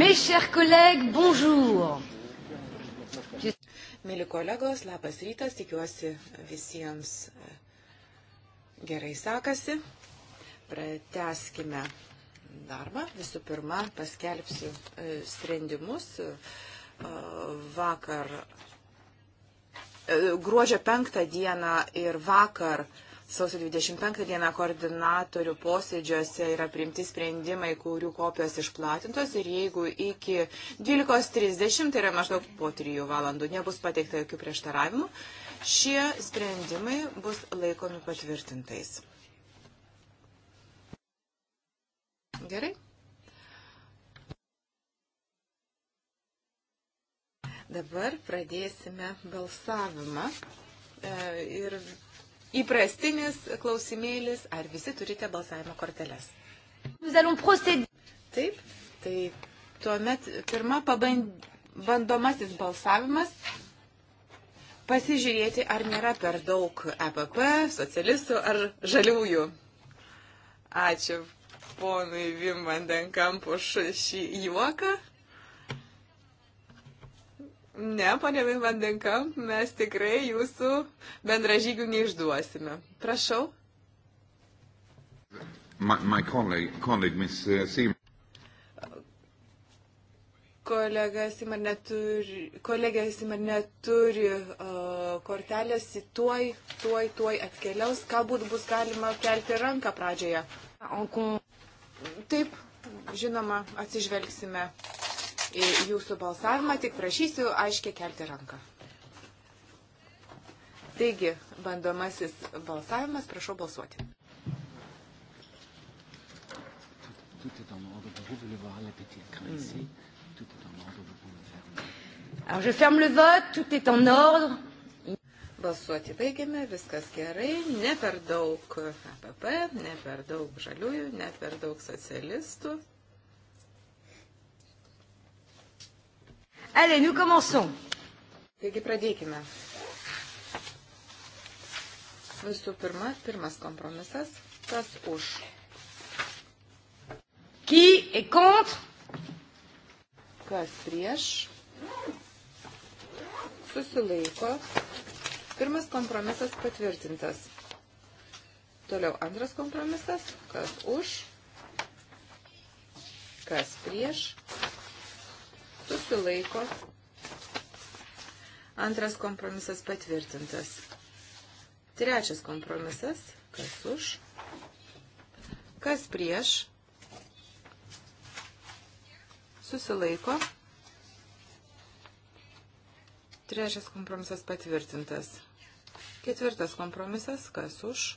Mes chers collègues, bonjour. Mėly kolegos, labas rytas, tikiuosi visiems e, gerai sekasi. Prateskime darbą. Visų pirma, paskelbsiu e, sprendimus. E, vakar, gruodžio penktą dieną ir vakar sausio 25 dieną koordinatorių posėdžiuose yra primti sprendimai, kurių kopijos išplatintos ir jeigu iki 12.30, tai yra maždaug po 3 valandų, nebus pateikta jokių prieštaravimų, šie sprendimai bus laikomi patvirtintais. Gerai? Dabar pradėsime balsavimą e, ir įprastinis klausimėlis, ar visi turite balsavimo korteles. Taip, tai tuomet pirma pabandomasis balsavimas pasižiūrėti, ar nėra per daug EPP, socialistų ar žaliųjų. Ačiū ponui Vimandenkam už šį juoką. Ne, ponė Vandenka, mes tikrai jūsų bendražygių neišduosime. Prašau. My, my colleague, colleague, Miss, uh, Seaman. Kolega Simar neturi, kolegė Simar neturi uh, kortelės, tuoj, tuoj, tuoj atkeliaus, galbūt bus galima kelti ranką pradžioje. Taip, žinoma, atsižvelgsime jūsų balsavimą, tik prašysiu aiškiai kelti ranką. Taigi, bandomasis balsavimas, prašau balsuoti. Alors je ferme le vote, tout est en ordre. Balsuoti baigiame, viskas gerai, ne per daug APP, ne per daug žaliųjų, ne per daug socialistų. Allez, nous commençons. Taigi pradėkime. Visų pirma, pirmas kompromisas, kas už. Qui est contre? Kas prieš? Susilaiko. Pirmas kompromisas patvirtintas. Toliau antras kompromisas, kas už, kas prieš, susilaiko. Antras kompromisas patvirtintas. Trečias kompromisas, kas už, kas prieš, susilaiko. Trečias kompromisas patvirtintas. Ketvirtas kompromisas, kas už,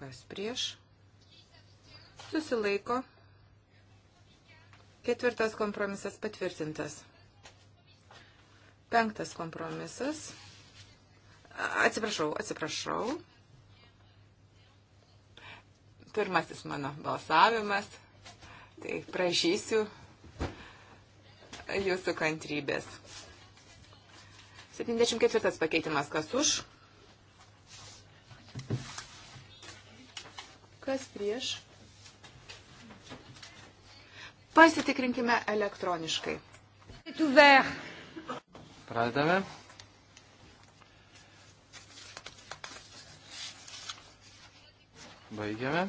kas prieš, susilaiko. Ketvirtas kompromisas patvirtintas. Penktas kompromisas. Atsiprašau, atsiprašau. Pirmasis mano balsavimas. Tai prašysiu jūsų kantrybės. 74 pakeitimas kas už? Kas prieš? Pasitikrinkime elektroniškai. Pradedame. Baigiame.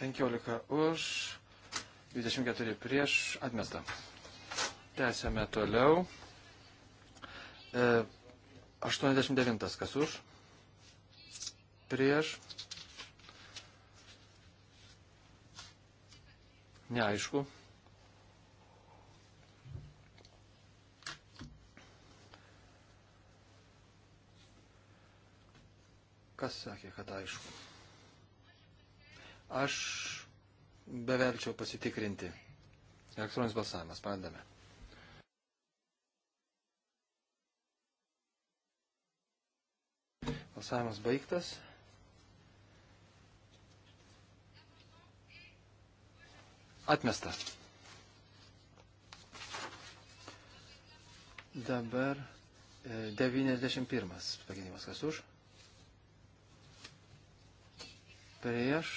Penkiolika už, 24 prieš, atmesta. Tęsėme toliau. E, 89 kas už, prieš, neaišku. Kas sakė, kad aišku? Aš beverčiau pasitikrinti. Elektroninis balsavimas, pradame. Balsavimas baigtas. Atmesta. Dabar 91 e, pagėdimas. Kas už? Prieš.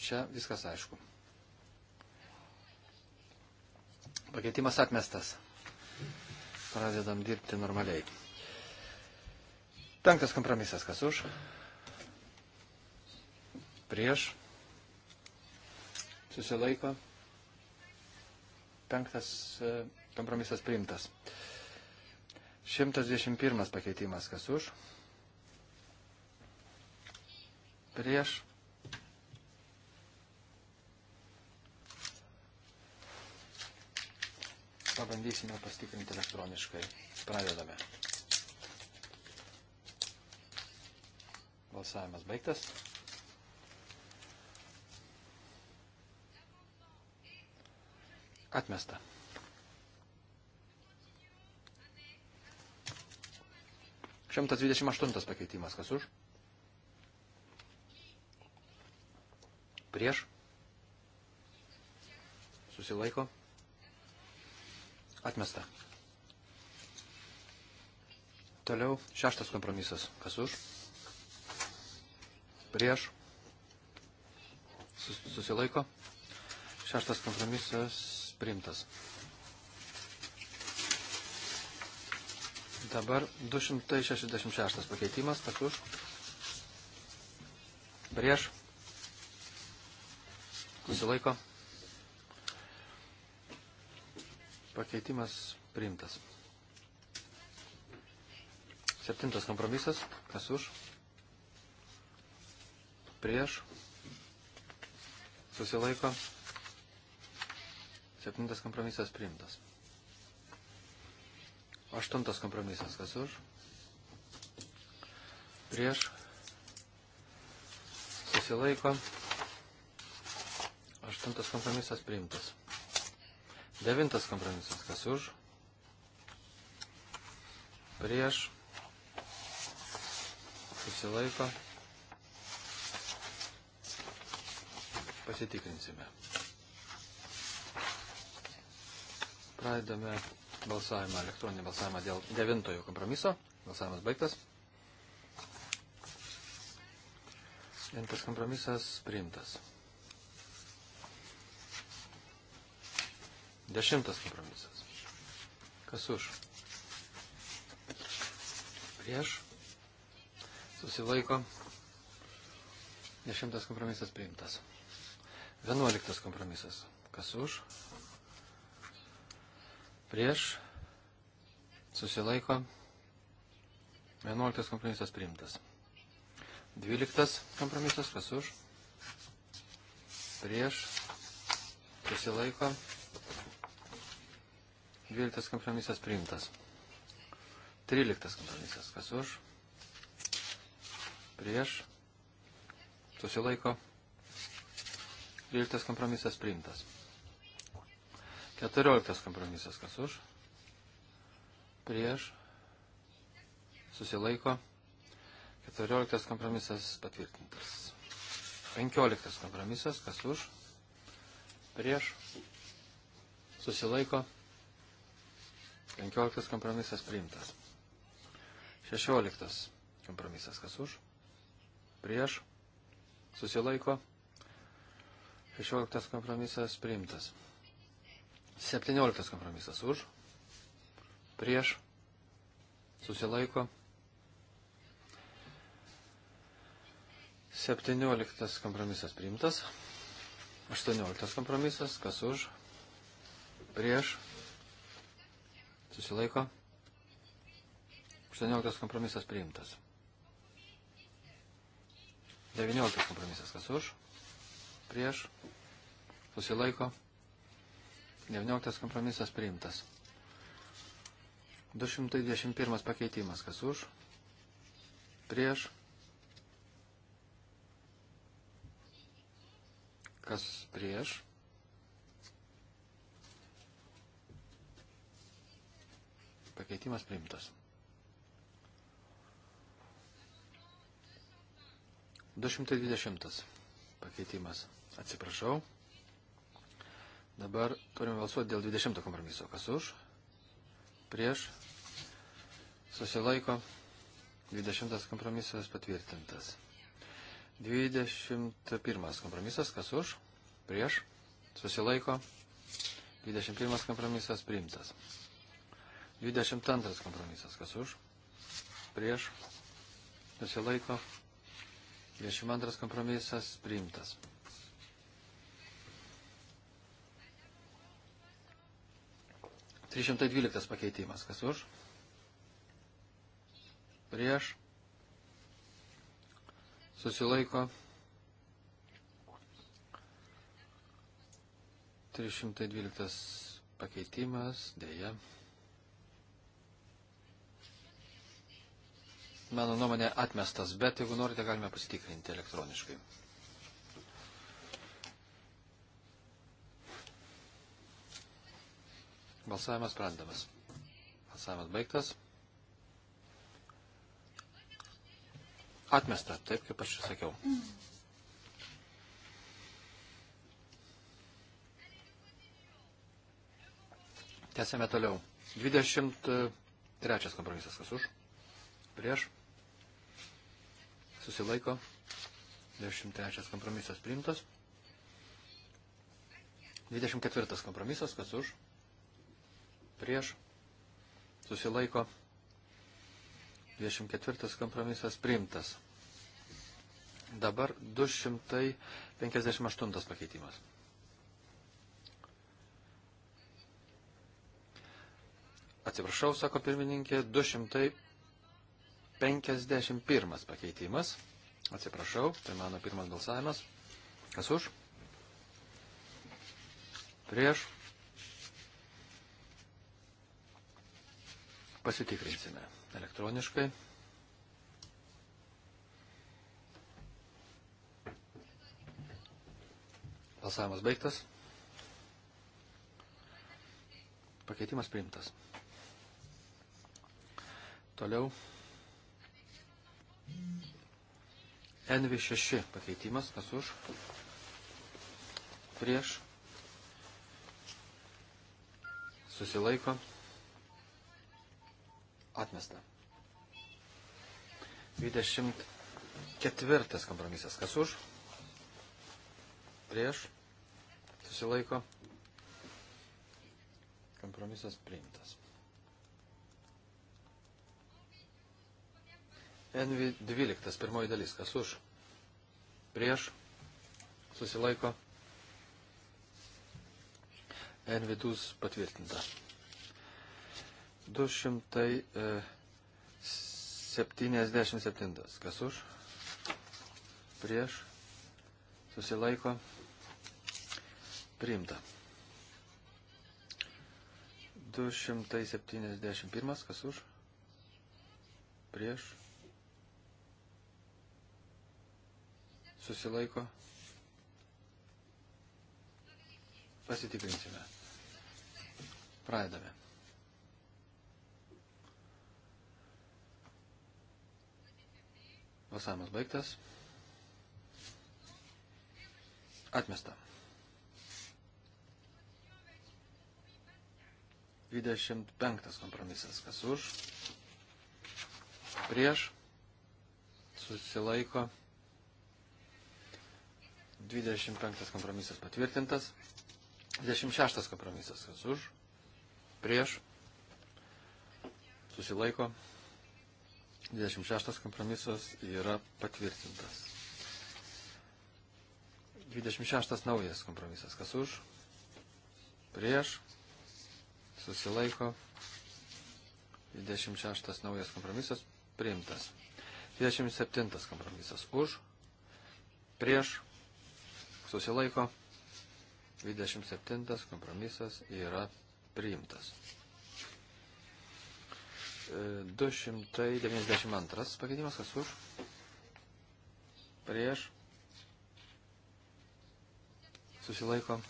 Čia viskas aišku. Pakeitimas atmestas. Pradedam dirbti normaliai. Penktas kompromisas. Kas už? Prieš susilaiko. Penktas e, kompromisas priimtas. 121 pakeitimas, kas už. Prieš. Pabandysime pastikrinti elektroniškai. Pradedame. Balsavimas baigtas. Atmesta. Šimtas dvidešimt aštuntas pakeitimas. Kas už? Prieš. Susilaiko. Atmesta. Toliau šeštas kompromisas. Kas už? Prieš. Susilaiko. Šeštas kompromisas primtas. Dabar 266 pakeitimas, tas už, prieš, susilaiko, pakeitimas priimtas. Septintas kompromisas, kas už, prieš, susilaiko, prieš Septintas kompromisas priimtas. Aštuntas kompromisas. Kas už? Prieš. Susilaiko. Aštuntas kompromisas priimtas. Devintas kompromisas. Kas už? Prieš. Susilaiko. Pasitikrinsime. Pradedame balsavimą, elektroninį balsavimą dėl devintojo kompromiso. Balsavimas baigtas. Intas kompromisas priimtas. Dešimtas kompromisas. Kas už? Prieš. Susilaiko. Dešimtas kompromisas priimtas. Vienuoliktas kompromisas. Kas už? prieš, susilaiko, 11 kompromisas priimtas. 12 kompromisas, kas už, prieš, susilaiko, 12 kompromisas priimtas. 13 kompromisas, kas už, prieš, susilaiko, 12 kompromisas priimtas. Keturioliktas kompromisas, kas už, prieš, susilaiko. Keturioliktas kompromisas patvirtintas. Penkioliktas kompromisas, kas už, prieš, susilaiko. Penkioliktas kompromisas priimtas. Šešioliktas kompromisas, kas už, prieš, susilaiko. Šešioliktas kompromisas priimtas. 17 kompromisas už, prieš, susilaiko. 17 kompromisas priimtas, 18 kompromisas, kas už, prieš, susilaiko. 18 kompromisas priimtas. 19 kompromisas, kas už, prieš, susilaiko. 19 kompromisas priimtas. 221 pakeitimas. Kas už? Prieš. Kas prieš? Pakeitimas priimtas. 220 pakeitimas. Atsiprašau. Dabar turime balsuoti dėl 20 kompromiso. Kas už? Prieš? Susilaiko. 20 kompromisas patvirtintas. 21 kompromisas. Kas už? Prieš? Susilaiko. 21 kompromisas priimtas. 22 kompromisas. Kas už? Prieš? Susilaiko. 22 kompromisas priimtas. 312 pakeitimas. Kas už? Prieš. Susilaiko. 312 pakeitimas. Dėja. Mano nuomonė atmestas, bet jeigu norite, galime pasitikrinti elektroniškai. Balsavimas sprendamas. Balsavimas baigtas. Atmesta, taip kaip aš čia sakiau. Tęsėme toliau. 23 kompromisas kas už. Prieš. Susilaiko. 23 kompromisas priimtas. 24 kompromisas kas už prieš, susilaiko. 24 kompromisas priimtas. Dabar 258 pakeitimas. Atsiprašau, sako pirmininkė, 251 pakeitimas. Atsiprašau, tai mano pirmas balsavimas. Kas už? Prieš. Pasitikrinsime elektroniškai. Balsavimas baigtas. Pakeitimas priimtas. Toliau. NV6 pakeitimas, kas už, prieš, susilaiko, Atmesta. 24 kompromisas. Kas už? Prieš? Susilaiko? Kompromisas priimtas. NV12, pirmoji dalis, kas už, prieš, susilaiko, NV2 patvirtinta. 277. E, Kas už? Prieš? Susilaiko? Priimta. 271. Kas už? Prieš? Susilaiko? Pasitikrinsime. Pradedame. Balsavimas baigtas. Atmesta. 25 kompromisas. Kas už? Prieš. Susilaiko. 25 kompromisas patvirtintas. 26 kompromisas. Kas už? Prieš. Susilaiko. 26 kompromisas yra patvirtintas. 26 naujas kompromisas. Kas už? Prieš? Susilaiko. 26 naujas kompromisas priimtas. 27 kompromisas už, prieš, susilaiko. 27 kompromisas yra priimtas. 292 pakeitimas, kas už, prieš, susilaiko,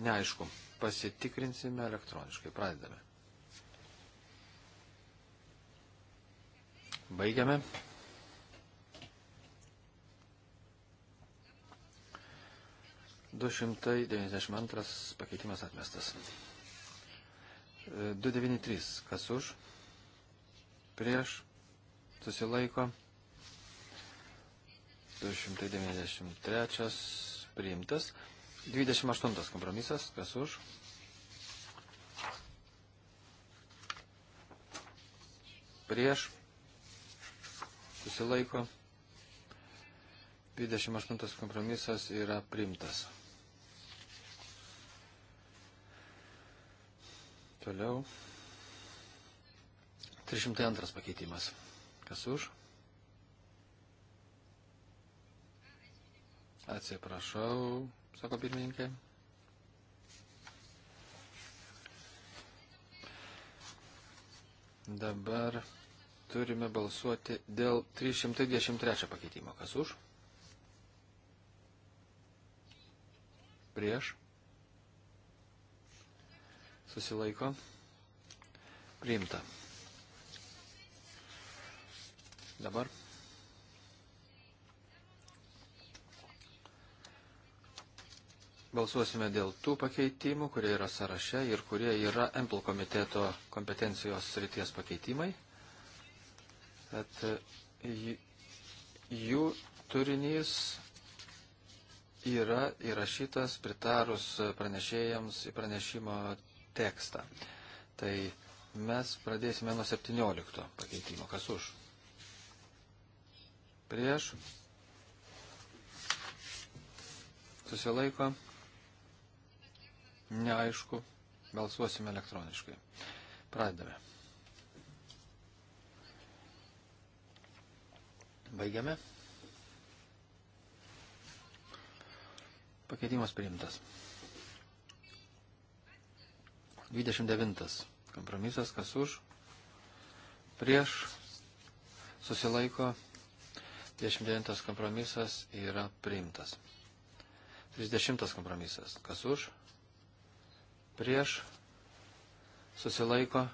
neaišku, pasitikrinsime elektroniškai, pradedame. Baigiame. Du šimtai devyniasdešimt antras pakeitimas atmestas. 293. Kas už? Prieš. Susilaiko. 293. Priimtas. 28 kompromisas. Kas už? Prieš. Susilaiko. 28 kompromisas yra priimtas. Toliau. 302 pakeitimas. Kas už? Atsiprašau, sako pirmininkė. Dabar turime balsuoti dėl 323 pakeitimo. Kas už? Prieš? susilaiko, priimta. Dabar balsuosime dėl tų pakeitimų, kurie yra sąraše ir kurie yra MPL komiteto kompetencijos srities pakeitimai. At, jų turinys yra įrašytas pritarus pranešėjams į pranešimo tekstą. Tai mes pradėsime nuo 17 pakeitimo. Kas už? Prieš. Susilaiko. Neaišku. Balsuosime elektroniškai. Pradedame. Baigiame. Pakeitimas priimtas. 29. Kompromisas, kas už, prieš, susilaiko, 29. Kompromisas yra priimtas. 30. Kompromisas, kas už, prieš, susilaiko,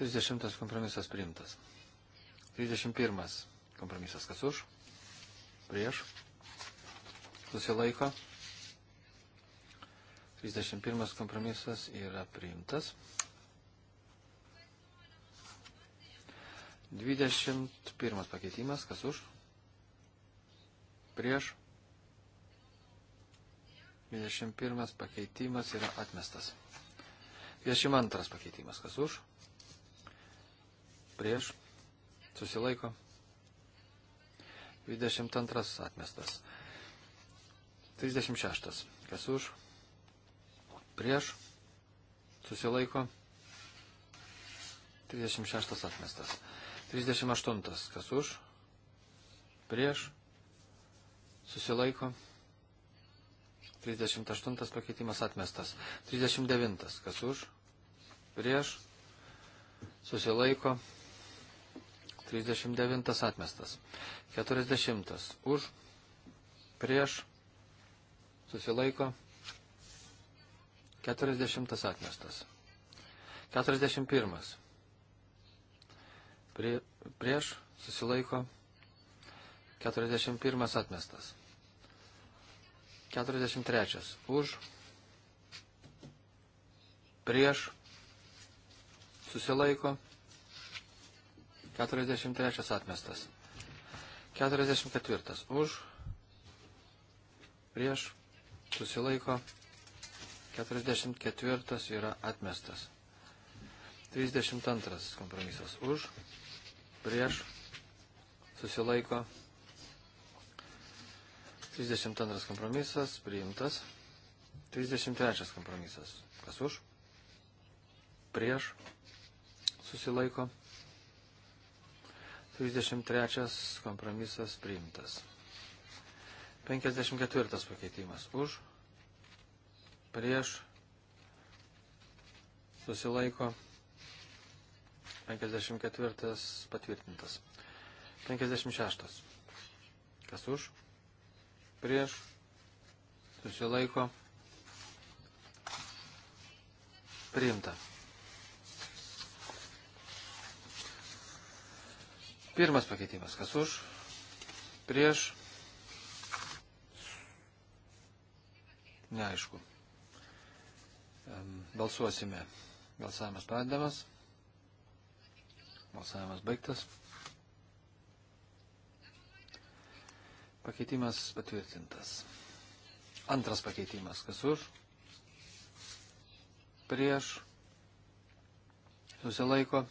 30. Kompromisas priimtas. 31. Kompromisas, kas už, prieš, susilaiko, 30. 31 kompromisas yra priimtas. 21 pakeitimas, kas už? Prieš. 21 pakeitimas yra atmestas. 22 pakeitimas, kas už? Prieš. Susilaiko. 22 atmestas. 36. Kas už? prieš, susilaiko, 36 atmestas. 38 kas už, prieš, susilaiko, 38 pakeitimas atmestas. 39 kas už, prieš, susilaiko, 39 atmestas. 40 už, prieš, susilaiko, 39. 40 atmestas. 41. Prie, prieš susilaiko 41 atmestas. 43. Už prieš susilaiko 43 atmestas. 44. Už prieš susilaiko 43. 44 yra atmestas. 32 kompromisas už, prieš, susilaiko. 32 kompromisas priimtas. 33 kompromisas. Kas už? Prieš. Susilaiko. 33 kompromisas priimtas. 54 pakeitimas. Už prieš, susilaiko, 54 patvirtintas, 56, kas už, prieš, susilaiko, priimta. Pirmas pakeitimas, kas už, prieš, neaišku. Balsuosime. Balsavimas pradedamas. Balsavimas baigtas. Pakeitimas patvirtintas. Antras pakeitimas. Kas už? Prieš. Susilaiko.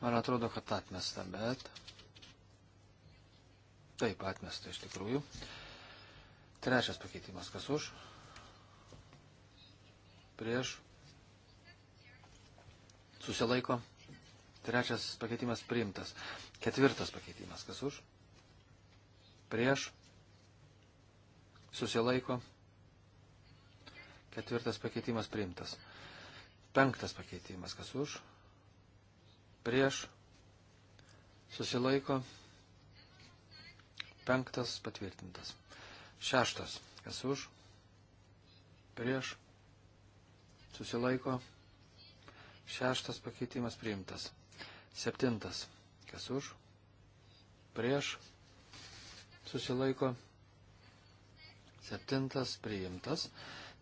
Man atrodo, kad atmesta, bet. Taip, atmesta iš tikrųjų. Trečias pakeitimas. Kas už? Prieš prieš, susilaiko, trečias pakeitimas priimtas, ketvirtas pakeitimas, kas už, prieš, susilaiko, ketvirtas pakeitimas priimtas, penktas pakeitimas, kas už, prieš, susilaiko, penktas patvirtintas, šeštas, kas už, prieš, susilaiko. Šeštas pakeitimas priimtas. Septintas. Kas už? Prieš. Susilaiko. Septintas priimtas.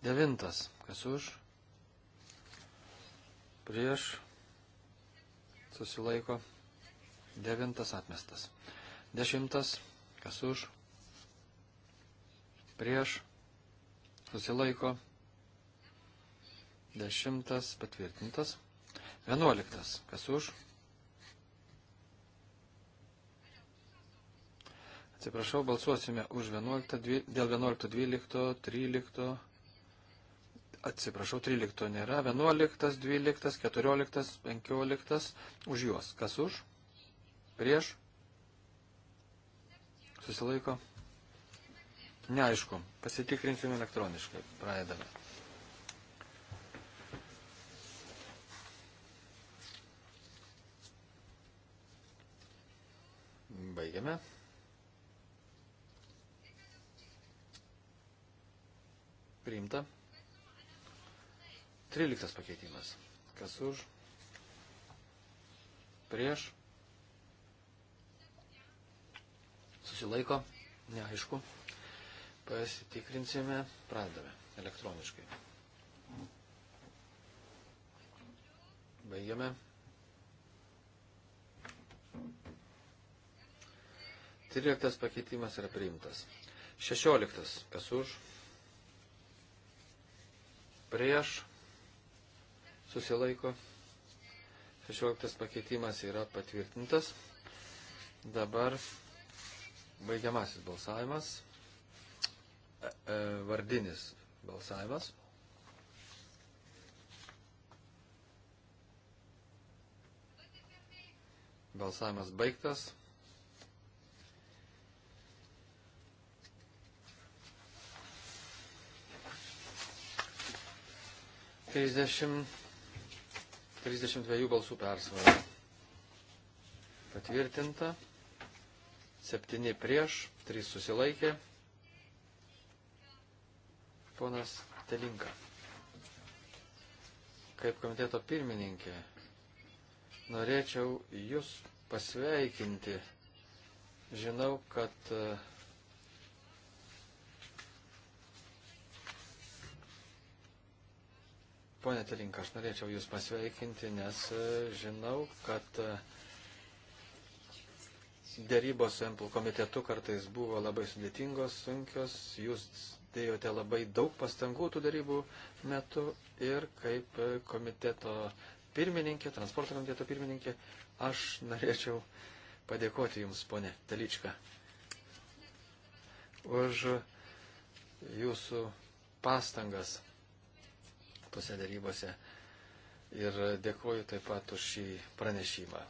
Devintas. Kas už? Prieš. Susilaiko. Devintas atmestas. Dešimtas. Kas už? Prieš. Susilaiko. Dešimtas patvirtintas. Vienuoliktas. Kas už? Atsiprašau, balsuosime už 11, dėl 11, 12, 13. Atsiprašau, 13 nėra. 11, 12, 14, 15. Už juos. Kas už? Prieš? Susilaiko? Neaišku. Pasitikrinsime elektroniškai. Pradedame. Baigiame. Priimta. 13 pakeitimas. Kas už? Prieš? Susilaiko? Neaišku. Pasitikrinsime, pradame elektroniškai. Baigiame. 13 pakeitimas yra priimtas. 16. Kas už? Prieš. Susilaiko. 16 pakeitimas yra patvirtintas. Dabar baigiamasis balsavimas. E, e, vardinis balsavimas. Balsavimas baigtas. 30, 32 balsų persvara. Patvirtinta. 7 prieš, 3 susilaikė. Ponas Telinka. Kaip komiteto pirmininkė, norėčiau Jūs pasveikinti. Žinau, kad uh, Pone Telinka, aš norėčiau Jūs pasveikinti, nes e, žinau, kad e, dėrybos su MPL komitetu kartais buvo labai sudėtingos, sunkios. Jūs dėjote labai daug pastangų tų dėrybų metu ir kaip e, komiteto pirmininkė, transporto komiteto pirmininkė, aš norėčiau padėkoti Jums, ponė Telička, už Jūsų pastangas tose darybose. Ir dėkuoju taip pat už šį pranešimą.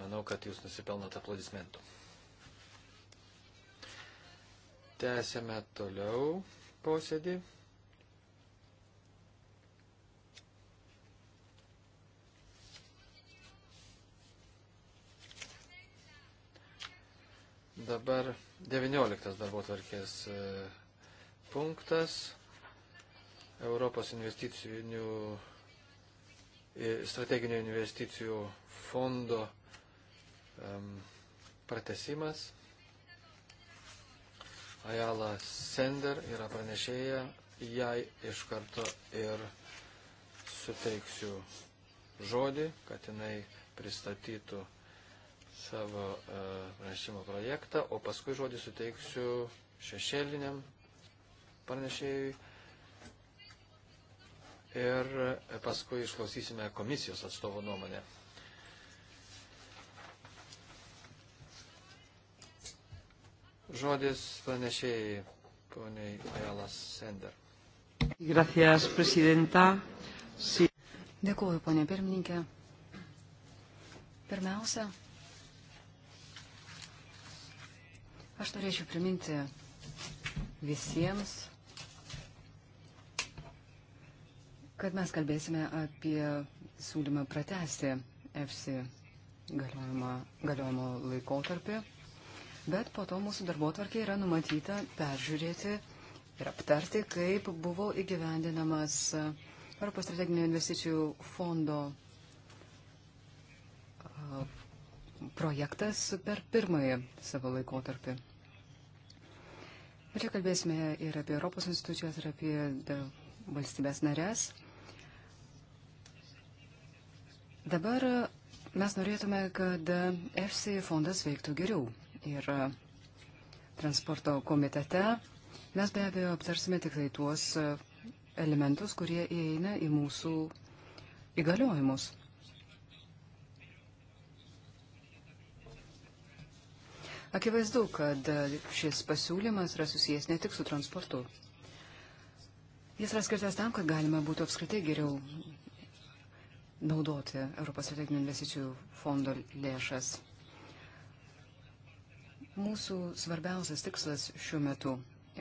Manau, kad jūs nusipelnote aplodismentų. Tęsėme toliau posėdį. Dabar 19 darbo tvarkės e, punktas. Europos investicinių, strateginių investicijų fondo um, pratesimas. Ajala Sender yra pranešėja, jai iš karto ir suteiksiu žodį, kad jinai pristatytų savo e, pranešimo projektą, o paskui žodį suteiksiu šešėliniam pranešėjui ir e, paskui išklausysime komisijos atstovo nuomonę. Žodis pranešėjai poniai Ajalas Sender. Gracias, prezidenta. Si... Dėkuoju, ponė pirmininkė. Pirmiausia, aš norėčiau priminti visiems kad mes kalbėsime apie siūlymą pratesti EFSI galiojimo, galiojimo laikotarpį, bet po to mūsų darbo tvarkė yra numatyta peržiūrėti ir aptarti, kaip buvo įgyvendinamas Europos strateginio investicijų fondo projektas per pirmąjį savo laikotarpį. Bet čia kalbėsime ir apie Europos institucijas, ir apie valstybės narės. Dabar mes norėtume, kad EFSI fondas veiktų geriau. Ir transporto komitete mes be abejo aptarsime tik tai tuos elementus, kurie įeina į mūsų įgaliojimus. Akivaizdu, kad šis pasiūlymas yra susijęs ne tik su transportu. Jis yra skirtas tam, kad galima būtų apskritai geriau naudoti Europos strateginių investicijų fondo lėšas. Mūsų svarbiausias tikslas šiuo metu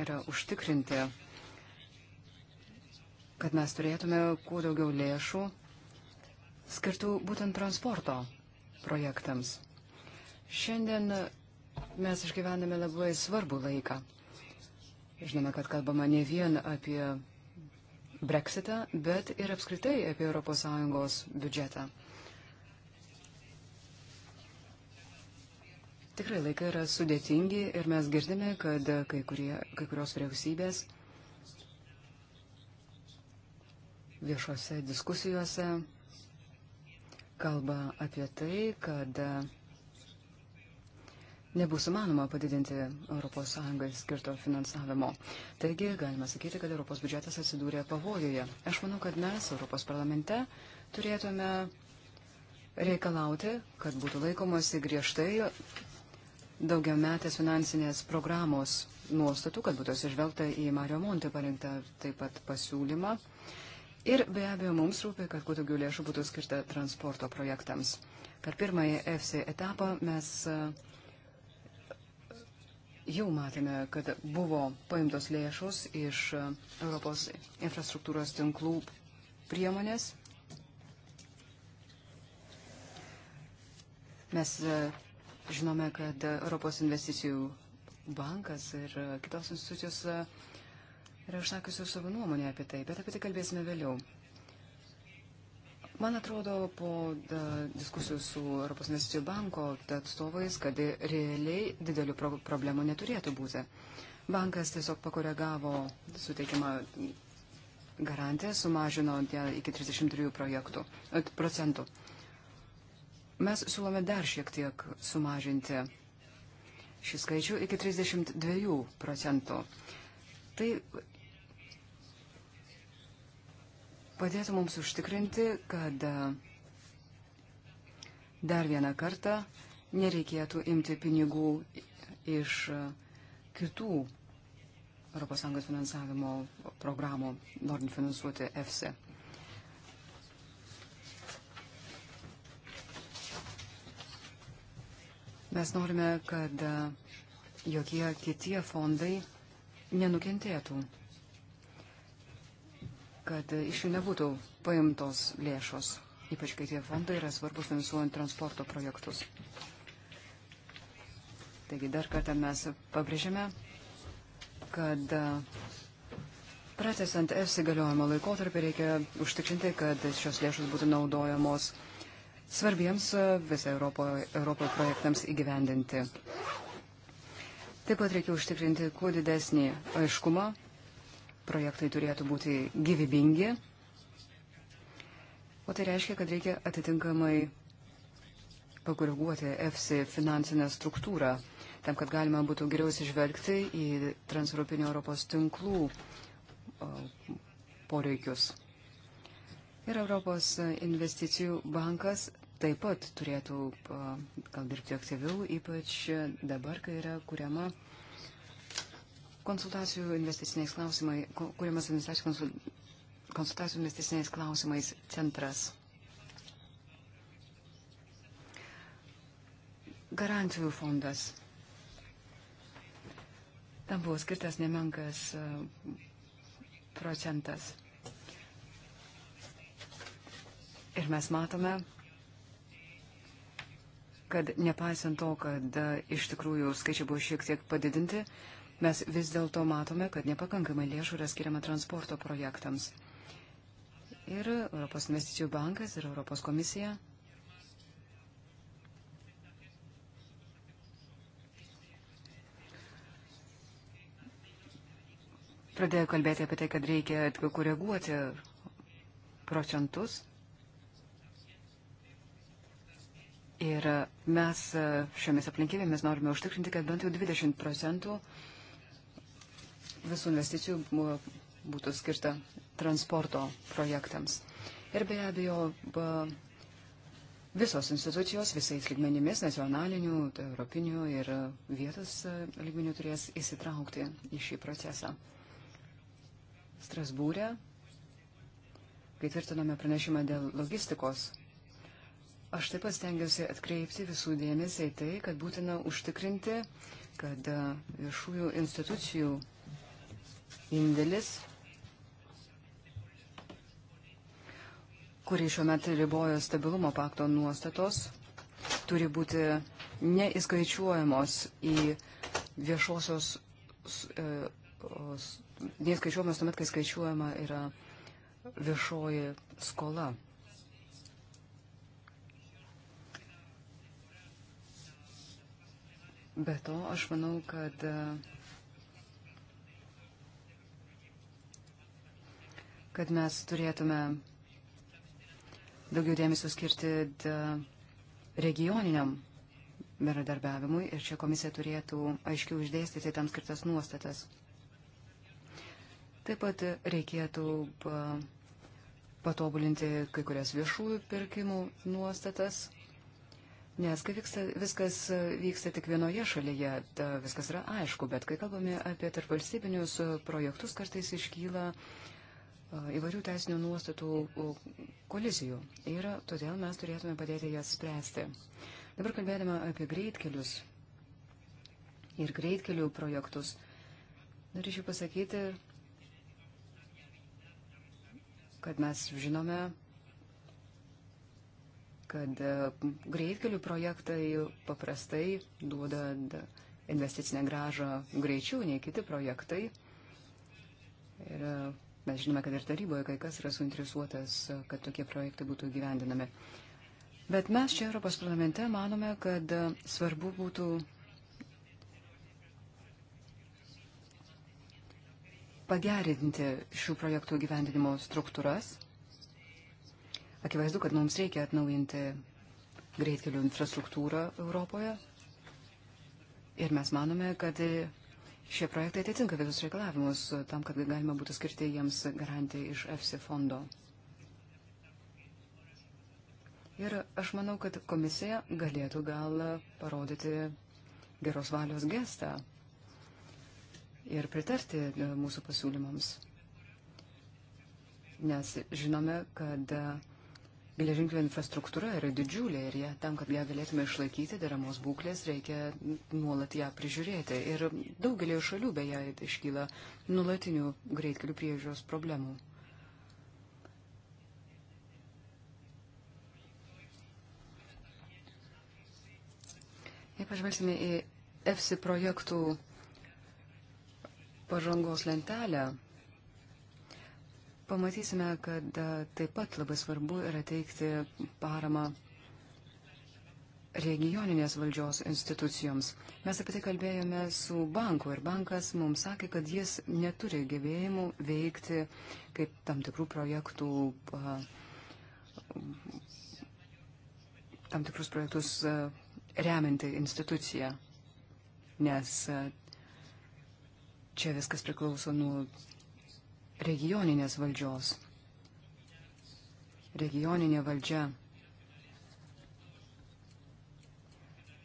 yra užtikrinti, kad mes turėtume kuo daugiau lėšų skirtų būtent transporto projektams. Šiandien mes išgyvename labai svarbų laiką. Žinome, kad kalbama ne vien apie breksitą, bet ir apskritai apie ES biudžetą. Tikrai laikai yra sudėtingi ir mes girdime, kad kai, kurie, kai kurios vyriausybės viešose diskusijose kalba apie tai, kad nebus įmanoma padidinti ES skirto finansavimo. Taigi galima sakyti, kad Europos biudžetas atsidūrė pavojuje. Aš manau, kad mes Europos parlamente turėtume reikalauti, kad būtų laikomasi griežtai daugiametės finansinės programos nuostatų, kad būtų atsižvelgta į Mario Monti parinktą taip pat pasiūlymą. Ir be abejo, mums rūpi, kad kuo daugiau lėšų būtų skirta transporto projektams. Per pirmąjį EFSI etapą mes uh, Jau matėme, kad buvo paimtos lėšos iš Europos infrastruktūros tinklų priemonės. Mes e, žinome, kad Europos investicijų bankas ir kitos institucijos e, yra išsakiusios savo nuomonę apie tai, bet apie tai kalbėsime vėliau. Man atrodo, po da, diskusijų su Europos investicijų banko atstovais, kad realiai didelių pro problemų neturėtų būti. Bankas tiesiog pakoregavo suteikimą garantiją, sumažino ją iki 33 projektų, e, procentų. Mes siūlome dar šiek tiek sumažinti šį skaičių iki 32 procentų. Tai padėtų mums užtikrinti, kad e, dar vieną kartą nereikėtų imti pinigų iš e, kitų ES finansavimo programų, norint finansuoti EFSE. Mes norime, kad e, jokie kitie fondai nenukentėtų kad iš jų nebūtų paimtos lėšos, ypač kai tie fondai yra svarbus finansuojant transporto projektus. Taigi dar kartą mes pabrėžiame, kad e, pratesant EFSI galiojimo laikotarpį reikia užtikrinti, kad šios lėšos būtų naudojamos svarbiems e, visą Europoje, Europoje projektams įgyvendinti. Taip pat reikia užtikrinti kuo didesnį aiškumą projektai turėtų būti gyvybingi, o tai reiškia, kad reikia atitinkamai pakoreguoti EFSI finansinę struktūrą, tam, kad galima būtų geriau sižvelgti į transeuropinio Europos tinklų poreikius. Ir Europos investicijų bankas taip pat turėtų gal dirbti aktyviau, ypač dabar, kai yra kuriama Konsultacijų investiciniais klausimais, kuriamas konsultacijų investiciniais klausimais centras. Garantijų fondas. Tam buvo skirtas nemenkas e, procentas. Ir mes matome, kad nepaisant to, kad e, iš tikrųjų skaičiai buvo šiek tiek padidinti, mes vis dėlto matome, kad nepakankamai lėšų yra skiriama transporto projektams. Ir Europos investicijų bankas ir Europos komisija pradėjo kalbėti apie tai, kad reikia koreguoti procentus. Ir mes šiomis aplinkybėmis norime užtikrinti, kad bent jau 20 procentų uh, visų investicijų būtų skirta transporto projektams. Ir be abejo, visos institucijos visais lygmenimis, nacionalinių, tai europinių ir vietos lygmenių turės įsitraukti į šį procesą. Strasbūrė, kai tvirtinome pranešimą dėl logistikos, aš taip pat stengiuosi atkreipti visų dėmesį į tai, kad būtina užtikrinti, kad e, viešųjų institucijų indėlis, kurį šiuo metu ribojo stabilumo pakto nuostatos, turi būti neįskaičiuojamos į viešosios, e, neįskaičiuojamos tuomet, kai skaičiuojama yra viešoji skola. Be to, aš manau, kad uh, kad mes turėtume daugiau dėmesio skirti regioniniam bendradarbiavimui ir čia komisija turėtų aiškiau išdėstyti tam skirtas nuostatas. Taip pat reikėtų patobulinti kai kurias viešųjų pirkimų nuostatas, nes kai vyksta, viskas vyksta tik vienoje šalyje, ta, viskas yra aišku, bet kai kalbame apie tarpvalstybinius projektus, kartais iškyla uh, įvairių teisinių nuostatų kolizijų ir todėl mes turėtume padėti jas spręsti. Dabar kalbėdama apie greitkelius ir greitkelių projektus, norėčiau pasakyti, kad mes žinome, kad e, greitkelių projektai paprastai duoda investicinę gražą greičiau nei kiti projektai. Ir e, Mes žinome, kad ir taryboje kai kas yra suinteresuotas, kad tokie projektai būtų gyvendinami. Bet mes čia Europos parlamente manome, kad svarbu būtų pagerinti šių projektų gyvendinimo struktūras. Akivaizdu, kad mums reikia atnaujinti greitkelių infrastruktūrą Europoje. Ir mes manome, kad Šie projektai atitinka visus reikalavimus tam, kad galima būtų skirti jiems garantiją iš EFSI fondo. Ir aš manau, kad komisija galėtų gal parodyti geros valios gestą ir pritarti e, mūsų pasiūlymams. Nes žinome, kad uh, Geležinkelio infrastruktūra yra didžiulė ir ją, tam, kad ją galėtume išlaikyti deramos būklės, reikia nuolat ją prižiūrėti. Ir daugelio šalių beje iškyla nulatinių greitkelių priežiūros problemų. Jei pažvelgsime į EFSI projektų pažangos lentelę, pamatysime, kad e, taip pat labai svarbu yra teikti paramą regioninės valdžios institucijoms. Mes apie tai kalbėjome su banku ir bankas mums sakė, kad jis neturi gebėjimų veikti kaip tam tikrų projektų, e, tam tikrus projektus e, remianti institucija, nes čia viskas priklauso nuo regioninės valdžios. Regioninė valdžia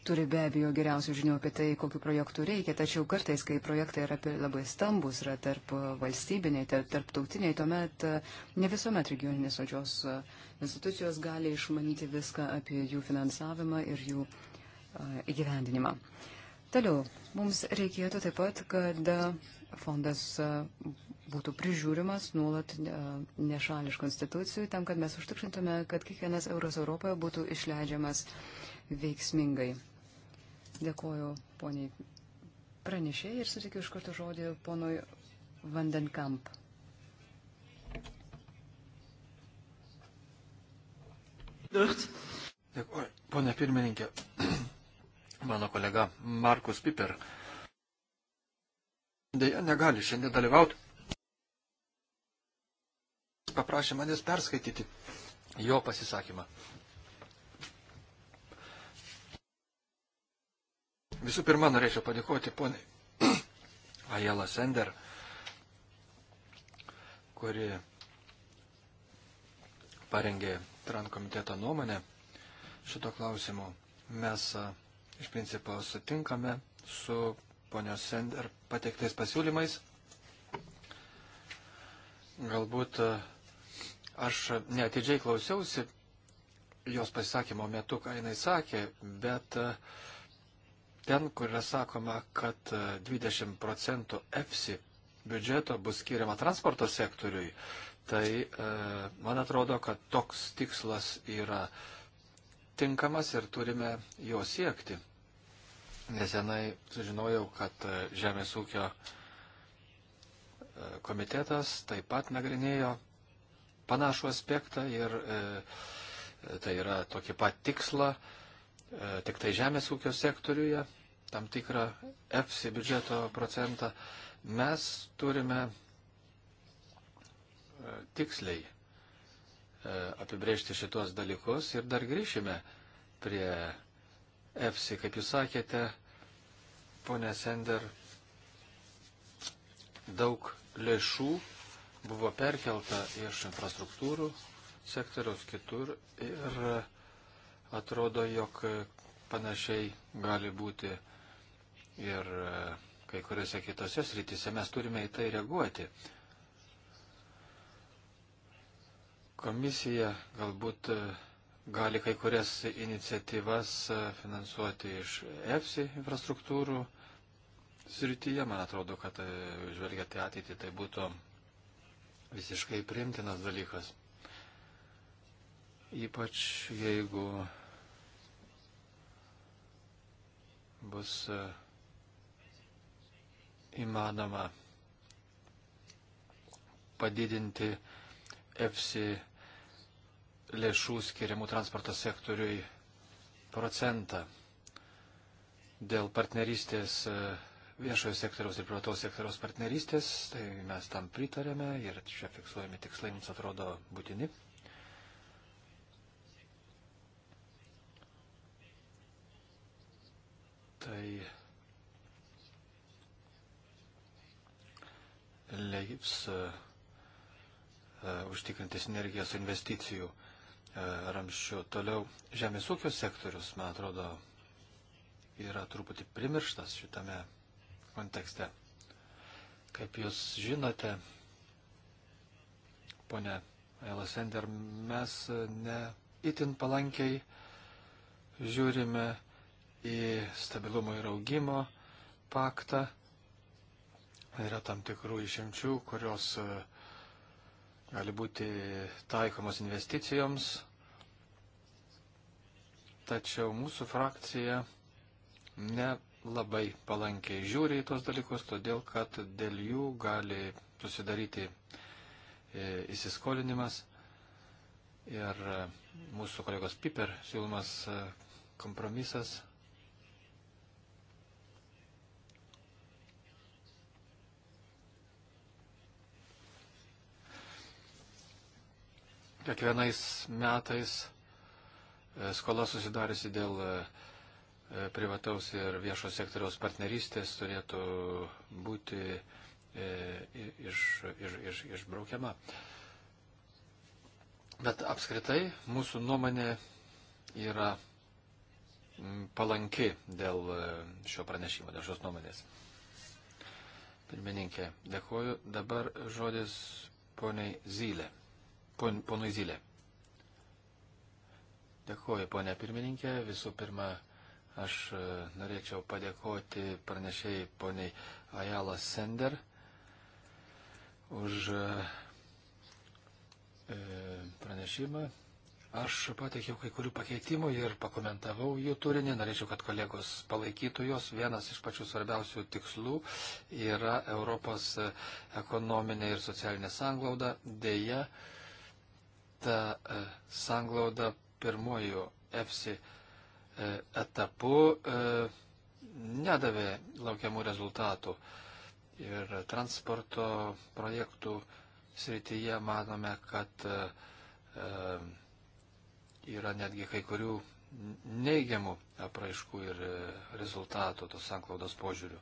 turi be abejo geriausių žinių apie tai, kokiu projektu reikia, tačiau kartais, kai projektai yra labai stambus, yra tarp valstybiniai, tarp tarptautiniai, tuomet e, ne visuomet regioninės valdžios e, institucijos gali išmanyti viską apie jų finansavimą ir jų e, įgyvendinimą. Toliau, mums reikėtų taip pat, kad fondas būtų prižiūrimas nuolat e, nešališkų institucijų, tam, kad mes užtikrintume, kad kiekvienas euras Europoje būtų išleidžiamas veiksmingai. Dėkoju poniai pranešėjai ir sutikiu iš karto žodį ponui Vandenkamp. Dėkoju, ponė pirmininkė. Mano kolega Markus Piper. Deja, negali šiandien dalyvauti paprašė manęs perskaityti jo pasisakymą. Visų pirma, norėčiau padėkoti poniai Ajela Sender, kuri parengė TRAN komiteto nuomonę šito klausimu. Mes iš principo sutinkame su ponios Sender pateiktais pasiūlymais. Galbūt Aš neatidžiai klausiausi jos pasisakymo metu, ką jinai sakė, bet e, ten, kur yra sakoma, kad 20 e, procentų EFSI biudžeto bus skiriama transporto sektoriui, tai e, man atrodo, kad toks tikslas yra tinkamas ir turime jo siekti. Nesenai sužinojau, kad Žemės ūkio komitetas taip pat nagrinėjo panašų aspektą ir e, tai yra tokį pat tikslą, e, tik tai žemės ūkio sektoriuje, tam tikrą EFSI biudžeto procentą. Mes turime e, tiksliai e, apibrėžti šitos dalykus ir dar grįšime prie EFSI, kaip jūs sakėte, ponė Sender, daug lėšų buvo perkelta iš infrastruktūrų sektoriaus kitur ir atrodo, jog panašiai gali būti ir kai kuriuose kitose srityse. Mes turime į tai reaguoti. Komisija galbūt gali kai kurias iniciatyvas finansuoti iš EFSI infrastruktūrų srityje. Man atrodo, kad žvelgiate ateitį, tai būtų visiškai primtinas dalykas. Ypač jeigu bus e, įmanoma padidinti EFSI lėšų skiriamų transporto sektoriui procentą dėl partnerystės e, viešojo sektoriaus ir privataus sektoriaus partnerystės, tai mes tam pritarėme ir čia fiksuojami tikslai mums atrodo būtini. Tai leips e, e, užtikrinti sinergiją su investicijų e, ramščiu. Toliau žemės ūkio sektorius, man atrodo, yra truputį primirštas šitame kontekste. Kaip jūs žinote, ponė Elasender, mes ne itin palankiai žiūrime į stabilumo ir augimo paktą. Yra tam tikrų išimčių, kurios e, gali būti taikomos investicijoms. Tačiau mūsų frakcija ne labai palankiai žiūri į tos dalykus, todėl kad dėl jų gali susidaryti e, įsiskolinimas. Ir e, mūsų kolegos Piper siūlomas e, kompromisas kiekvienais metais skola susidariusi dėl E, privataus ir viešo sektoriaus partnerystės turėtų būti e, iš, iš, iš, išbraukiama. Bet apskritai mūsų nuomonė yra palanki dėl e, šio pranešimo, dėl šios nuomonės. Pirmininkė, dėkuoju. Dabar žodis poniai Zylė. Pon, ponui Zylė. Dėkuoju, ponė pirmininkė. Visų pirma, Aš e, norėčiau padėkoti pranešėjai poniai Ajala Sender už e, e, pranešimą. Aš pateikiau kai kurių pakeitimų ir pakomentavau jų turinį. Norėčiau, kad kolegos palaikytų jos. Vienas iš pačių svarbiausių tikslų yra Europos ekonominė ir socialinė sanglauda. Deja, ta sanglauda pirmojų EFSI E, etapu e, nedavė laukiamų rezultatų. Ir transporto projektų srityje manome, kad e, yra netgi kai kurių neigiamų apraiškų ir rezultatų tos anklaudos požiūrių.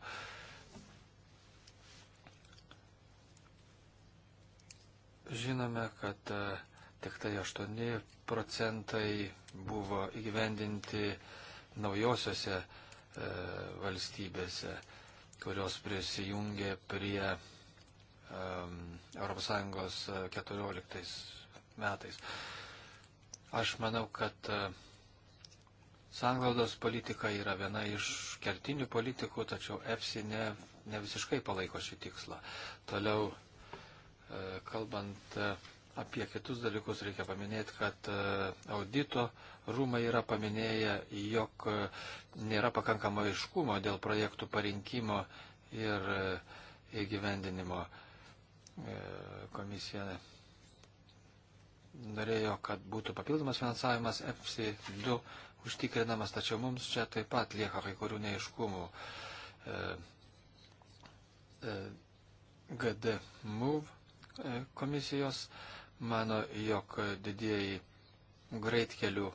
Žinome, kad uh, tik tai 8 procentai buvo įgyvendinti naujosiose e, valstybėse, kurios prisijungė prie ES 14 e, metais. Aš manau, kad e, sanglaudos politika yra viena iš kertinių politikų, tačiau EFSI ne, ne visiškai palaiko šį tikslą. Toliau, kalbant apie kitus dalykus reikia paminėti, kad e, audito rūmai yra paminėję, jog e, nėra pakankamo aiškumo dėl projektų parinkimo ir e, įgyvendinimo. Komisija norėjo, kad būtų papildomas finansavimas EPSI 2 užtikrinamas, tačiau mums čia taip pat lieka kai kurių neiškumų. GD MOVE komisijos mano, jog didieji greitkelių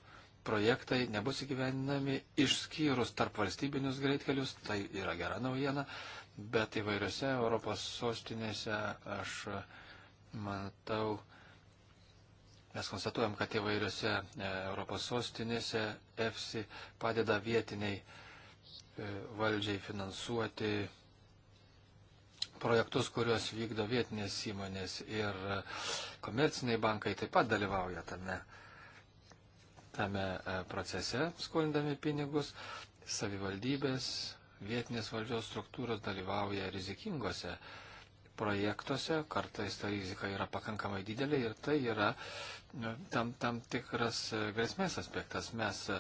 projektai nebus įgyveninami išskyrus tarp valstybinius greitkelius, tai yra gera naujiena, bet įvairiose Europos sostinėse aš matau, mes konstatuojam, kad įvairiose e, Europos sostinėse EFSI padeda vietiniai e, valdžiai finansuoti projektus, kuriuos vykdo vietinės įmonės ir komerciniai bankai taip pat dalyvauja tame, tame e, procese, skolindami pinigus. Savivaldybės, vietinės valdžios struktūros dalyvauja rizikingose projektuose, kartais ta rizika yra pakankamai didelė ir tai yra nu, tam, tam tikras e, grėsmės aspektas. Mes e,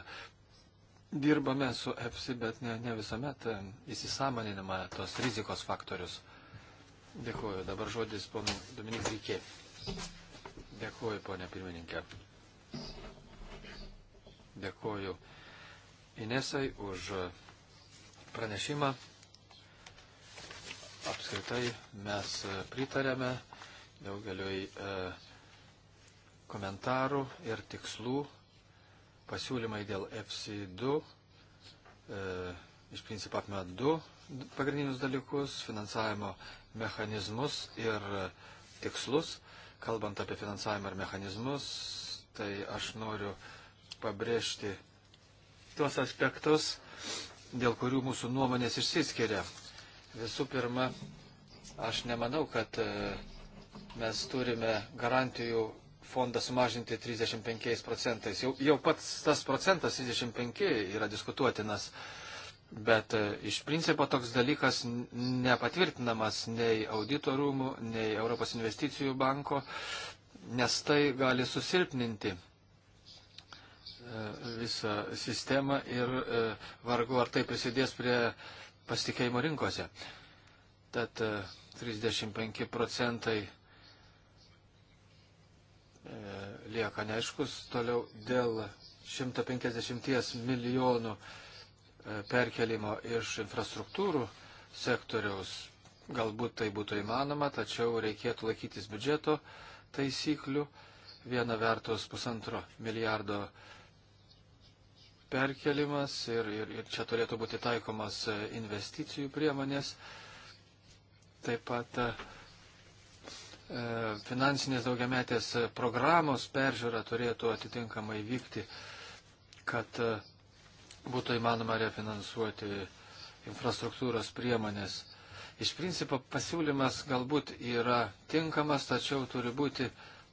dirbame su EFSI, bet ne, ne visuomet įsisamoninama tos rizikos faktorius. Dėkuoju. Dabar žodis ponui Dominik Rykė. Dėkuoju, ponė pirmininkė. Dėkuoju Inesai už pranešimą. Apskritai mes pritarėme daugeliui e, komentarų ir tikslų. Pasiūlymai dėl FC2 e, iš principo apima du pagrindinius dalykus, finansavimo mechanizmus ir tikslus. Kalbant apie finansavimą ir mechanizmus, tai aš noriu pabrėžti tuos aspektus, dėl kurių mūsų nuomonės išsiskiria. Visų pirma, aš nemanau, kad e, mes turime garantijų fondą sumažinti 35 procentais. Jau, jau pats tas procentas 35 yra diskutuotinas. Uh, Bet e, iš principo toks dalykas nepatvirtinamas nei audito rūmų, nei Europos investicijų banko, nes tai gali susilpninti e, visą sistemą ir e, vargu ar tai prisidės prie pasitikėjimo rinkose. Tad 35 procentai lieka neaiškus toliau dėl 150 milijonų E, perkelimo iš infrastruktūrų sektoriaus. Galbūt tai būtų įmanoma, tačiau reikėtų laikytis biudžeto taisyklių. Viena vertus pusantro milijardo perkelimas ir, ir, ir čia turėtų būti taikomas e, investicijų priemonės. Taip pat e, finansinės daugiametės programos peržiūra turėtų atitinkamai vykti, kad e, būtų įmanoma refinansuoti infrastruktūros priemonės. Iš principo pasiūlymas galbūt yra tinkamas, tačiau turi būti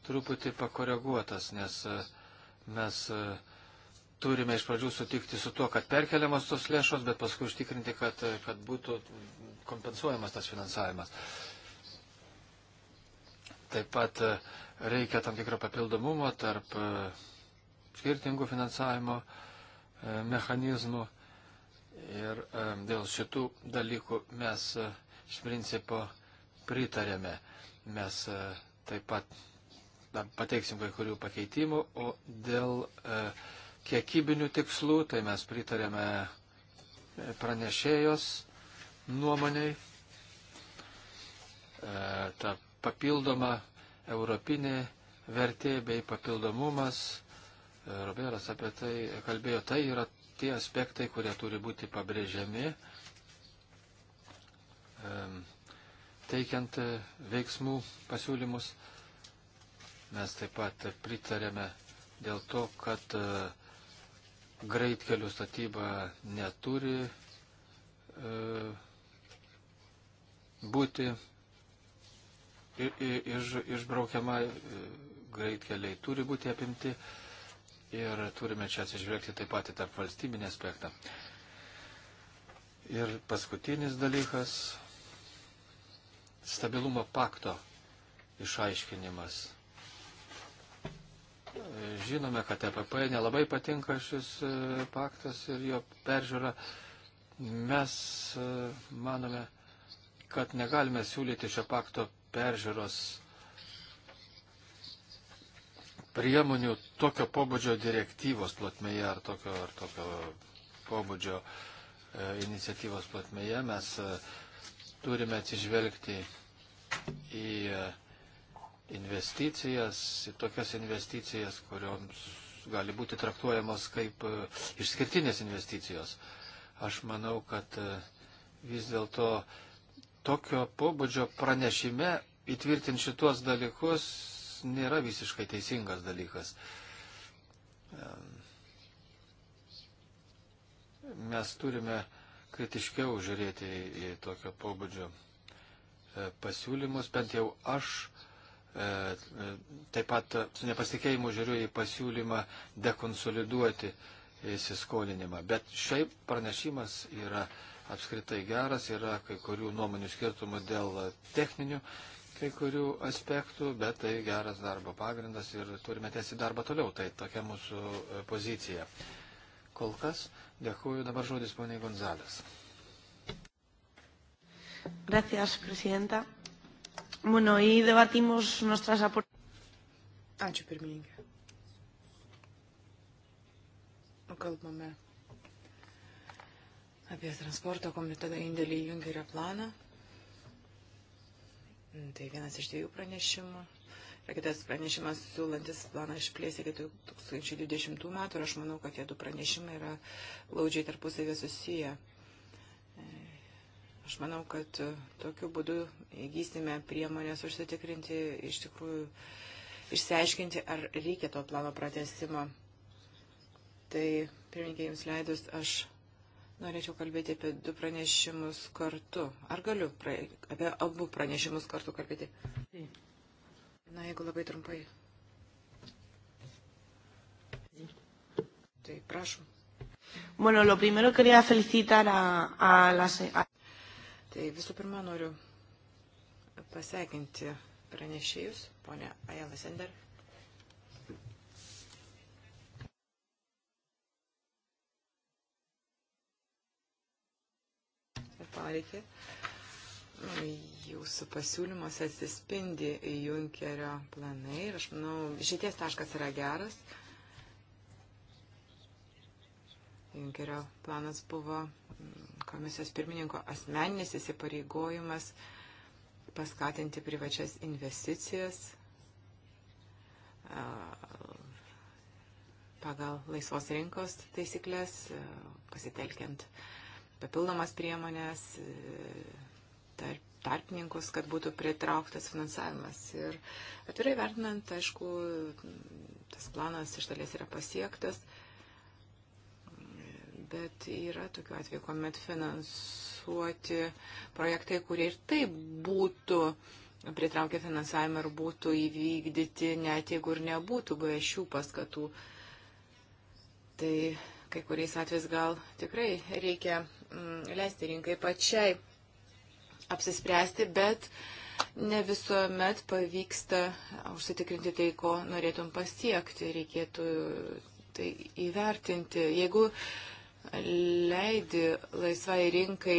truputį pakoreguotas, nes e, mes e, turime iš pradžių sutikti su tuo, kad perkeliamas tos lėšos, bet paskui užtikrinti, kad, e, kad būtų kompensuojamas tas finansavimas. Taip pat reikia tam tikro papildomumo tarp skirtingų finansavimo uh, E, mechanizmų. Ir e, dėl šitų dalykų mes e, iš principo pritarėme. Mes taip pat na, pateiksim kai kurių pakeitimų, o dėl kiekybinių tikslų, tai mes pritarėme pranešėjos nuomoniai. Ta papildoma europinė vertė bei papildomumas Roberas apie tai kalbėjo, tai yra tie aspektai, kurie turi būti pabrėžiami, teikiant e, veiksmų pasiūlymus. Mes taip pat pritarėme dėl to, kad e, greitkelių statyba neturi e, būti iš, išbraukiama, greitkeliai turi būti apimti ir turime čia atsižvelgti taip pat į tarp valstybinį aspektą. Ir paskutinis dalykas - stabilumo pakto išaiškinimas. Žinome, kad EPP nelabai patinka šis e, paktas ir jo peržiūra. Mes e, manome, kad negalime siūlyti šio pakto peržiūros priemonių tokio pobūdžio direktyvos platmeje ar tokio, ar tokio pobūdžio e, iniciatyvos platmeje mes e, turime atsižvelgti į e, investicijas, į tokias investicijas, kurioms gali būti traktuojamos kaip išskirtinės investicijos. Aš manau, kad vis dėlto tokio pobūdžio pranešime įtvirtinti šitos dalykus nėra visiškai teisingas dalykas. Mes turime kritiškiau žiūrėti į tokio pobūdžio e, pasiūlymus, bent jau aš e, taip pat su nepasitikėjimu žiūriu į pasiūlymą dekonsoliduoti įsiskolinimą. Bet šiaip pranešimas yra apskritai geras, yra kai kurių nuomonių skirtumų dėl techninių kai kurių aspektų, bet tai geras darbo pagrindas ir turime tęsti darbą toliau. Tai tokia mūsų e, pozicija. Kol kas dėkuoju dabar žodis poniai Gonzalės. Gracias, presidenta. Bueno, hoy debatimos nuestras aportaciones. Ačiū, pirmininkė. Kalbame apie transporto komiteto indėlį į Junkerio planą. Tai vienas iš dviejų pranešimų. Ir kitas pranešimas siūlantis planą išplėsti iki 2020 metų ir aš manau, kad tie du pranešimai yra glaudžiai tarpusavė susiję. E, aš manau, kad tokiu būdu įgysime priemonės užsitikrinti, iš tikrųjų išsiaiškinti, ar reikia to plano pratesimo. Tai, pirmininkė, jums leidus, aš Norėčiau kalbėti apie du pranešimus kartu. Ar galiu pra... apie abu pranešimus kartu kalbėti? Na, jeigu labai trumpai. Tai prašom. Bueno, lo primero quería felicitar a, a las... A... Tai visų pirma noriu pasveikinti pranešėjus, ponę Aela Sender poreikį. Jūsų pasiūlymas atsispindi Junkerio planai ir aš manau, šities taškas yra geras. Junkerio planas buvo komisijos pirmininko asmeninis įsipareigojimas paskatinti privačias investicijas pagal laisvos rinkos taisyklės, pasitelkiant uh, papildomas priemonės, tarp, tarpininkus, kad būtų pritrauktas finansavimas. Ir atvirai vertinant, aišku, tas planas iš dalies yra pasiektas, bet yra tokių atvejų, kuomet finansuoti projektai, kurie ir taip būtų pritraukę finansavimą ir būtų įvykdyti, net jeigu ir nebūtų buvę šių paskatų. Tai kai kuriais atvejais gal tikrai reikia mm, leisti rinkai pačiai apsispręsti, bet ne visuomet pavyksta užsitikrinti tai, ko norėtum pasiekti. Reikėtų tai įvertinti. Jeigu leidi laisvai rinkai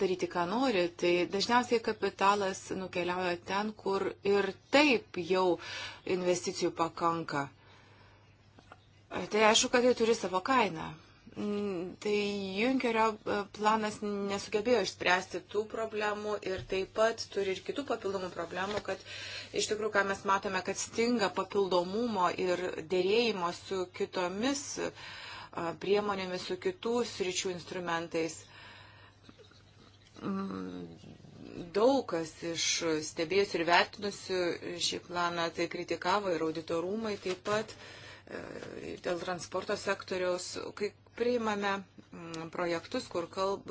daryti, ką nori, tai dažniausiai kapitalas nukeliauja ten, kur ir taip jau investicijų pakanka. Tai aišku, kad tai turi savo kainą. Mm, tai Junkerio e, planas nesugebėjo išspręsti tų problemų ir taip pat turi ir kitų papildomų problemų, kad iš tikrųjų, ką mes matome, kad stinga papildomumo ir dėrėjimo su kitomis e, priemonėmis, su kitų sričių instrumentais mm, daug kas iš stebėjusių ir vertinusių šį planą tai kritikavo ir auditorumai taip pat. Uh, dėl transporto sektoriaus, kai priimame mm, projektus, kur kalb,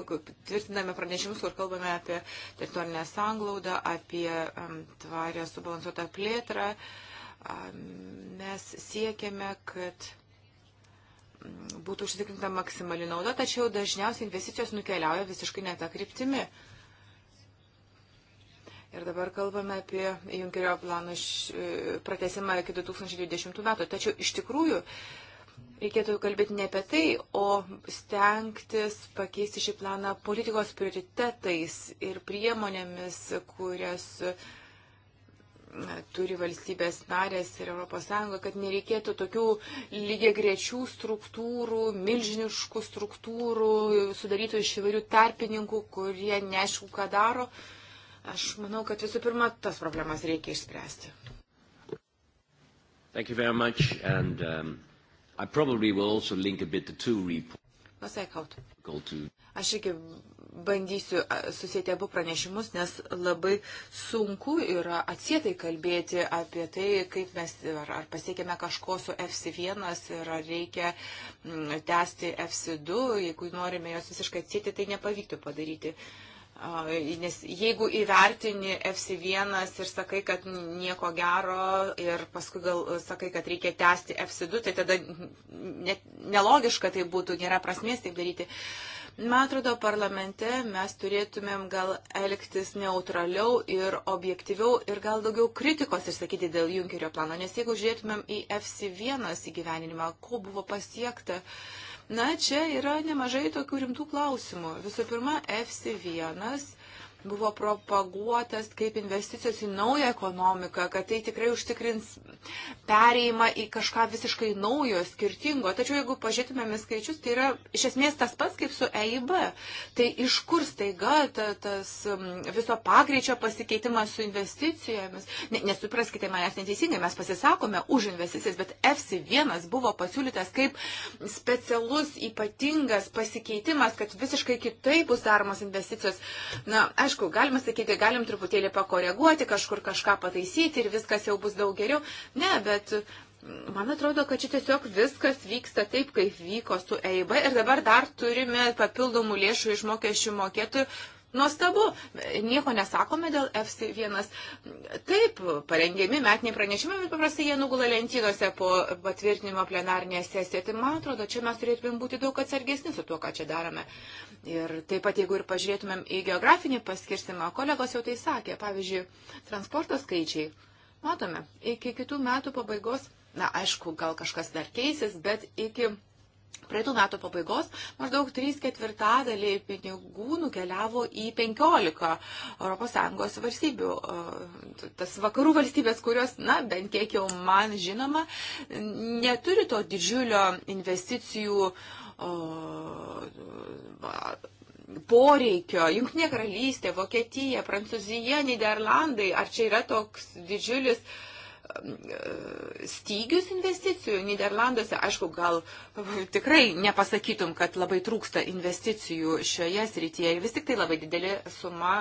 tvirtiname pranešimus, kur kalbame apie teritorinę sanglaudą, apie mm, tvarę subalansuotą plėtrą, mes siekiame, kad mm, būtų užtikrinta maksimali nauda, tačiau dažniausiai investicijos nukeliauja visiškai netą kryptimi. Ir dabar kalbame apie Junkerio planų e, pratesimą iki 2020 metų. Tačiau iš tikrųjų reikėtų kalbėti ne apie tai, o stengtis pakeisti šį planą politikos prioritetais ir priemonėmis, kurias turi valstybės narės ir ES, kad nereikėtų tokių lygiai grečių struktūrų, milžiniškų struktūrų, sudarytų iš įvairių tarpininkų, kurie neaišku, ką daro. Uh, Aš manau, kad visų pirma, tas problemas reikia išspręsti. Thank you very much, and um, I probably will also link a bit the two reports. Pasveikaut. Aš irgi bandysiu susėti abu pranešimus, nes labai sunku yra atsietai kalbėti apie tai, kaip mes ar, ar pasiekėme kažko su FC1 ir ar reikia m, mm, tęsti FC2, jeigu norime jos visiškai atsėti, tai nepavyktų padaryti. Uh, Nes jeigu įvertini FC1 ir sakai, kad nieko gero ir paskui gal e, sakai, kad reikia tęsti FC2, tai tada net nelogiška tai būtų, nėra prasmės taip daryti. Man atrodo, parlamente mes turėtumėm gal elgtis neutraliau ir objektyviau ir gal daugiau kritikos išsakyti dėl Junkerio plano, nes jeigu žiūrėtumėm į FC1 įgyveninimą, ko buvo pasiekta, uh, Na, čia yra nemažai tokių rimtų klausimų. Visų pirma, FC1 buvo propaguotas kaip investicijos į naują ekonomiką, kad tai tikrai užtikrins pereimą į kažką visiškai naujo, skirtingo. Tačiau jeigu pažiūrėtumėm į skaičius, tai yra iš esmės tas pats kaip su EIB. Tai iš kur staiga ta, tas viso pagreičio pasikeitimas su investicijomis. Nesupraskite manęs neteisingai, mes pasisakome už investicijas, bet FC1 buvo pasiūlytas kaip specialus ypatingas pasikeitimas, kad visiškai kitaip bus daromos investicijos. Na, aišku, aišku, galima sakyti, galim truputėlį pakoreguoti, kažkur kažką pataisyti ir viskas jau bus daug geriau. Ne, bet mm, man atrodo, kad čia tiesiog viskas vyksta taip, kaip vyko su EIB ir dabar dar turime papildomų lėšų iš mokesčių mokėtojų Nuostabu, nieko nesakome dėl FC1. Taip, parengiami metiniai pranešimai, bet paprastai jie nugula lentynose po patvirtinimo plenarnėje sesijoje. Tai man atrodo, čia mes turėtumėm būti daug atsargesni su tuo, ką čia darome. Ir taip pat, jeigu ir pažiūrėtumėm į geografinį paskirstimą, kolegos jau tai sakė, pavyzdžiui, transporto skaičiai. Matome, iki kitų metų pabaigos, na aišku, gal kažkas dar keisis, bet iki Praeitų metų pabaigos maždaug 3 ketvirtadaliai pinigų nukeliavo į 15 ES valstybių. Tas vakarų valstybės, kurios, na, bent kiek jau man žinoma, neturi to didžiulio investicijų poreikio. Junknė karalystė, Vokietija, Prancūzija, Niderlandai. Ar čia yra toks didžiulis uh, stygius investicijų Niderlanduose. Aišku, gal tikrai nepasakytum, kad labai trūksta investicijų šioje srityje ir vis tik tai labai didelė suma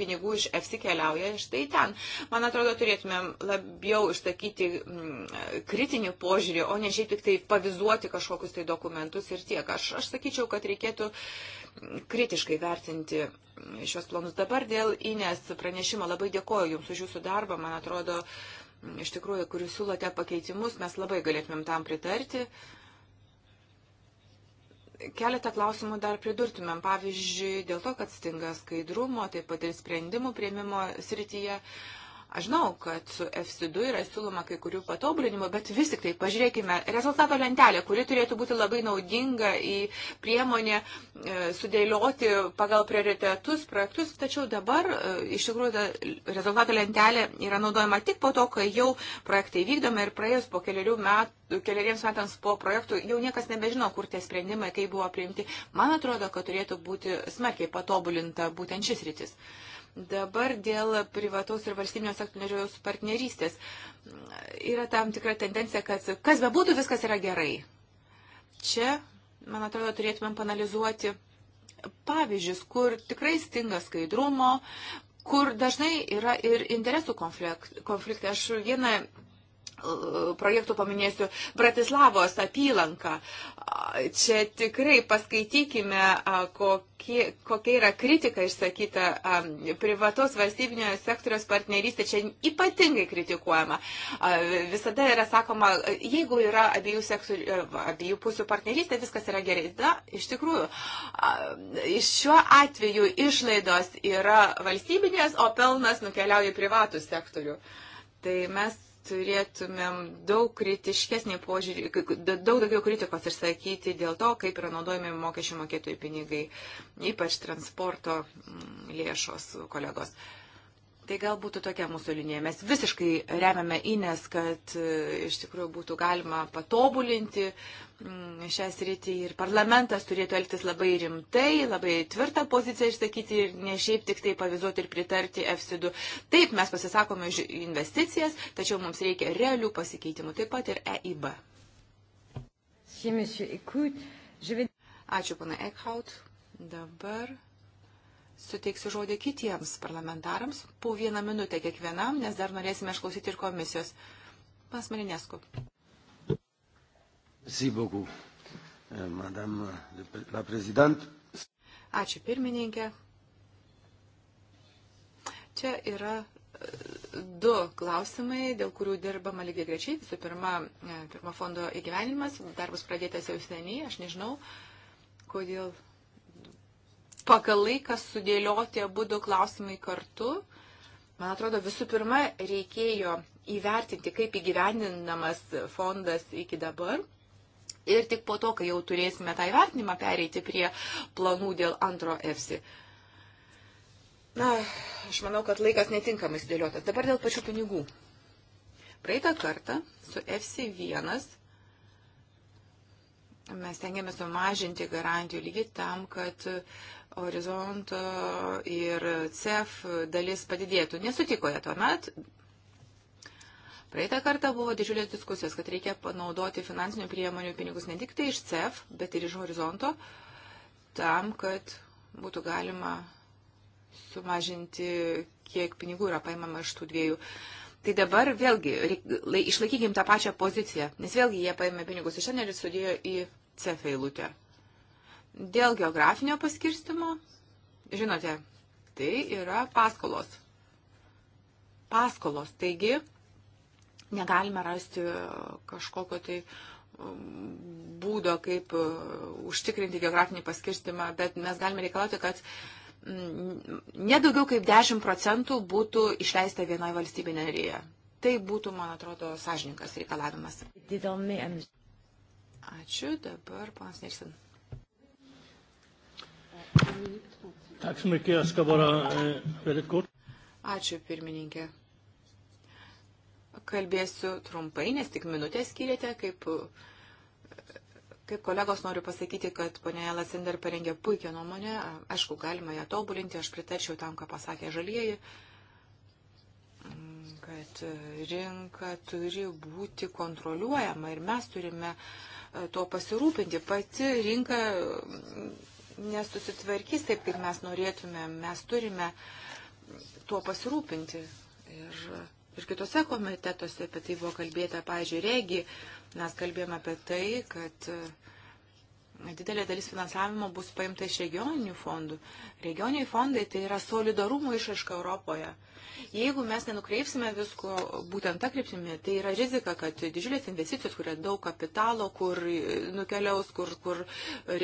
pinigų iš EFSI keliauja štai ten. Man atrodo, turėtumėm labiau išsakyti mm, kritinį požiūrį, o ne šiaip tik tai pavizuoti kažkokius tai dokumentus ir tiek. Aš, aš sakyčiau, kad reikėtų kritiškai vertinti šios planus. Dabar dėl Inės pranešimo labai dėkoju Jums už Jūsų darbą. Man atrodo, uh, iš tikrųjų, kuriuos siūlote pakeitimus, mes labai galėtumėm tam pritarti. Keletą klausimų dar pridurtumėm. Pavyzdžiui, dėl to, kad stinga skaidrumo, taip pat ir sprendimų prieimimo srityje. Uh, Aš žinau, kad su FC2 yra siūloma kai kurių patobulinimų, bet vis tik tai pažiūrėkime rezultato lentelę, kuri turėtų būti labai naudinga į priemonę e, sudėlioti pagal prioritetus projektus, tačiau dabar e, iš tikrųjų rezultato lentelė yra naudojama tik po to, kai jau projektai vykdomi ir praėjus po keliarių metų keliariems metams po projektų jau niekas nebežino, kur tie sprendimai, kaip buvo priimti. Man atrodo, kad turėtų būti smarkiai patobulinta būtent šis rytis. Uh, Dabar dėl privataus ir valstybinio sektoriaus partnerystės yra tam tikra tendencija, kad kas bebūtų, viskas yra gerai. Čia, man atrodo, turėtumėm panalizuoti pavyzdžius, kur tikrai stinga skaidrumo, kur dažnai yra ir interesų konfliktai. Aš vieną projektų paminėsiu Bratislavos apylanką. Čia tikrai paskaitykime, kokie, kokia yra kritika išsakyta privatos valstybinio sektoriaus partnerystė. Čia ypatingai kritikuojama. Visada yra sakoma, jeigu yra abiejų, seksu, abiejų pusių partnerystė, viskas yra gerai. Na, iš tikrųjų, šiuo atveju išlaidos yra valstybinės, o pelnas nukeliauja į privatų sektorių. Tai mes turėtumėm daug kritiškesnį požiūrį, daug daugiau kritikos išsakyti dėl to, kaip yra naudojami mokesčių mokėtojų pinigai, ypač transporto mm, lėšos kolegos. Uh, Tai gal būtų tokia mūsų linija. Mes visiškai remiame Ines, kad e, iš tikrųjų būtų galima patobulinti mm, šią sritį ir parlamentas turėtų elgtis labai rimtai, labai tvirtą poziciją išsakyti ir ne šiaip tik tai pavizuoti ir pritarti FSIDU. Taip, mes pasisakome už investicijas, tačiau mums reikia realių pasikeitimų, taip pat ir EIB. Ačiū, pana Eckhout. Dabar suteiksiu žodį kitiems parlamentarams, po vieną minutę kiekvienam, nes dar norėsime išklausyti ir komisijos. Pas Marinesku. Euh, Ačiū pirmininkė. Čia yra e, du klausimai, dėl kurių dirbama lygiai grečiai. Visų pirma, e, pirmo fondo įgyvenimas, darbas pradėtas jau seniai, aš nežinau, kodėl pagal laiką sudėlioti abu du klausimai kartu. Man atrodo, visų pirma, reikėjo įvertinti, kaip įgyvendinamas fondas iki dabar. Ir tik po to, kai jau turėsime tą įvertinimą, pereiti prie planų dėl antro EFSI. Na, aš manau, kad laikas netinkamai sudėliotas. Dabar dėl pačių pinigų. Praeitą kartą su FC1 Mes tengiamės sumažinti garantijų lygį tam, kad horizonto ir CEF dalis padidėtų. Nesutikoje tuomet. Praeitą kartą buvo didžiulės diskusijos, kad reikia panaudoti finansinių priemonių pinigus ne tik tai iš CEF, bet ir iš horizonto, tam, kad būtų galima sumažinti, kiek pinigų yra paimama iš tų dviejų. Tai dabar vėlgi išlaikykim tą pačią poziciją, nes vėlgi jie paėmė pinigus iš šiandien ir sudėjo į CEF eilutę. Dėl geografinio paskirstimo, žinote, tai yra paskolos. Paskolos, taigi negalime rasti kažkokio tai um, būdo, kaip uh, užtikrinti geografinį paskirstimą, bet mes galime reikalauti, kad mm, nedaugiau kaip 10 procentų būtų išleista vienoje valstybėje narėje. Tai būtų, man atrodo, sąžininkas reikalavimas. Ačiū. Dabar panas Nilsen. E, Ačiū, pirmininkė. Kalbėsiu trumpai, nes tik minutę skiriate, kaip Kaip kolegos noriu pasakyti, kad ponė Lasinder parengė puikią nuomonę, aišku, galima ją tobulinti, aš pritarčiau tam, ką pasakė žalieji. Uh, kad rinka turi būti kontroliuojama ir mes turime e, to pasirūpinti. Pati rinka mm, nesusitvarkys taip, kaip mes norėtume. Mes turime mm, tuo pasirūpinti. Ir, ir kitose komitetuose apie tai buvo kalbėta, pavyzdžiui, regi, mes kalbėjome apie tai, kad e, didelė dalis finansavimo bus paimta iš regioninių fondų. Regioniniai fondai tai yra solidarumo išaiška Europoje. Uh, Jeigu mes nenukreipsime visko būtent tą kryptimį, tai yra rizika, kad didžiulės investicijos, kur yra daug kapitalo, kur nukeliaus, kur, kur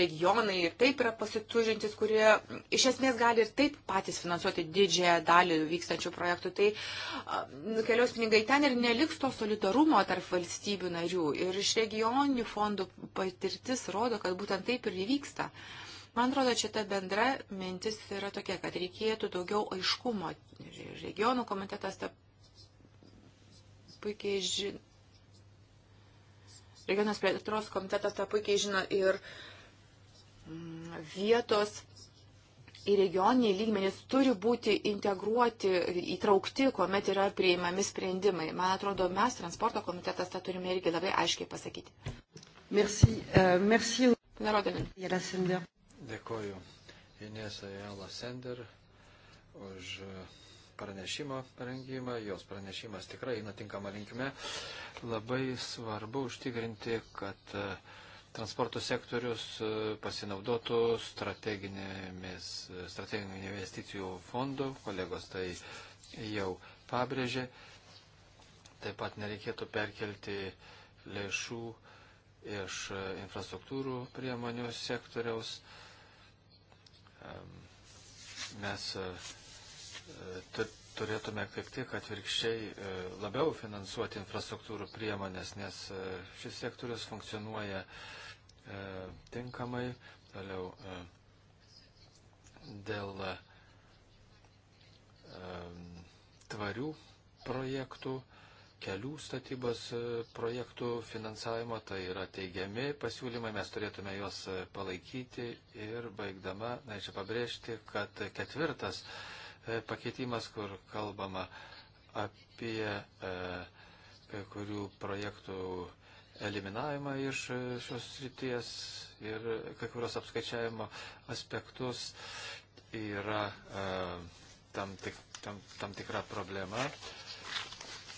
regionai ir taip yra pasitužintis, kurie iš esmės gali ir taip patys finansuoti didžiąją dalį vykstančių projektų, tai nukeliaus pinigai ten ir neliks to solidarumo tarp valstybių narių. Ir iš regioninių fondų patirtis rodo, kad būtent taip ir įvyksta. Thank you Man atrodo, čia ta bendra mintis yra tokia, kad reikėtų daugiau aiškumo. Regionų komitetas tą puikiai žino. Regionas plėtros komitetas tą puikiai žino ir mm, vietos į regioniniai lygmenys turi būti integruoti, įtraukti, kuomet yra prieimami sprendimai. Man atrodo, mes, transporto komitetas, tą turime irgi labai aiškiai pasakyti. Merci. Uh, merci. Narodinin. Dėkoju Inesa Jala Sender už pranešimo parengimą. Jos pranešimas tikrai eina tinkama linkme. Labai svarbu užtikrinti, kad e, transporto sektorius e, pasinaudotų strateginėmis, e, strateginių investicijų fondų. Kolegos tai jau pabrėžė. Taip pat nereikėtų perkelti lėšų iš infrastruktūrų priemonių sektoriaus. Uh, mes e, turėtume kaip tik atvirkščiai e, labiau finansuoti infrastruktūrų priemonės, nes e, šis sektorius funkcionuoja tinkamai. Toliau dėl tvarių projektų kelių statybos e, projektų finansavimo, tai yra teigiami pasiūlymai, mes turėtume juos e, palaikyti ir baigdama, norėčiau pabrėžti, kad ketvirtas e, pakeitimas, kur kalbama apie kai kurių projektų eliminavimą iš šios ryties ir kai kurios apskaičiavimo aspektus yra e, tam, tik, tam, tam tikra problema.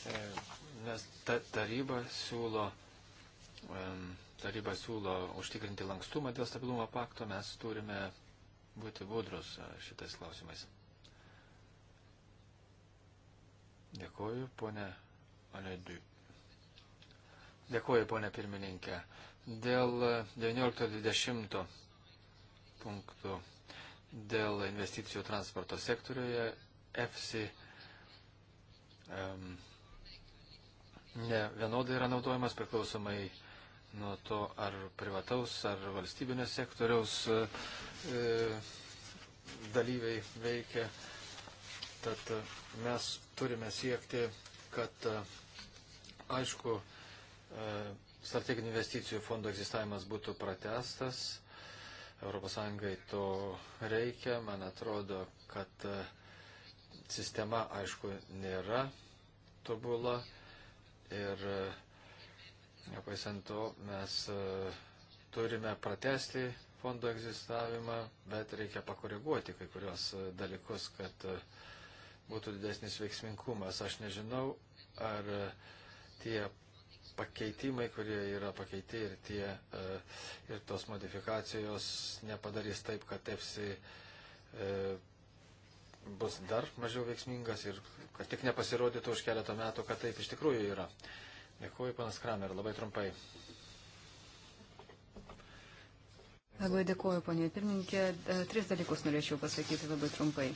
E, nes ta, taryba siūlo. Um, Taryba siūlo užtikrinti lankstumą dėl stabilumo pakto, mes turime būti budrus šitais klausimais. Dėkuoju, ponė Anedui. Dėkuoju, ponė pirmininkė. Dėl 19.20 punktų dėl investicijų transporto sektoriuje EFSI um, ne vienodai yra naudojamas priklausomai nuo to, ar privataus, ar valstybinio sektoriaus e, dalyviai veikia. Tad e, mes turime siekti, kad e, aišku, e, strateginių investicijų fondo egzistavimas būtų pratestas. ES to reikia. Man atrodo, kad sistema, aišku, nėra tobula Ir e, nepaisant to, mes e, turime pratesti fondo egzistavimą, bet reikia pakoreguoti kai kurios e, dalykus, kad būtų didesnis veiksmingumas. Aš nežinau, ar tie pakeitimai, kurie yra pakeiti ir, tie, ir tos modifikacijos nepadarys taip, kad EFSI bus dar mažiau veiksmingas ir kad tik nepasirodytų už keletą metų, kad taip iš tikrųjų yra. Dėkuoju, panas Kramer, labai trumpai. Labai dėkuoju, ponė pirmininkė. E, tris dalykus norėčiau pasakyti labai trumpai.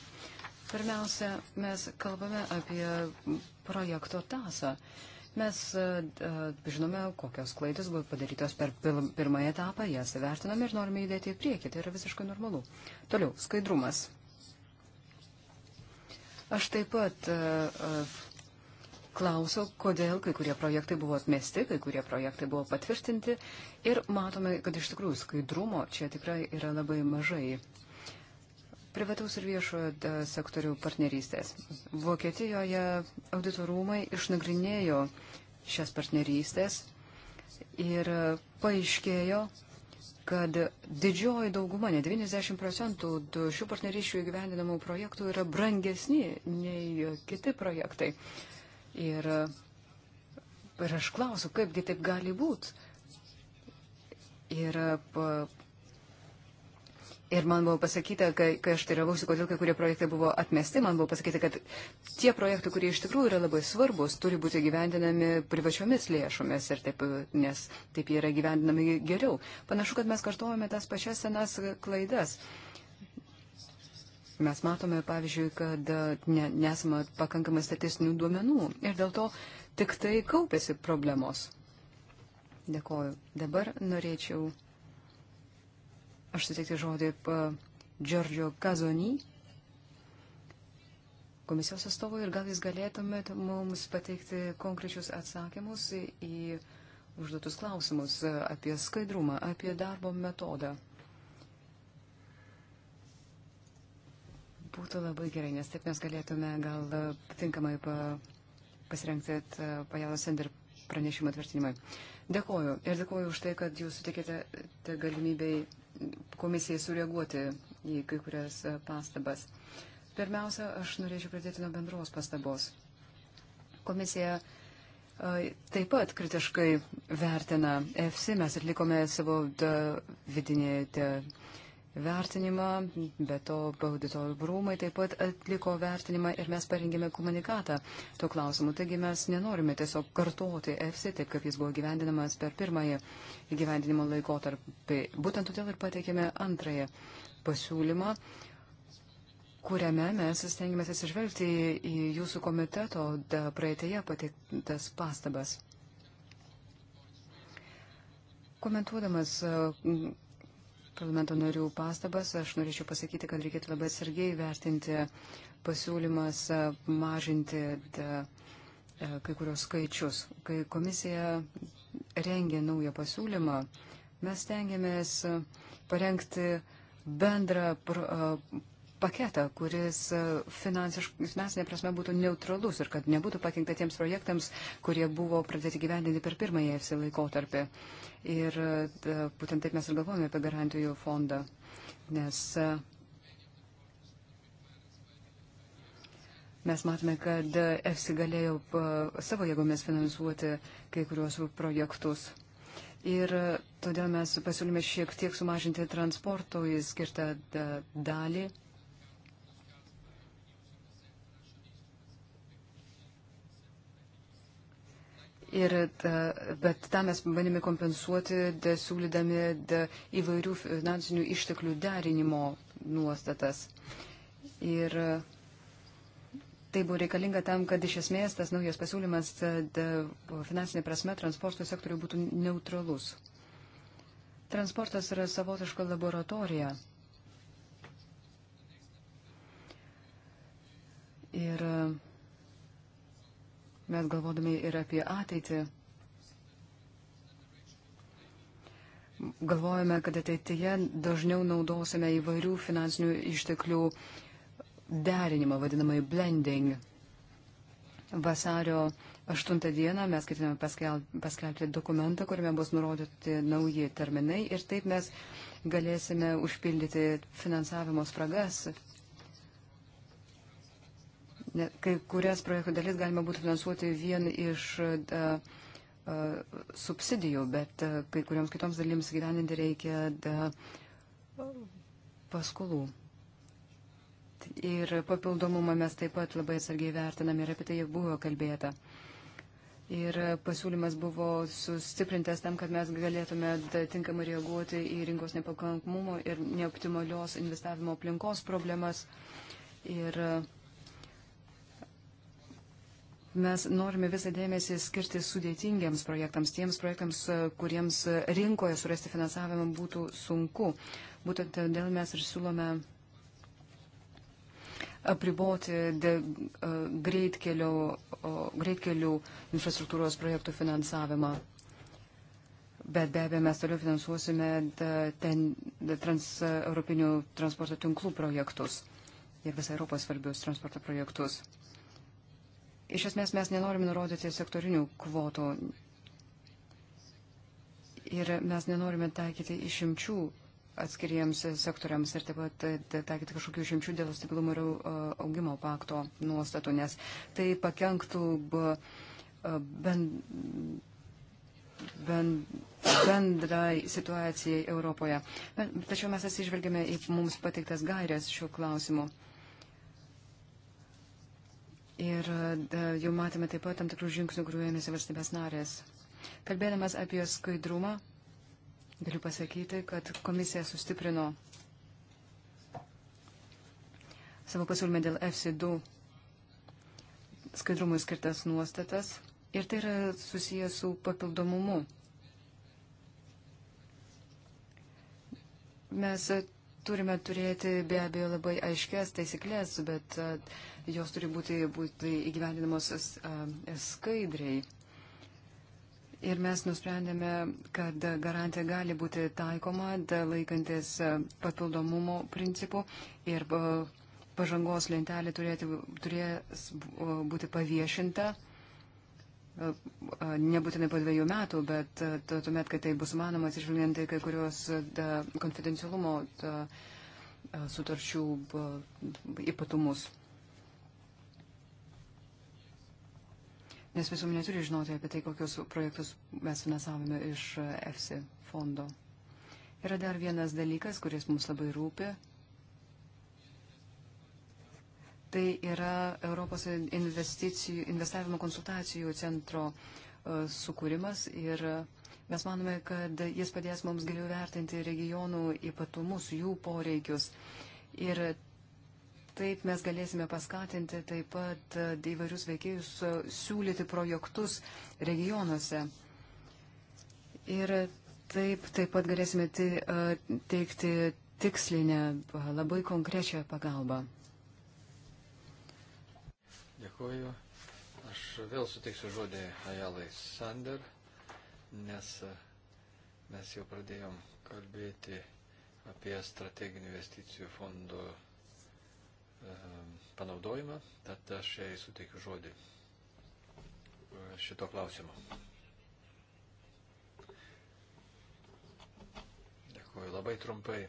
Pirmiausia, mes kalbame apie projekto tasą. Mes e, e, žinome, kokios klaidos buvo padarytos per pirmąją etapą, jas įvertiname ir norime judėti į priekį. Tai yra visiškai normalu. Toliau, skaidrumas. Aš taip pat e, e, klausiau, kodėl kai kurie projektai buvo atmesti, kai kurie projektai buvo patvirtinti ir matome, kad iš tikrųjų skaidrumo čia tikrai yra labai mažai. Privataus ir viešojo e, sektorių partnerystės. Vokietijoje auditorumai išnagrinėjo šias partnerystės ir paaiškėjo, kad didžioji dauguma, ne 90 procentų šių partnerysčių įgyvendinamų projektų yra brangesni nei kiti projektai. Ir, ir aš klausiu, kaipgi taip gali būti. Ir Ir man buvo pasakyta, kai, kai aš teiravausi, kodėl kai kurie projektai buvo atmesti, man buvo pasakyta, kad tie projektai, kurie iš tikrųjų yra labai svarbus, turi būti gyvendinami privačiomis lėšomis, taip, nes taip jie yra gyvendinami geriau. Panašu, kad mes kartuojame tas pačias senas klaidas. Mes matome, pavyzdžiui, kad e, ne, nesama pakankamai statistinių duomenų ir dėl to tik tai kaupėsi problemos. Dėkoju. Dabar norėčiau aš suteikti žodį Džordžio e, Kazonį, komisijos atstovui, ir gal jūs galėtumėt mums pateikti konkrečius atsakymus į užduotus klausimus e, apie skaidrumą, apie darbo metodą. Būtų labai gerai, nes taip mes galėtume gal e, tinkamai pa, pasirengti Pajalos Sender pranešimo tvirtinimai. Dėkoju ir dėkoju už tai, kad jūs sutikėte galimybėj komisijai sureaguoti į kai kurias e, pastabas. Pirmiausia, aš norėčiau pradėti nuo bendros pastabos. Komisija e, taip pat kritiškai vertina EFSI, mes atlikome savo vidinį vertinimą, bet to auditorių rūmai taip pat atliko vertinimą ir mes parengėme komunikatą tuo klausimu. Taigi mes nenorime tiesiog kartoti EFSI taip, kaip jis buvo gyvendinamas per pirmąjį gyvendinimo laikotarpį. Būtent todėl ir pateikėme antrąją pasiūlymą kuriame mes stengiamės atsižvelgti į jūsų komiteto praeitėje pateiktas pastabas. Komentuodamas parlamento narių pastabas. Aš norėčiau pasakyti, kad reikėtų labai atsargiai vertinti pasiūlymas mažinti kai kurios skaičius. Kai komisija rengė naują pasiūlymą, mes tengiamės parengti bendrą paketą, kuris e, finansinė prasme būtų neutralus ir kad nebūtų pakengta tiems projektams, kurie buvo pradėti gyvendinti per pirmąjį EFSI laikotarpį. Ir e, būtent taip mes ir galvojame apie garantijų fondą, nes e, mes matome, kad EFSI galėjo savo jėgomis finansuoti kai kuriuos projektus. Ir todėl mes pasiūlėme šiek tiek sumažinti transportui skirtą dalį. Ir, bet tą mes bandėme kompensuoti, de, siūlydami de, įvairių finansinių išteklių derinimo nuostatas. Ir tai buvo reikalinga tam, kad iš esmės tas naujas pasiūlymas de, finansinė prasme transporto sektoriui būtų neutralus. Transportas yra savotiška laboratorija. Ir uh, mes galvodami ir apie ateitį, galvojame, kad ateityje dažniau naudosime įvairių finansinių išteklių derinimą, vadinamai blending. Vasario 8 dieną mes ketiname paskelbti dokumentą, kuriame bus nurodyti nauji terminai ir taip mes galėsime užpildyti finansavimo spragas Kai kurias projektų dalis galima būtų finansuoti vien iš da, e, a, e, subsidijų, bet a, e, kai kurioms kitoms dalims gyveninti reikia da, paskolų. Ir papildomumą mes taip pat labai atsargiai vertiname ir apie tai jau buvo kalbėta. Ir pasiūlymas buvo sustiprintas tam, kad mes galėtume tinkamai reaguoti į rinkos nepakankamumo ir neoptimalios investavimo aplinkos problemas. Ir uh, Mes norime visą dėmesį skirti sudėtingiams projektams, tiems projektams, e, kuriems e, rinkoje surasti finansavimą būtų sunku. Būtent todėl mes ir siūlome apriboti e, greitkelių, greitkelių infrastruktūros projektų finansavimą. Bet be abejo, mes toliau finansuosime ten trans, europinių transporto tinklų projektus ir visą Europos svarbius transporto projektus. Iš esmės mes nenorime nurodyti sektorinių kvotų ir mes nenorime taikyti išimčių atskiriems sektoriams ir taip pat e, taikyti kažkokių išimčių dėl stabilumo ir e, augimo pakto nuostatų, nes tai pakenktų bend, bend, bendrai situacijai Europoje. Tačiau mes atsižvelgėme į mums pateiktas gairias šiuo klausimu. Ir e, jau matome taip pat tam tikrų žingsnių, kuriuo ėmėsi valstybės narės. Kalbėdamas apie skaidrumą, galiu pasakyti, kad komisija sustiprino savo pasiūlymą dėl FC2 skaidrumui skirtas nuostatas ir tai yra susijęs su papildomumu. Mes turime turėti be abejo labai aiškias taisyklės, bet e, jos turi būti, būti įgyvendinamos e, skaidriai. Ir mes nusprendėme, kad garantija gali būti taikoma laikantis e, papildomumo principų ir pažangos lentelė turėti, turės būti paviešinta nebūtinai po dviejų metų, bet tuomet, kai tai bus manoma, atsižvelgiant į kai kurios konfidencialumo sutarčių ypatumus. Nes visuomenė turi žinoti apie tai, kokius projektus mes finansavome iš EFSI fondo. Yra dar vienas dalykas, kuris mums labai rūpi Tai yra Europos investavimo konsultacijų centro e, sukūrimas ir mes manome, kad jis padės mums geriau vertinti regionų ypatumus, jų poreikius. Ir taip mes galėsime paskatinti taip pat e, įvairius veikėjus e, siūlyti projektus regionuose. Ir taip, taip pat galėsime teikti tikslinę, labai konkrečią pagalbą. Dėkuoju. Aš vėl suteiksiu žodį Ajalai Sander, nes e, mes jau pradėjom kalbėti apie strateginių investicijų fondų e, panaudojimą, tad aš jai suteikiu žodį e, šito klausimo. Dėkuoju labai trumpai.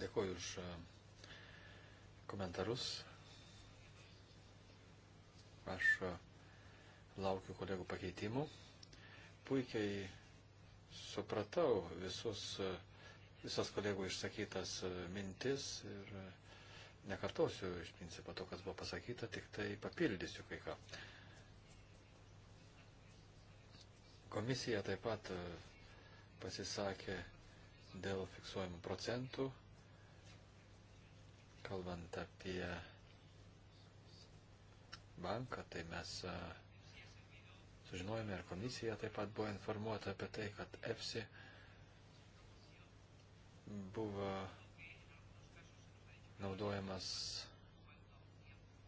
Dėkuoju už komentarus Aš e, laukiu kolegų pakeitimų. Puikiai supratau visus, e, visas kolegų išsakytas e, mintis ir nekartosiu iš principo to, kas buvo pasakyta, tik tai papildysiu kai ką. Komisija taip pat pasisakė dėl fiksuojamų procentų, kalbant apie banką, tai mes e, sužinojome ir komisija taip pat buvo informuota apie tai, kad EFSI buvo naudojamas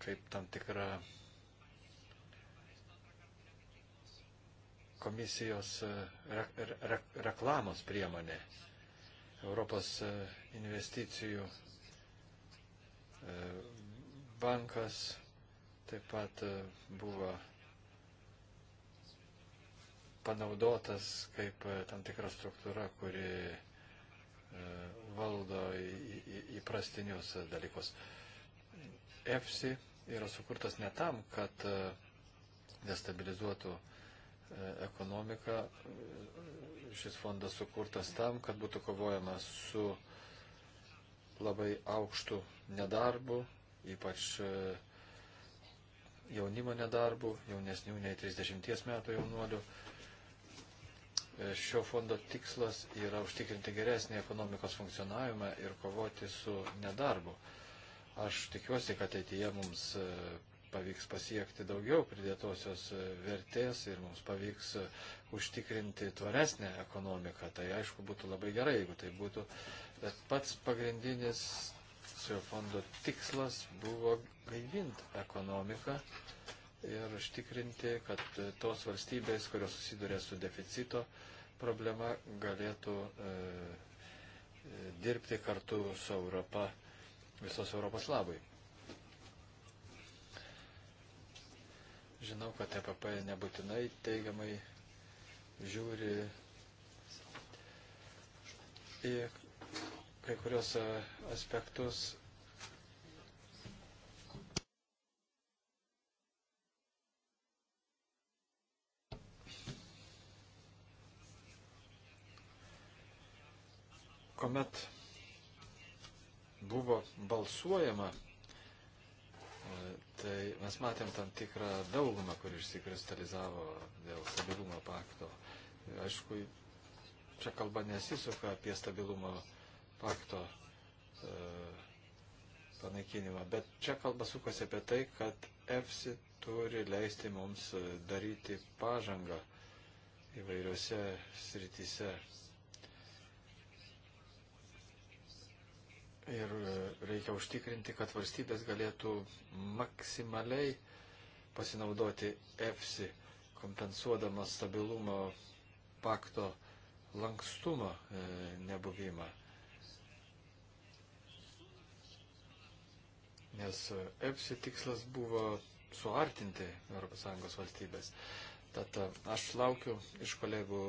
kaip tam tikra komisijos e, re, re, reklamos priemonė Europos e, investicijų bankas Taip pat e, buvo panaudotas kaip e, tam tikra struktūra, kuri e, valdo įprastinius dalykus. EFSI yra sukurtas ne tam, kad destabilizuotų ekonomiką. Šis fondas sukurtas tam, kad būtų kovojama su labai aukštu nedarbu, ypač uh, jaunimo nedarbų, jaunesnių nei 30 metų jaunuolių. E, šio fondo tikslas yra užtikrinti geresnį ekonomikos funkcionavimą ir kovoti su nedarbu. Aš tikiuosi, kad ateityje mums e, pavyks pasiekti daugiau pridėtosios e, vertės ir mums pavyks užtikrinti tvaresnę ekonomiką. Tai aišku būtų labai gerai, jeigu tai būtų. Bet pats pagrindinis fondo tikslas buvo gaivinti ekonomiką ir užtikrinti, kad tos valstybės, kurios susiduria su deficito problema, galėtų e, dirbti kartu su Europa, visos Europos labai. Žinau, kad EPP nebūtinai teigiamai žiūri į kai kurios e, aspektus kuomet buvo balsuojama, e, tai mes matėm tam tikrą daugumą, kur išsikristalizavo dėl stabilumo pakto. Aišku, čia kalba nesisuka apie stabilumo pakto e, panaikinimą. Bet čia kalba sukasi apie tai, kad EFSI turi leisti mums e, daryti pažangą įvairiose srityse. Ir e, reikia užtikrinti, kad valstybės galėtų maksimaliai pasinaudoti EFSI, kompensuodamas stabilumo pakto lankstumą e, nebuvimą. nes EPSI tikslas buvo suartinti ES valstybės. Tad e, aš laukiu iš kolegų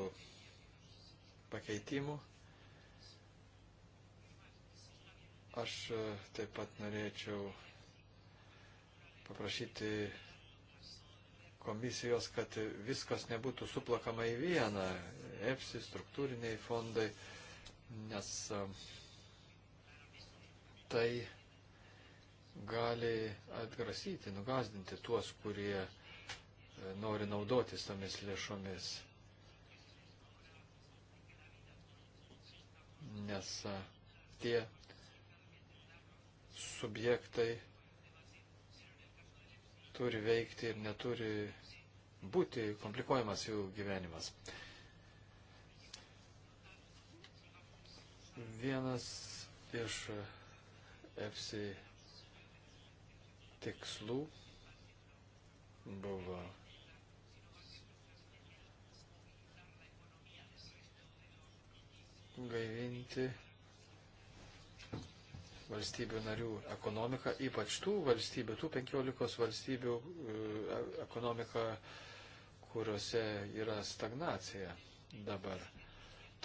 pakeitimų. Aš e, taip pat norėčiau paprašyti komisijos, kad viskas nebūtų suplakama į vieną, EPSI, struktūriniai fondai, nes e, tai gali atgrasyti, nugazdinti tuos, kurie e, nori naudotis tomis lėšomis. Nes e, tie subjektai turi veikti ir neturi būti komplikuojamas jų gyvenimas. Vienas iš e, FC tikslų buvo gaivinti valstybių narių ekonomiką, ypač tų valstybių, tų penkiolikos valstybių e, ekonomiką, kuriuose yra stagnacija dabar.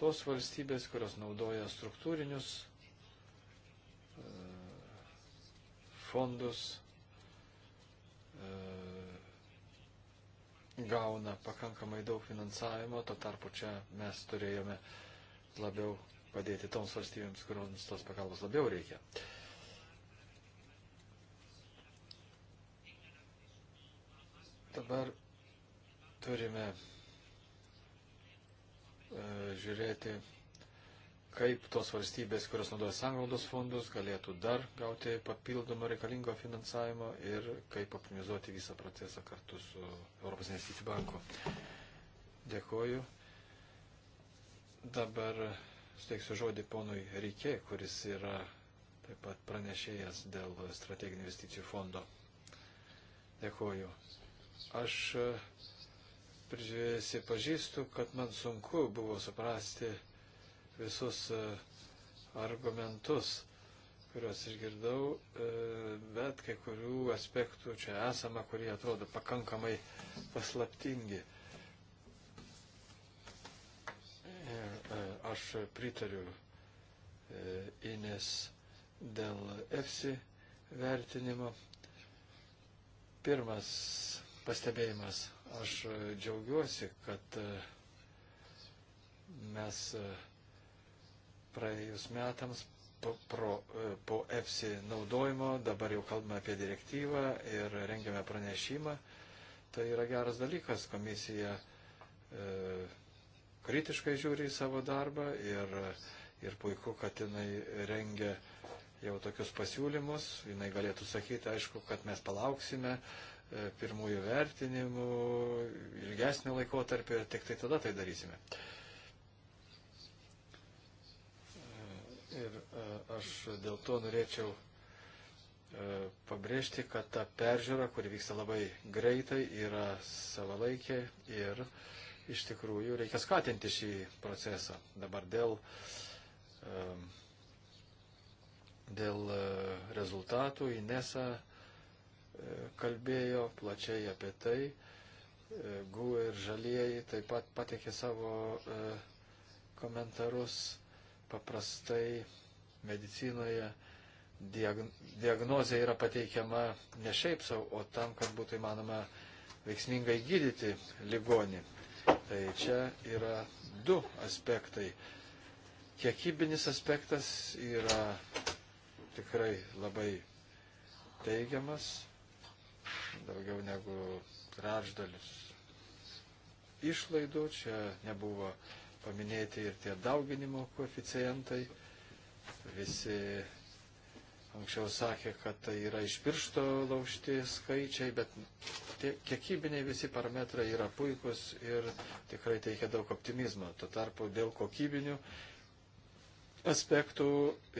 Tos valstybės, kurios naudoja struktūrinius e, fondus, E, gauna pakankamai daug finansavimo, to tarpu čia mes turėjome labiau padėti toms valstybėms, kurioms tos pagalbos labiau reikia. Dabar turime e, žiūrėti kaip tos valstybės, kurios naudoja sanglaudos fondus, galėtų dar gauti papildomą reikalingo finansavimo ir kaip optimizuoti visą procesą kartu su Europos investicijų banku. Dėkoju. Dabar steiksiu žodį ponui Rykė, kuris yra taip pat pranešėjas dėl strateginių investicijų fondo. Dėkoju. Aš e, prisipažįstu, kad man sunku buvo suprasti, visus e, argumentus, kuriuos išgirdau, e, bet kai kurių aspektų čia esama, kurie atrodo pakankamai paslaptingi. Ir e, aš pritariu Ines dėl EFSI vertinimo. Pirmas pastebėjimas. Aš džiaugiuosi, kad mes uh, praėjus metams po, pro, e, po EFSI naudojimo, dabar jau kalbame apie direktyvą ir rengiame pranešimą. Tai yra geras dalykas, komisija e, kritiškai žiūri į savo darbą ir, ir puiku, kad jinai rengia jau tokius pasiūlymus. Jinai galėtų sakyti, aišku, kad mes palauksime e, pirmųjų vertinimų ilgesnio laikotarpio ir tik tai tada tai darysime. E, Ir e, aš dėl to norėčiau e, pabrėžti, kad ta peržiūra, kuri vyksta labai greitai, yra savalaikė ir iš tikrųjų reikia skatinti šį procesą. Dabar dėl, e, dėl rezultatų Inesa kalbėjo plačiai apie tai. GU ir žalieji taip pat patikė savo komentarus Paprastai medicinoje diagnozė yra pateikiama ne šiaip savo, o tam, kad būtų įmanoma veiksmingai gydyti ligonį. Tai čia yra du aspektai. Kiekybinis aspektas yra tikrai labai teigiamas, daugiau negu trečdalis išlaidų, čia nebuvo uh, paminėti ir tie dauginimo koeficientai. Visi anksčiau sakė, kad tai yra iš piršto laužti skaičiai, bet tie kiekybiniai visi parametrai yra puikus ir tikrai teikia daug optimizmo. Tuo tarpu dėl kokybinių aspektų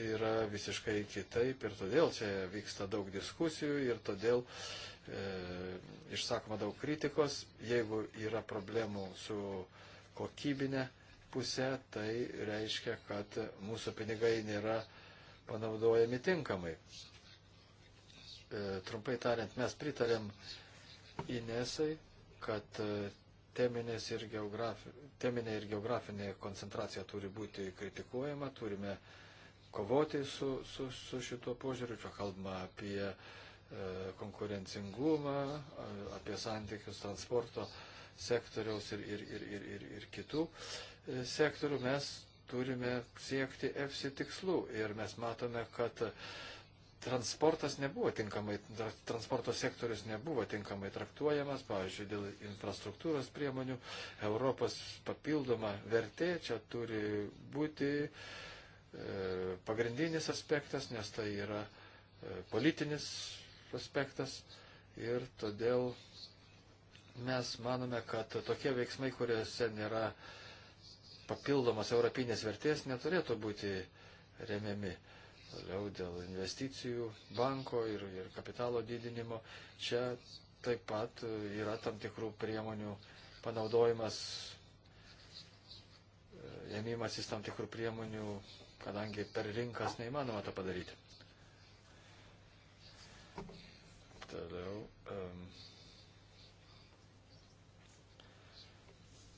yra visiškai kitaip ir todėl čia vyksta daug diskusijų ir todėl e, išsakoma daug kritikos, jeigu yra problemų su kokybinė pusę, tai reiškia, kad mūsų pinigai nėra panaudojami tinkamai. E, trumpai tariant, mes pritarėm Inesai, kad e, ir geografi, teminė ir geografinė koncentracija turi būti kritikuojama, turime kovoti su, su, su šituo požiūriu, čia kalbama apie e, konkurencingumą, apie santykius transporto sektoriaus ir, ir, ir, ir, ir, ir kitų. E, sektorių mes turime siekti EFSI tikslų ir mes matome, kad transportas nebuvo tinkamai, transporto sektorius nebuvo tinkamai traktuojamas, pavyzdžiui, dėl infrastruktūros priemonių, Europos papildoma vertė čia turi būti e, pagrindinis aspektas, nes tai yra e, politinis aspektas ir todėl mes manome, kad tokie veiksmai, kuriuose nėra e, papildomos europinės vertės neturėtų būti remiami. Toliau dėl investicijų, banko ir, ir kapitalo didinimo. Čia taip pat e, yra tam tikrų priemonių panaudojimas, e, ėmimasis tam tikrų priemonių, kadangi per rinkas neįmanoma tą padaryti. Toliau. Um,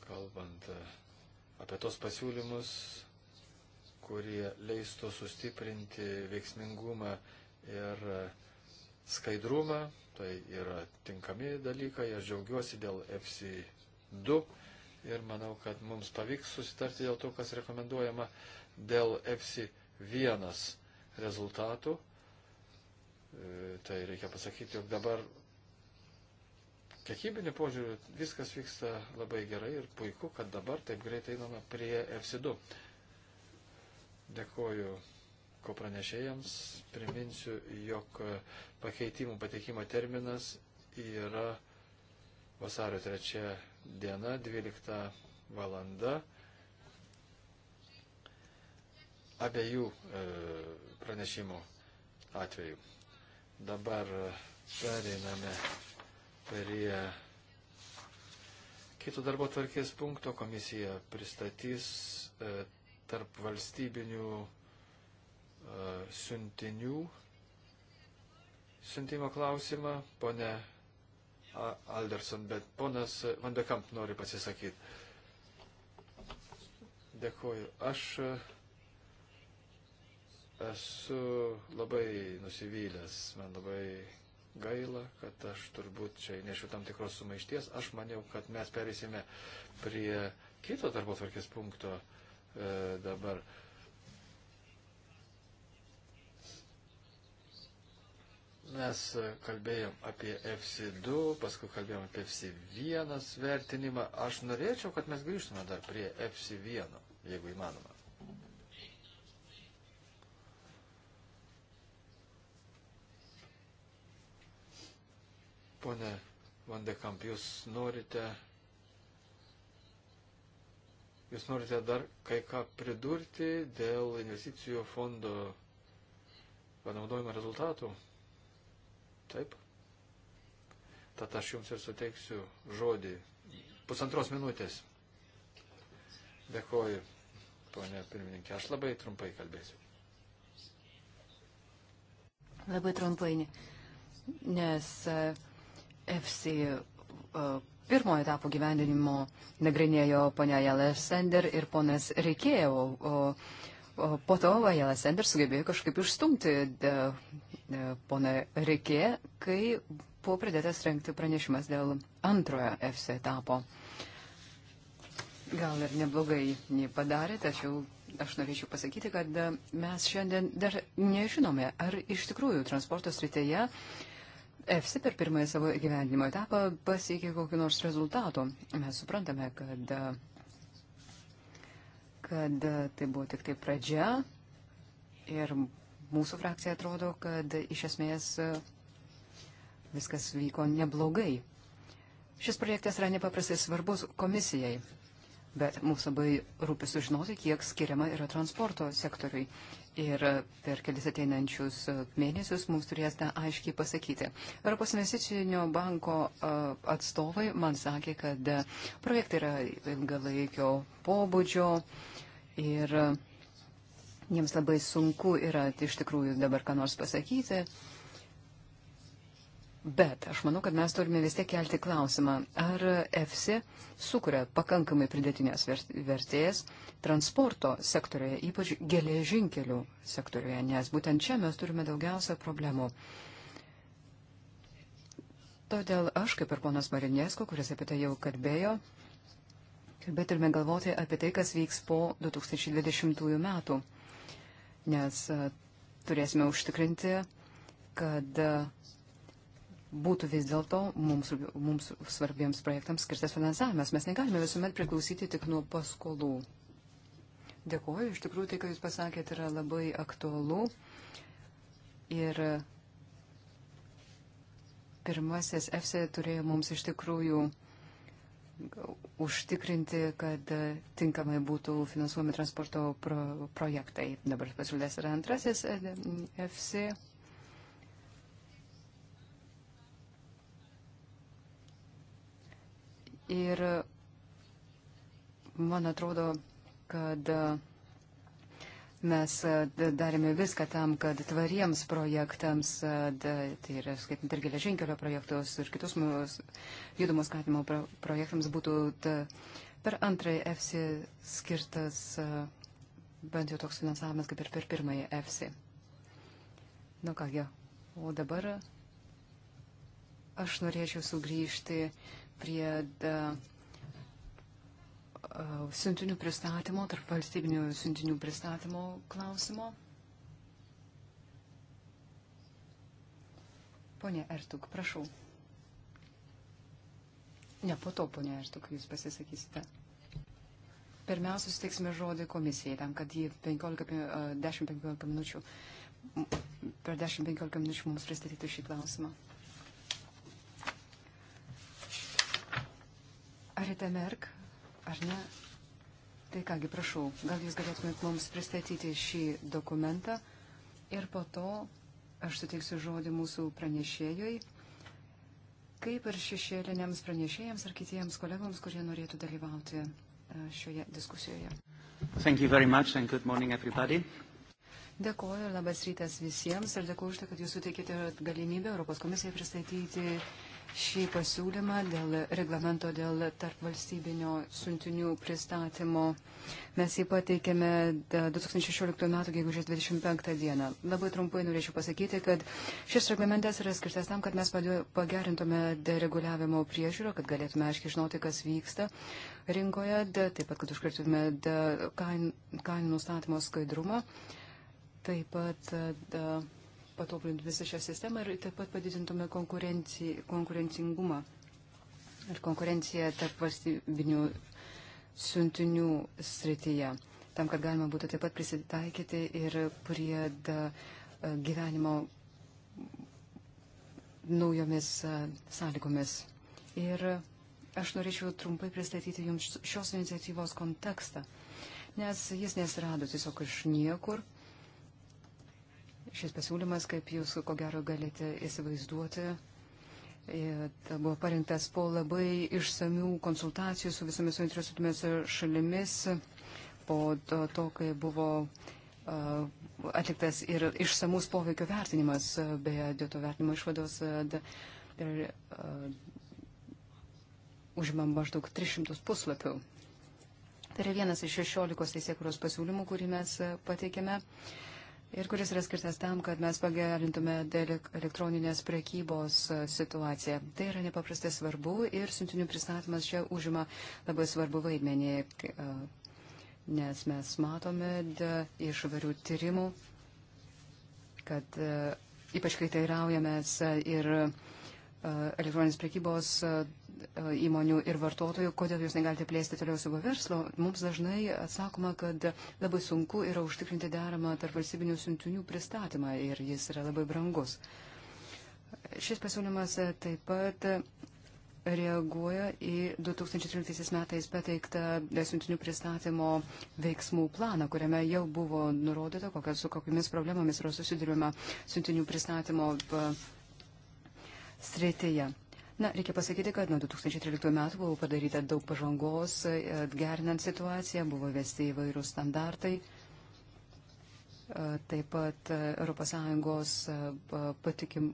kalbant. Uh, apie tos pasiūlymus, kurie leistų sustiprinti veiksmingumą ir skaidrumą. Tai yra tinkami dalykai. Aš džiaugiuosi dėl FC2 ir manau, kad mums pavyks susitarti dėl to, kas rekomenduojama dėl FC1 rezultatų. E, tai reikia pasakyti, jog dabar Kiekybiniu požiūriu viskas vyksta labai gerai ir puiku, kad dabar taip greitai einame prie FC2. Dėkuoju ko pranešėjams. Priminsiu, jog pakeitimų pateikimo terminas yra vasario 3 diena, 12 valanda. Abiejų e, pranešimų atveju. Dabar e, periname prie kito darbo tvarkės punkto. Komisija pristatys e, tarp valstybinių e, siuntinių siuntimo klausimą. Pone Alderson, bet ponas Vandekamp nori pasisakyti. Dėkuoju. Aš e, esu labai nusivylęs, man labai gaila, kad aš turbūt čia nešiu tam tikros sumaišties. Aš maniau, kad mes perėsime prie kito darbo tvarkės punkto e, dabar. Mes kalbėjom apie FC2, paskui kalbėjom apie FC1 vertinimą. Aš norėčiau, kad mes grįžtume dar prie FC1, jeigu įmanoma. Pone Vandekamp, jūs norite, jūs norite dar kai ką pridurti dėl investicijų fondo panaudojimo rezultatų? Taip? Tad aš jums ir suteiksiu žodį. Pusantros minutės. Dėkoju, ponė pirmininkė. Aš labai trumpai kalbėsiu. Labai trumpai, nes. Uh FC e, pirmojo etapo gyvendinimo nagrinėjo ponia Jala Sender ir ponas Reikėjo, o po to Jala Sender sugebėjo kažkaip išstumti e, e, poną Reikėją, kai buvo pradėtas renkti pranešimas dėl antrojo FC etapo. Gal ir neblogai jį padarė, tačiau aš norėčiau pasakyti, kad mes šiandien dar nežinome, ar iš tikrųjų transporto srityje uh, EFSI per pirmąją savo gyvenimo etapą pasiekė kokį nors rezultatų. Mes suprantame, kad, kad tai buvo tik tai pradžia ir mūsų frakcija atrodo, kad iš esmės viskas vyko neblogai. Šis projektas yra nepaprastai svarbus komisijai bet mums labai rūpi sužinoti, kiek skiriama yra transporto sektoriui. Ir per kelis ateinančius e, mėnesius mums turės tą aiškiai pasakyti. Europos investicinio banko e, atstovai man sakė, kad e, projektai yra ilgalaikio pobūdžio ir jiems labai sunku yra iš tikrųjų dabar ką nors pasakyti. Bet aš manau, kad mes turime vis tiek kelti klausimą, ar EFSI sukuria pakankamai pridėtinės vertės transporto sektorioje, ypač geležinkelių sektorioje, nes būtent čia mes turime daugiausia problemų. Todėl aš, kaip ir ponas Marinesko, kuris apie tai jau kalbėjo, bet turime galvoti apie tai, kas vyks po 2020 metų, nes e, turėsime užtikrinti, kad būtų vis dėlto mums, mums svarbiems projektams skirtas finansavimas. Mes negalime visuomet priklausyti tik nuo paskolų. Dėkuoju, iš tikrųjų tai, ką Jūs pasakėte, yra labai aktualu. Ir pirmasis EFSE turėjo mums iš tikrųjų užtikrinti, kad tinkamai būtų finansuomi transporto pro projektai. Dabar pasiūlės yra antrasis EFSE. Ir man atrodo, kad mes darėme viską tam, kad tvariems projektams, tai yra skaitant ir geležinkelio projektus ir kitus judumo skatimo projektams būtų per antrąjį EFSI skirtas bent jau toks finansavimas kaip ir per pirmąjį EFSI. Nu kągi, o dabar aš norėčiau sugrįžti uh, prie da, siuntinių pristatymo, tarp valstybinių siuntinių pristatymo klausimo. Pone Ertuk, prašau. Ne, po to, ponė Ertuk, jūs pasisakysite. Pirmiausia, suteiksime žodį komisijai, tam, kad jį 10-15 minučių, per 10-15 minučių mums pristatytų šį klausimą. Arita Merk, ar ne? Tai kągi, prašau, gal jūs galėtumėt mums pristatyti šį dokumentą ir po to aš suteiksiu žodį mūsų pranešėjui, kaip ir šešėliniams pranešėjams ar kitiems kolegoms, kurie norėtų dalyvauti e, šioje diskusijoje. Thank you very much and good morning everybody. Dėkuoju ir labas rytas visiems ir dėkuoju už tai, kad jūs suteikite galimybę Europos komisijai pristatyti šį pasiūlymą dėl reglamento dėl tarpvalstybinio siuntinių pristatymo. Mes jį pateikėme 2016 e, m. gegužės 25 d. Labai trumpai norėčiau pasakyti, kad šis reglamentas yra skirtas tam, kad mes pagerintume dereguliavimo priežiūrą, kad galėtume aiškiai žinoti, kas vyksta rinkoje, de, taip pat, kad užkirtume kainų nustatymo skaidrumą. Taip pat. E, de, patobulinti visą šią sistemą ir taip pat padidintume konkurenci, konkurencingumą ir konkurenciją tarp valstybinių siuntinių srityje, tam, kad galima būtų taip pat prisitaikyti ir prie da, gyvenimo naujomis sąlygomis. Ir aš norėčiau trumpai pristatyti Jums šios iniciatyvos kontekstą, nes jis nesirado tiesiog iš niekur. Šis pasiūlymas, kaip jūs ko gero galite įsivaizduoti, buvo parinktas po labai išsamių konsultacijų su visomis suinteresuotomis šalimis, po to, to kai buvo atliktas ir išsamus poveikio vertinimas, beje, dėl to vertinimo išvados ir užima maždaug 300 puslapių. Tai yra vienas iš 16 teisėkuros pasiūlymų, kurį mes pateikėme. Uh, ir kuris yra skirtas tam, kad mes pagerintume elektroninės prekybos e, situaciją. Tai yra nepaprastai svarbu ir siuntinių pristatymas čia užima labai svarbu vaidmenį, e, nes mes matome iš varių tyrimų, kad e, ypač kai tai raujamės ir elektroninės prekybos E, įmonių ir vartotojų, kodėl jūs negalite plėsti toliau savo verslo, mums dažnai atsakoma, kad labai sunku yra užtikrinti deramą tarp valstybinių siuntinių pristatymą ir jis yra labai brangus. Šis pasiūlymas taip pat reaguoja į 2013 metais pateiktą desiuntinių pristatymo veiksmų planą, kuriame jau buvo nurodyta, kokias, su kokiamis problemomis yra susidurima siuntinių pristatymo e, srityje. Na, reikia pasakyti, kad nuo 2013 metų buvo padaryta daug pažangos, e, gerinant situaciją, buvo vesti įvairūs standartai. E, taip pat ES e, patikim,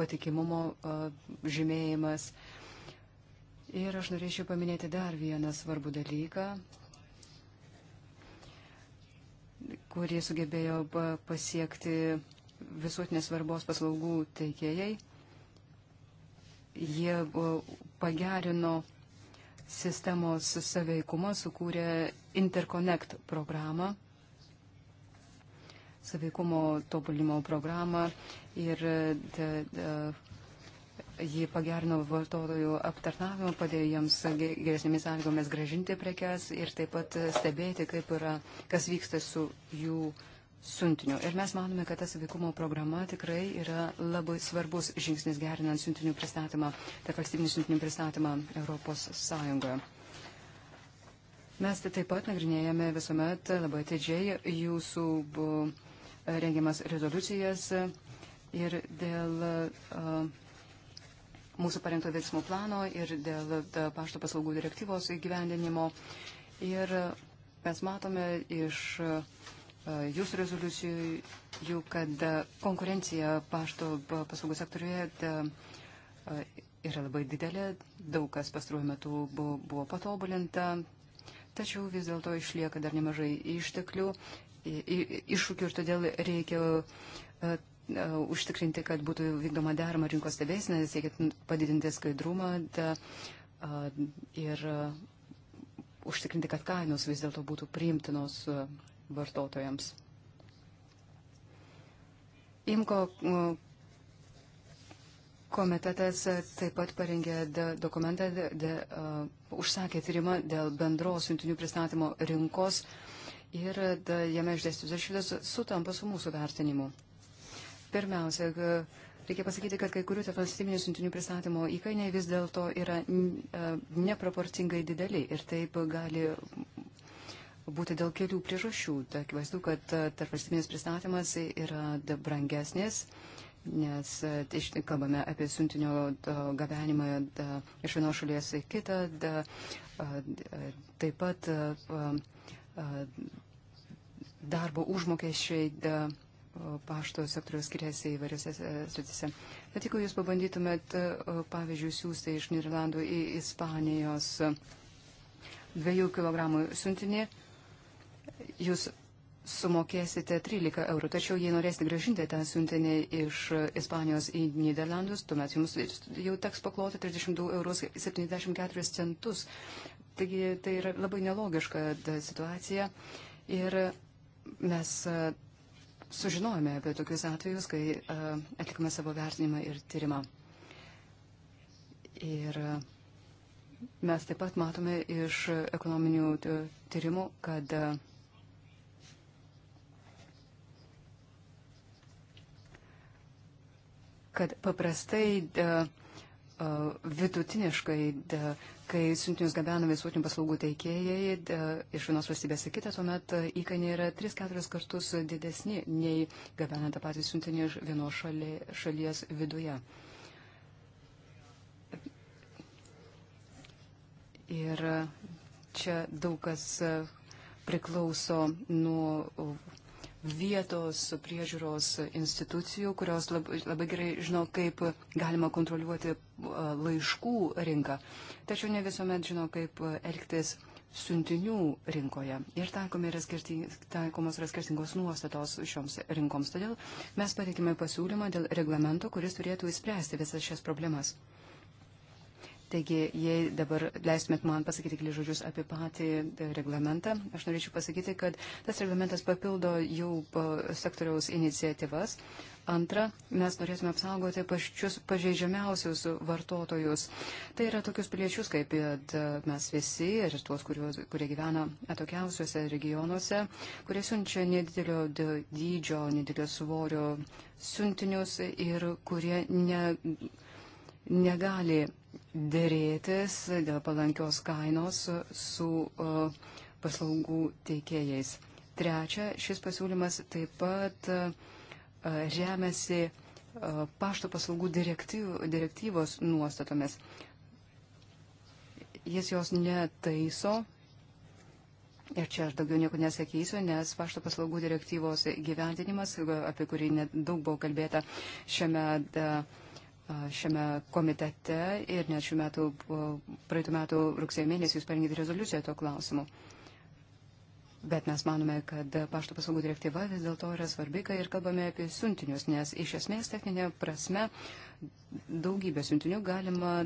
patikimumo žymėjimas. Ir aš norėčiau paminėti dar vieną svarbų dalyką, kurį sugebėjo pasiekti visuotinės svarbos paslaugų teikėjai. Jie pagerino sistemos saveikumą, sukūrė Interconnect programą, saveikumo tobulinimo programą ir de, de, Ji pagerino vartotojų aptarnavimą, padėjo jiems geresnėmis sąlygomis gražinti prekes ir taip pat stebėti, kaip yra, kas vyksta su jų uh, siuntiniu. Ir mes manome, kad ta savykumo programa tikrai yra labai svarbus žingsnis gerinant siuntinių pristatymą, tarp valstybinių siuntinių pristatymą Europos Sąjungoje. Mes taip pat nagrinėjame visuomet labai atidžiai jūsų rengiamas rezoliucijas ir dėl mūsų parengto veiksmų plano ir dėl pašto paslaugų direktyvos įgyvendinimo. Ir mes matome iš uh, jūsų rezoliucijų, kad e, konkurencija pašto paslaugų sektoriuje e, yra labai didelė, daug kas pastaruoju metu buvo, buvo patobulinta, tačiau vis dėlto išlieka dar nemažai išteklių, iššūkių ir todėl reikia e, užtikrinti, kad būtų vykdoma derama rinkos stebėsina, siekiant padidinti skaidrumą da, ir užtikrinti, kad kainos vis dėlto būtų priimtinos vartotojams. Imko e, komitetas taip pat parengė dokumentą, de, de, uh, užsakė tyrimą dėl bendros siuntinių pristatymo rinkos ir de, jame išdėstus aršydas sutampa su mūsų vertinimu. Pirmiausia, reikia pasakyti, kad kai kurių tarpvalstybinių siuntinių pristatymo įkainiai vis dėlto yra e, neproporcingai dideli ir taip gali būti dėl kelių priežasčių. Tai akivaizdu, kad e, tarp valstybinės pristatymas yra brangesnis, nes e, tai kalbame apie siuntinio e, gabenimą iš vienos šalies į kitą. Da, taip pat darbo užmokesčiai da, pašto sektoriaus skiriasi įvairiose sritise. Bet jeigu jūs pabandytumėt, pavyzdžiui, siūsti iš Nirlandų į Ispanijos dviejų kilogramų siuntinį, jūs sumokėsite 13 eurų, tačiau jei norėsite gražinti tą siuntinį iš Ispanijos į Niderlandus, tuomet jums jau teks pakloti 32 eurus 74 centus. Taigi tai yra labai nelogiška situacija ir mes e, sužinojome apie tokius atvejus, kai e, atlikome savo vertinimą ir tyrimą. Ir e, mes taip pat matome iš ekonominių tyrimų, kad a, kad paprastai vidutiniškai, kai siuntinius gabena visuotinių paslaugų teikėjai iš vienos valstybės į kitą, tuomet įkainiai yra 3-4 kartus didesni nei gabena tą patį siuntinį iš vienos šali, šalies viduje. Ir čia daug kas priklauso nuo vietos priežiūros institucijų, kurios labai, labai gerai žino, kaip galima kontroliuoti laiškų rinką, tačiau ne visuomet žino, kaip elgtis siuntinių rinkoje. Ir yra skirting, taikomos yra skirtingos nuostatos šioms rinkoms. Todėl mes pateikime pasiūlymą dėl reglamento, kuris turėtų įspręsti visas šias problemas. Taigi, jei dabar leistumėt man pasakyti keli žodžius apie patį e, reglamentą, aš norėčiau pasakyti, kad tas reglamentas papildo jau e, sektoriaus iniciatyvas. Antra, mes norėtume apsaugoti pačius pažeidžiamiausius vartotojus. Tai yra tokius piliečius, kaip e, mes visi ir tuos, kurios, kurie gyvena atokiausiuose regionuose, kurie siunčia nedidelio dydžio, nedidelio svorio siuntinius ir kurie ne, negali dėrėtis dėl palankios kainos su paslaugų teikėjais. Trečia, šis pasiūlymas taip pat remiasi pašto paslaugų direktyvos nuostatomis. Jis jos netaiso. Ir čia aš daugiau nieko nesakysiu, nes pašto paslaugų direktyvos gyventinimas, apie kurį daug buvo kalbėta šiame. Da, šiame komitete ir net šių metų, praeitų metų rugsėjo mėnesį jūs parengėte rezoliuciją tuo klausimu. Bet mes manome, kad pašto paslaugų direktyva vis dėlto yra svarbi, kai ir kalbame apie siuntinius, nes iš esmės techninė prasme daugybę siuntinių galima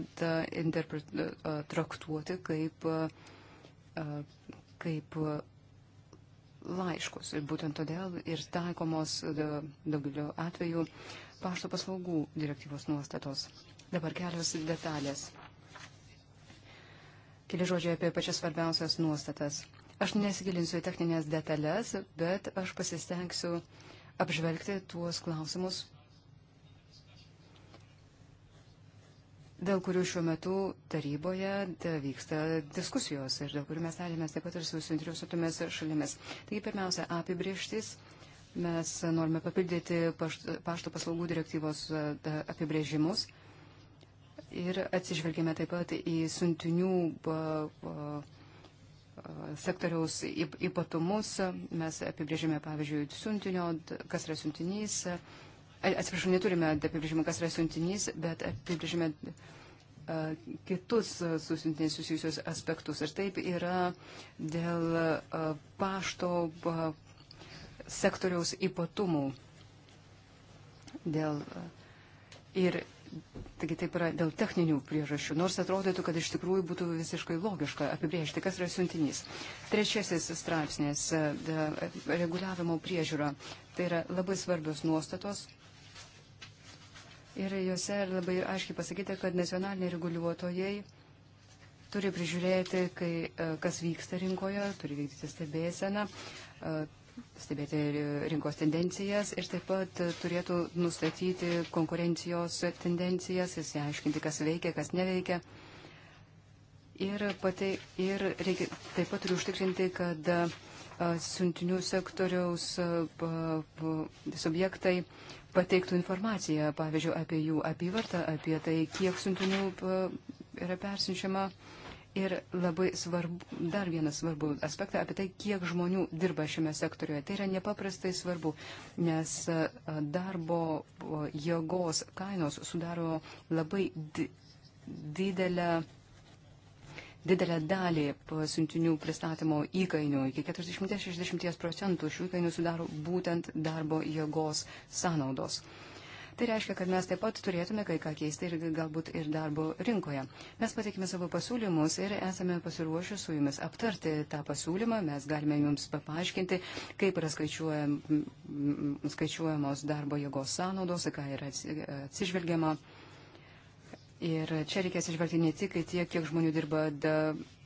traktuoti kaip, kaip laiškus. Ir būtent todėl ir taikomos daugelio atveju uh, pašto paslaugų direktyvos nuostatos. Dabar kelios detalės. Keli žodžiai apie pačias svarbiausias nuostatas. Aš nesigilinsiu į techninės detalės, bet aš pasistengsiu apžvelgti tuos klausimus, dėl kurių šiuo metu taryboje e, vyksta diskusijos ir dėl kurių mes tarėmės taip pat ir su suinteresuotomis šalimis. Taigi, pirmiausia, apibrieštis Mes norime papildyti pašto paslaugų direktyvos e, apibrėžimus ir atsižvelgėme taip pat į siuntinių sektoriaus ypatumus. Mes apibrėžėme, pavyzdžiui, siuntinio, kas yra siuntinys. Atsiprašau, neturime apibrėžimą, kas yra siuntinys, bet apibrėžėme kitus su siuntiniais susijusius aspektus. Ir taip yra dėl pašto sektoriaus ypatumų. Dėl, ir Taigi taip yra dėl techninių priežasčių, nors atrodytų, kad iš tikrųjų būtų visiškai logiška apibriežti, kas yra siuntinys. Trečiasis straipsnis e, - reguliavimo priežiūra. Tai yra labai svarbios nuostatos. Ir juose labai aiškiai pasakyti, kad nacionaliniai reguliuotojai turi prižiūrėti, kai, e, kas vyksta rinkoje, turi vykdyti stebėseną, e, stebėti rinkos tendencijas ir taip pat turėtų nustatyti konkurencijos tendencijas, įsiaiškinti, kas veikia, kas neveikia. Ir, patai, ir reikia, taip pat turiu užtikrinti, kad a, siuntinių sektoriaus a, a, subjektai pateiktų informaciją, pavyzdžiui, apie jų apyvartą, apie tai, kiek siuntinių yra persinčiama. A, Ir labai svarbu, dar vienas svarbu aspektas apie tai, kiek žmonių dirba šiame sektoriuje. Tai yra nepaprastai svarbu, nes e, darbo jėgos kainos sudaro labai di didelę didelę dalį pasiuntinių pristatymo įkainių, iki 40-60 procentų šių įkainių sudaro būtent darbo jėgos sąnaudos. Uh, Tai reiškia, kad mes taip pat turėtume kai ką keisti ir galbūt ir darbo rinkoje. Mes pateikime savo pasiūlymus ir esame pasiruošę su jumis aptarti tą pasiūlymą. Mes galime jums paaiškinti, kaip yra skaičiuojam, skaičiuojamos darbo jėgos sąnaudos, į ką yra atsižvelgiama. Atsi Ir čia reikės išvelgti ne tik tiek, kiek žmonių dirba da,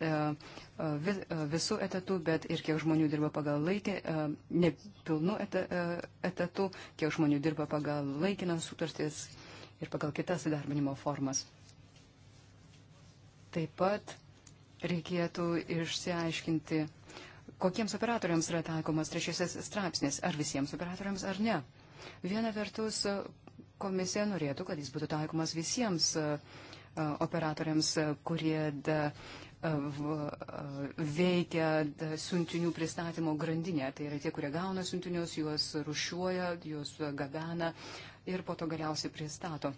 e, e, vis, e, visų etatų, bet ir kiek žmonių dirba pagal laikį, nepilnų etatų, kiek žmonių dirba pagal laikinas sutartis ir pagal kitas įdarbinimo formas. Taip pat reikėtų išsiaiškinti, kokiems operatoriams yra taikomas trečiasis straipsnis, ar visiems operatoriams ar ne. Viena vertus, Komisija norėtų, kad jis būtų taikomas visiems e, e, operatoriams, e, kurie da, veikia da, siuntinių pristatymo grandinę. Tai yra tie, kurie gauna siuntinius, juos rušiuoja, juos gabena ir po to galiausiai pristato.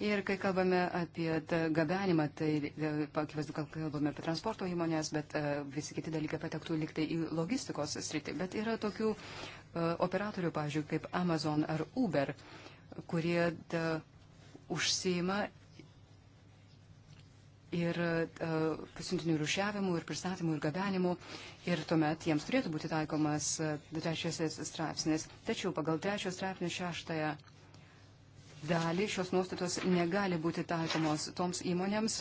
Ir kai kalbame apie gabenimą, tai akivaizdu, kad kalbame apie transporto įmonės, bet visi kiti dalykai patektų liktai į logistikos sritį. Bet yra tokių uh, E, operatorių, pavyzdžiui, kaip Amazon ar Uber, kurie da, e, užsima ir uh, pasiuntinių rušiavimų, ir pristatymų, ir gabenimų. Ir tuomet jiems turėtų būti taikomas uh, trečiasis straipsnis. Tačiau pagal trečio straipsnio šeštąją dalį šios nuostatos negali būti taikomos toms įmonėms,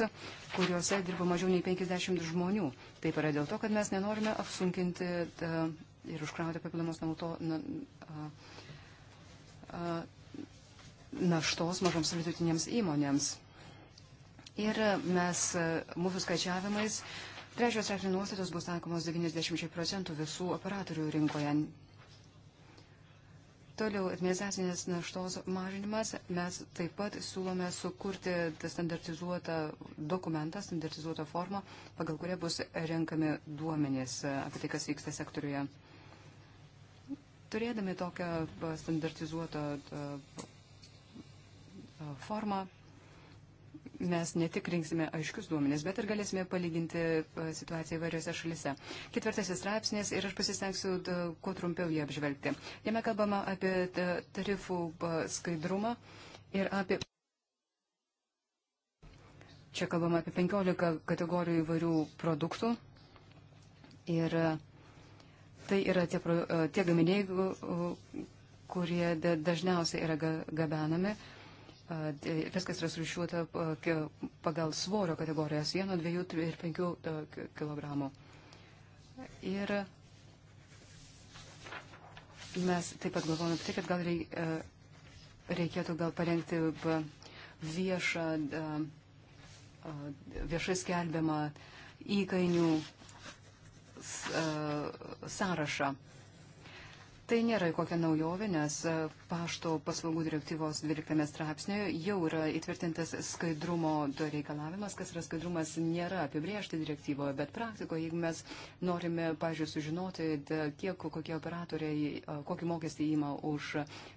kuriuose dirba mažiau nei 50 žmonių. Taip yra dėl to, kad mes nenorime apsunkinti uh, ir užkrauti papildomos nauto, na, a, a, naštos mažoms ir vidutinėms įmonėms. Ir mes mūsų skaičiavimais trečios straipsnių nuostatos bus taikomos 90 procentų visų operatorių rinkoje. Toliau administracinės naštos mažinimas. Mes taip pat siūlome sukurti standartizuotą dokumentą, standartizuotą formą, pagal kurią bus renkami duomenys apie tai, kas vyksta sektoriuje. Turėdami tokią standartizuotą formą, mes ne tik rinksime aiškius duomenės, bet ir galėsime palyginti situaciją įvairiose šalise. Ketvirtasis straipsnis ir aš pasistengsiu kuo trumpiau jį apžvelgti. Jame kalbama apie tarifų skaidrumą ir apie. Čia kalbama apie 15 kategorijų įvairių produktų. Ir uh, Tai yra tie, e, tie gaminiai, kurie dažniausiai yra gabenami. E, tai viskas yra suršiuota e, pagal svorio kategorijas 1, 2 ir 5 kg. Ir mes taip pat galvojame apie tai, kad gal reikėtų gal parengti viešą, viešai skelbiamą įkainių E, sąrašą. Tai nėra kokia naujovė, nes pašto paslaugų direktyvos 12 straipsnėje jau yra įtvirtintas skaidrumo reikalavimas, kas yra skaidrumas nėra apibriežti direktyvoje, bet praktikoje, jeigu mes norime, pažiūrėjau, sužinoti, kiek kokie operatoriai, e, kokį mokestį įima už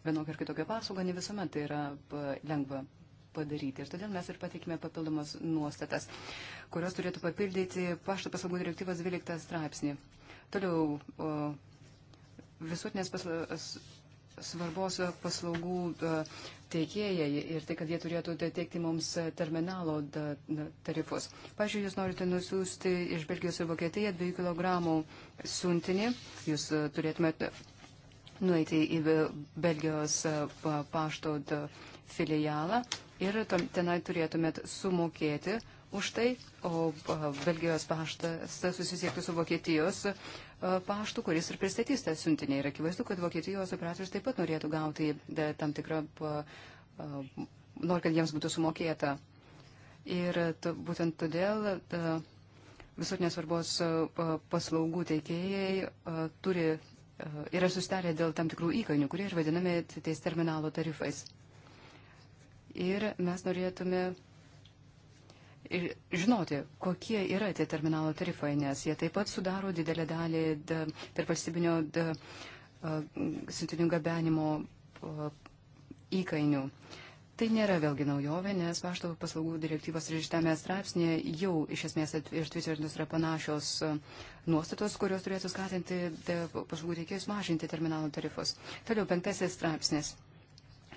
vienokią ar kitokią paslaugą, ne visuomet tai yra lengva padaryti. Ir todėl mes ir pateikime papildomas nuostatas, kurios turėtų papildyti pašto paslaugų direktyvos 12 straipsnį. Toliau o, visuotinės paslaugos svarbos paslaugų teikėjai ir tai, kad jie turėtų teikti mums terminalo tarifus. Pavyzdžiui, jūs norite nusiųsti iš Belgijos į Vokietiją 2 kg siuntinį, jūs turėtumėte nueiti į Belgijos pašto tarifą filialą ir tenai turėtumėt sumokėti už tai, o Belgijos paštas susisiektų su Vokietijos paštu, kuris ir pristatys tą siuntinį. Ir akivaizdu, kad Vokietijos operatorius taip pat norėtų gauti tam tikrą, nori, kad jiems būtų sumokėta. Ir to, būtent todėl visuotinės svarbos paslaugų teikėjai turi, yra sustarę dėl tam tikrų įkainių, kurie ir vadinami tais terminalo tarifais ir mes norėtume žinoti, kokie yra tie terminalo tarifai, nes jie taip pat sudaro didelę dalį tarp valstybinio siuntinių gabenimo įkainių. Tai nėra vėlgi naujovė, nes pašto paslaugų direktyvos 30 straipsnėje jau iš esmės ištvirtintos yra panašios nuostatos, kurios turėtų skatinti paslaugų teikėjus mažinti terminalų tarifus. Toliau penktasis straipsnis.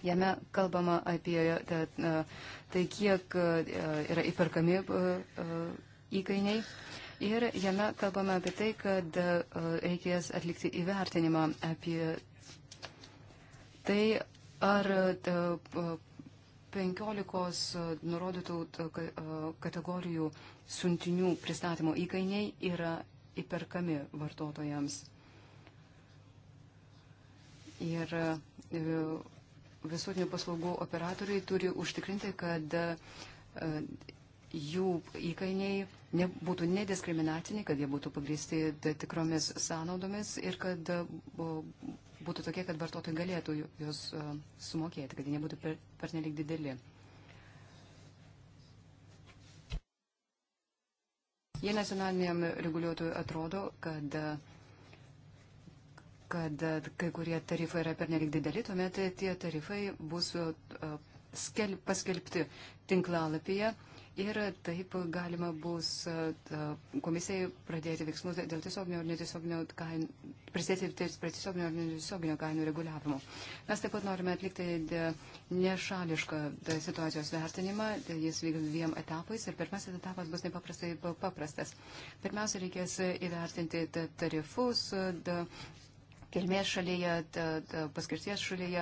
Jame kalbama apie tai, kiek yra įperkami įkainiai. Ir jame kalbame apie tai, kad e, reikės atlikti įvertinimą apie tai, ar 15 nurodytų e, kategorijų siuntinių pristatymo įkainiai yra įperkami vartotojams. Ir e, visuotinių paslaugų operatoriai turi užtikrinti, kad e, jų įkainiai ne, būtų nediskriminaciniai, kad jie būtų pagristi tikromis sąnaudomis ir kad e, būtų tokie, kad vartotojai galėtų juos e, sumokėti, kad jie nebūtų per, per nelik dideli. Jie nacionaliniam reguliuotojui atrodo, kad uh, kad e, kai kurie tarifai yra pernelik dideli, tuomet tie tarifai bus e, skel, paskelbti tinklalapyje ir taip galima bus e, komisijai pradėti veiksmus dėl tiesioginio ir netiesioginio kainų, prisidėti prie tiesioginio ir netiesioginio kainų reguliavimo. Mes taip pat norime atlikti nešališką situacijos vertinimą, tai jis vyks dviem etapais ir pirmasis etapas bus nepaprastai paprastas. Pirmiausia, reikės įvertinti tarifus. Da, kilmės šalyje, paskirties šalyje.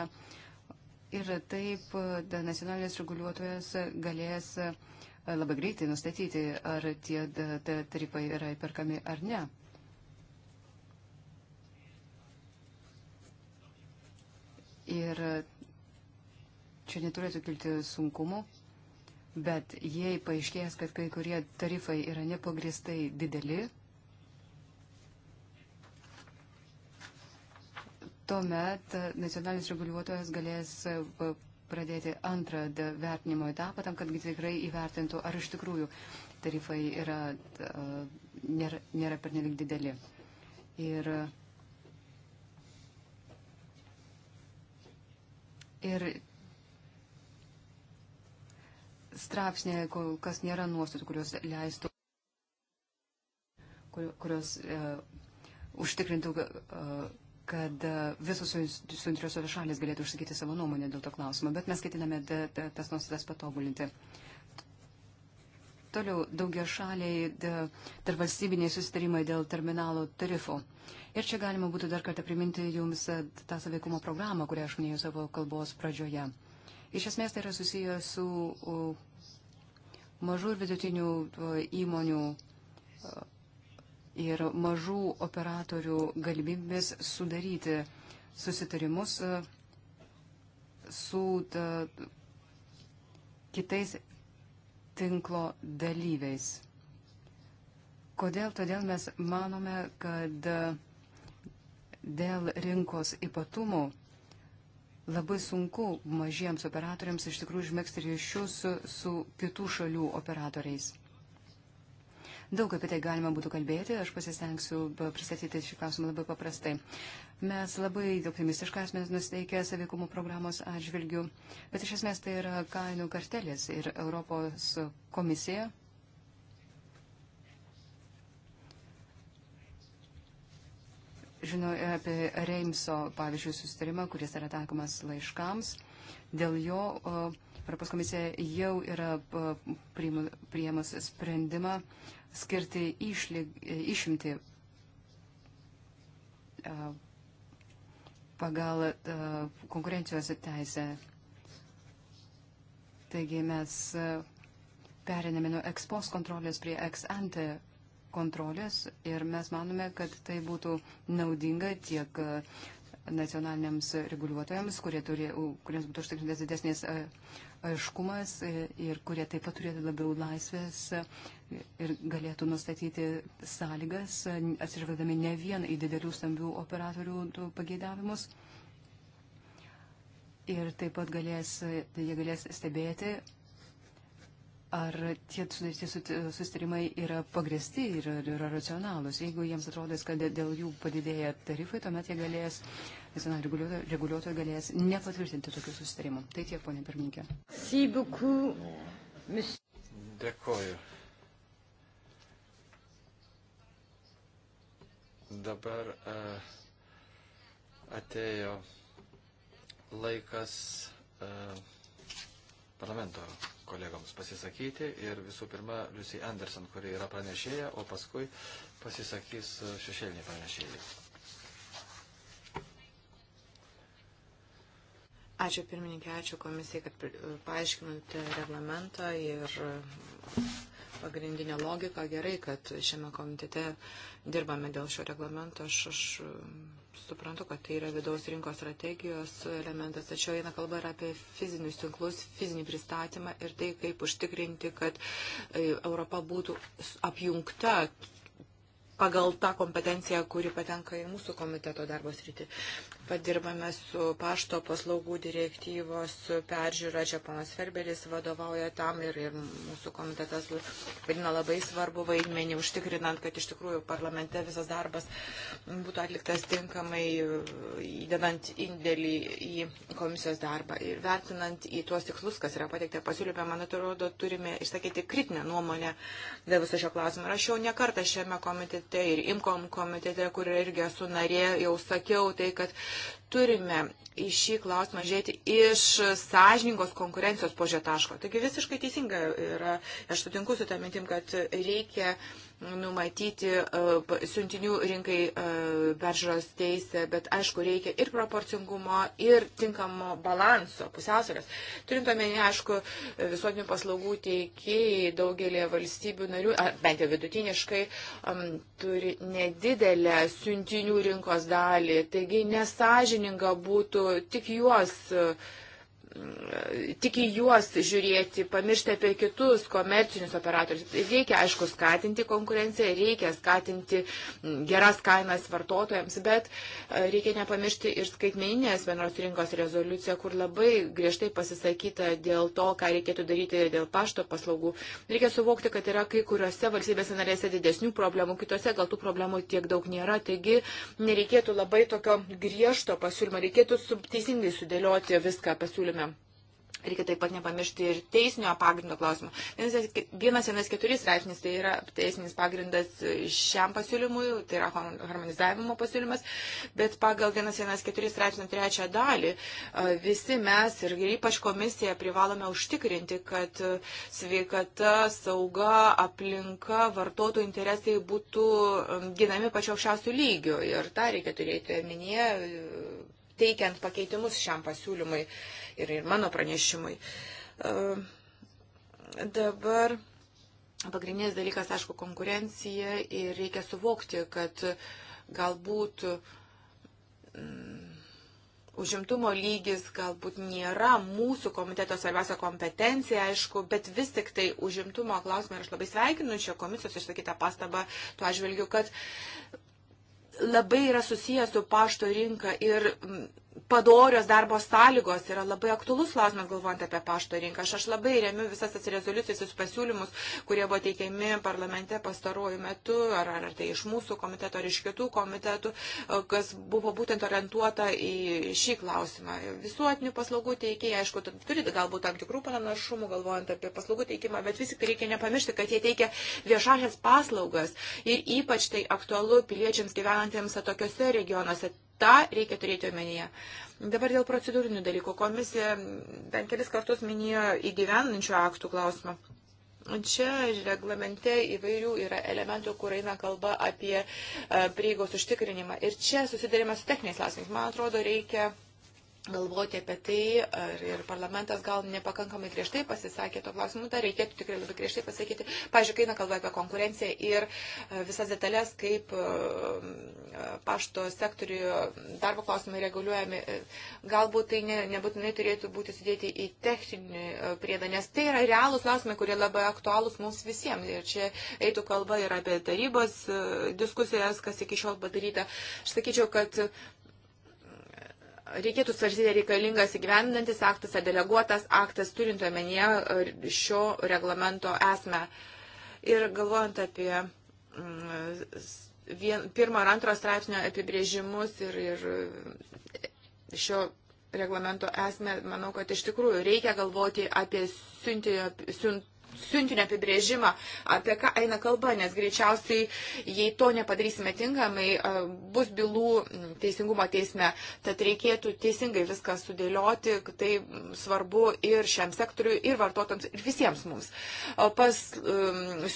Ir taip da, nacionalinis reguliuotojas galės e, labai greitai nustatyti, ar tie da, da, tarifai yra įperkami ar ne. Ir čia neturėtų kilti sunkumų, bet jei paaiškės, kad kai kurie tarifai yra nepagristai dideli, tuomet nacionalinis reguliuotojas galės e, pradėti antrą vertinimo etapą tam, kad tikrai įvertintų, ar iš tikrųjų tarifai yra, e, nėra, nėra pernelik dideli. Ir, ir straipsnė kol kas nėra nuostatų, kurios leistų, kur, kurios uh, užtikrintų uh, kad e, visos suinteresuotos šalis galėtų užsakyti savo nuomonę dėl to klausimo, bet mes ketiname tas nuostatas patobulinti. Toliau daugia šaliai tarp valstybiniai susitarimai dėl terminalo tarifų. Ir čia galima būtų dar kartą priminti Jums e, tą saveikumo programą, kurią aš minėjau savo kalbos pradžioje. Iš esmės tai yra susiję su mažų ir vidutinių e, įmonių ir mažų operatorių galimybės sudaryti susitarimus e, su ta, kitais tinklo dalyviais. Kodėl? Todėl mes manome, kad e, dėl rinkos ypatumų labai sunku mažiems operatoriams iš tikrųjų užmėgsti ryšius su, su kitų šalių operatoriais. Daug apie tai galima būtų kalbėti, aš pasistengsiu pristatyti šį klausimą labai paprastai. Mes labai optimistiškai esame nusteikę savykumo programos atžvilgių, bet iš esmės tai yra kainų kartelės ir Europos komisija žinau apie Reimso, pavyzdžiui, sustarimą, kuris yra taikomas laiškams. Dėl jo Europos komisija jau yra priėmus sprendimą skirti išlyg, išimti e, pagal e, konkurencijos teisę. Taigi mes e, periname nuo ekspos kontrolės prie ex ante kontrolės ir mes manome, kad tai būtų naudinga tiek nacionaliniams reguliuotojams, kurie turi, kuriems būtų užtikrintas didesnės aiškumas e, ir kurie taip pat turėtų labiau laisvės e, ir galėtų nustatyti sąlygas, e, atsižvelgdami ne vien į didelių stambių operatorių pageidavimus. Ir taip pat galės, tai jie galės stebėti, ar tie sudaryti sustarimai yra pagristi ir yra racionalūs. Jeigu jiems atrodo, kad dėl jų padidėja tarifai, tuomet jie galės uh, nacionaliniai reguliuotojai, reguliuotojai galės nepatvirtinti tokių susitarimų. Tai tiek, ponė pirmininkė. Dėkoju. Dabar uh, atėjo laikas uh, parlamento kolegoms pasisakyti ir visų pirma Lucy Anderson, kuri yra pranešėja, o paskui pasisakys e, šešėliniai pranešėjai. Ačiū pirmininkė, ačiū komisijai, kad paaiškinote reglamentą ir pagrindinę logiką. Gerai, kad šiame komitete dirbame dėl šio reglamento. Aš, aš suprantu, kad tai yra vidaus rinkos strategijos elementas, tačiau eina kalba ir apie fizinius tinklus, fizinį pristatymą ir tai, kaip užtikrinti, kad e, Europa būtų apjungta pagal tą kompetenciją, kuri patenka į mūsų komiteto darbos rytį. Padirbame su pašto paslaugų direktyvos peržiūra, čia panas Ferberis vadovauja tam ir, ir mūsų komitetas vadina labai svarbu vaidmenį, užtikrinant, kad iš tikrųjų parlamente visas darbas būtų atliktas tinkamai, įdedant indėlį į komisijos darbą ir vertinant į tuos tikslus, kas yra pateikta pasiūlyme, man atrodo, turime išsakyti kritinę nuomonę dėl viso šio klausimo. Ir aš jau nekartą šiame komitete komitete ir imkom komitete, kur irgi esu narė, jau sakiau tai, kad turime į šį klausimą žiūrėti iš sąžiningos konkurencijos požio taško. Taigi visiškai teisinga yra, aš sutinku su tą mintim, kad reikia numatyti uh, siuntinių rinkai uh, e, beržos teisę, bet aišku, reikia ir proporcingumo, ir tinkamo balanso, pusiausvėros. Turint omeny, aišku, visuotinių paslaugų teikėjai daugelį valstybių narių, ar, bent jau vidutiniškai, um, turi nedidelę siuntinių rinkos dalį, taigi nesažinė sąžininga būtų tik juos tik į juos žiūrėti, pamiršti apie kitus komercinius operatorius. Reikia, aišku, skatinti konkurenciją, reikia skatinti geras kainas vartotojams, bet e, reikia nepamiršti ir skaitmeninės vienos rinkos rezoliuciją, kur labai griežtai pasisakyta dėl to, ką reikėtų daryti dėl pašto paslaugų. Reikia suvokti, kad yra kai kuriuose valstybėse narėse didesnių problemų, kitose gal tų problemų tiek daug nėra, taigi nereikėtų labai tokio griežto pasiūlymo, reikėtų teisingai sudėlioti viską pasiūlyme. Reikia taip pat nepamiršti ir teisinio pagrindo klausimo. 114 straipsnis tai yra teisinis pagrindas šiam pasiūlymui, tai yra harmonizavimo pasiūlymas, bet pagal 114 straipsnio trečią dalį visi mes ir ypač komisija privalome užtikrinti, kad e, sveikata, sauga, aplinka, vartotojų interesai būtų ginami pačiu aukščiausiu lygiu. Ir tą reikia turėti minėje, teikiant pakeitimus šiam pasiūlymui. Uh, ir, ir mano pranešimui. E, dabar pagrindinis dalykas, aišku, konkurencija ir reikia suvokti, kad galbūt mm, užimtumo lygis galbūt nėra mūsų komiteto svarbiausia kompetencija, aišku, bet vis tik tai užimtumo klausimą ir aš labai sveikinu šią komisijos išsakytą pastabą, tuo atžvilgiu, kad labai yra susijęs su pašto rinka ir mm, padorios darbo sąlygos yra labai aktuolus klausimas, galvojant apie pašto rinką. Aš, aš labai remiu visas tas rezoliucijas, visus pasiūlymus, kurie buvo teikiami parlamente pastaruoju metu, ar, ar tai iš mūsų komiteto, ar iš kitų komitetų, kas buvo būtent orientuota į šį klausimą. Visuotinių paslaugų teikėjai, aišku, turi galbūt tam tikrų panašumų, galvojant apie paslaugų teikimą, bet vis tik reikia nepamiršti, kad jie teikia viešasias paslaugas ir ypač tai aktualu piliečiams gyvenantiems atokiose regionuose tą reikia turėti omenyje. Dabar dėl procedūrinių dalykų. Komisija bent kelis kartus minėjo įgyvendinčių aktų klausimą. Čia reglamente įvairių yra elementų, kur eina kalba apie e, prieigos užtikrinimą. Ir čia susidarėme su techniniais klausimais. Man atrodo, reikia galvoti apie tai, ar ir parlamentas gal nepakankamai griežtai pasisakė to klausimu, dar reikėtų tikrai labai griežtai pasakyti. Pavyzdžiui, kai eina kalba apie konkurenciją ir e, visas detalės, kaip e, pašto sektorių darbo klausimai reguliuojami, e, galbūt tai ne, nebūtinai turėtų būti sudėti į techninį priedą, nes tai yra realūs klausimai, kurie labai aktualūs mums visiems. Ir čia eitų kalba ir apie tarybos diskusijas, kas iki šiol padaryta. Aš sakyčiau, kad reikėtų svarstyti reikalingas įgyvendinantis aktas ar deleguotas aktas, turint omenyje e, šio reglamento esmę. Ir galvojant apie mm, vien, pirmo ar antro straipsnio apibrėžimus ir, ir e, šio reglamento esmę, manau, kad iš tikrųjų reikia galvoti apie siuntinio, siunt, siuntinio apibrėžimą, apie ką eina kalba, nes greičiausiai, jei to nepadarysime tinkamai, e, bus bylų teisingumo teisme. Tad reikėtų teisingai viską sudėlioti, tai svarbu ir šiam sektoriui, ir vartotams, ir visiems mums. Pas,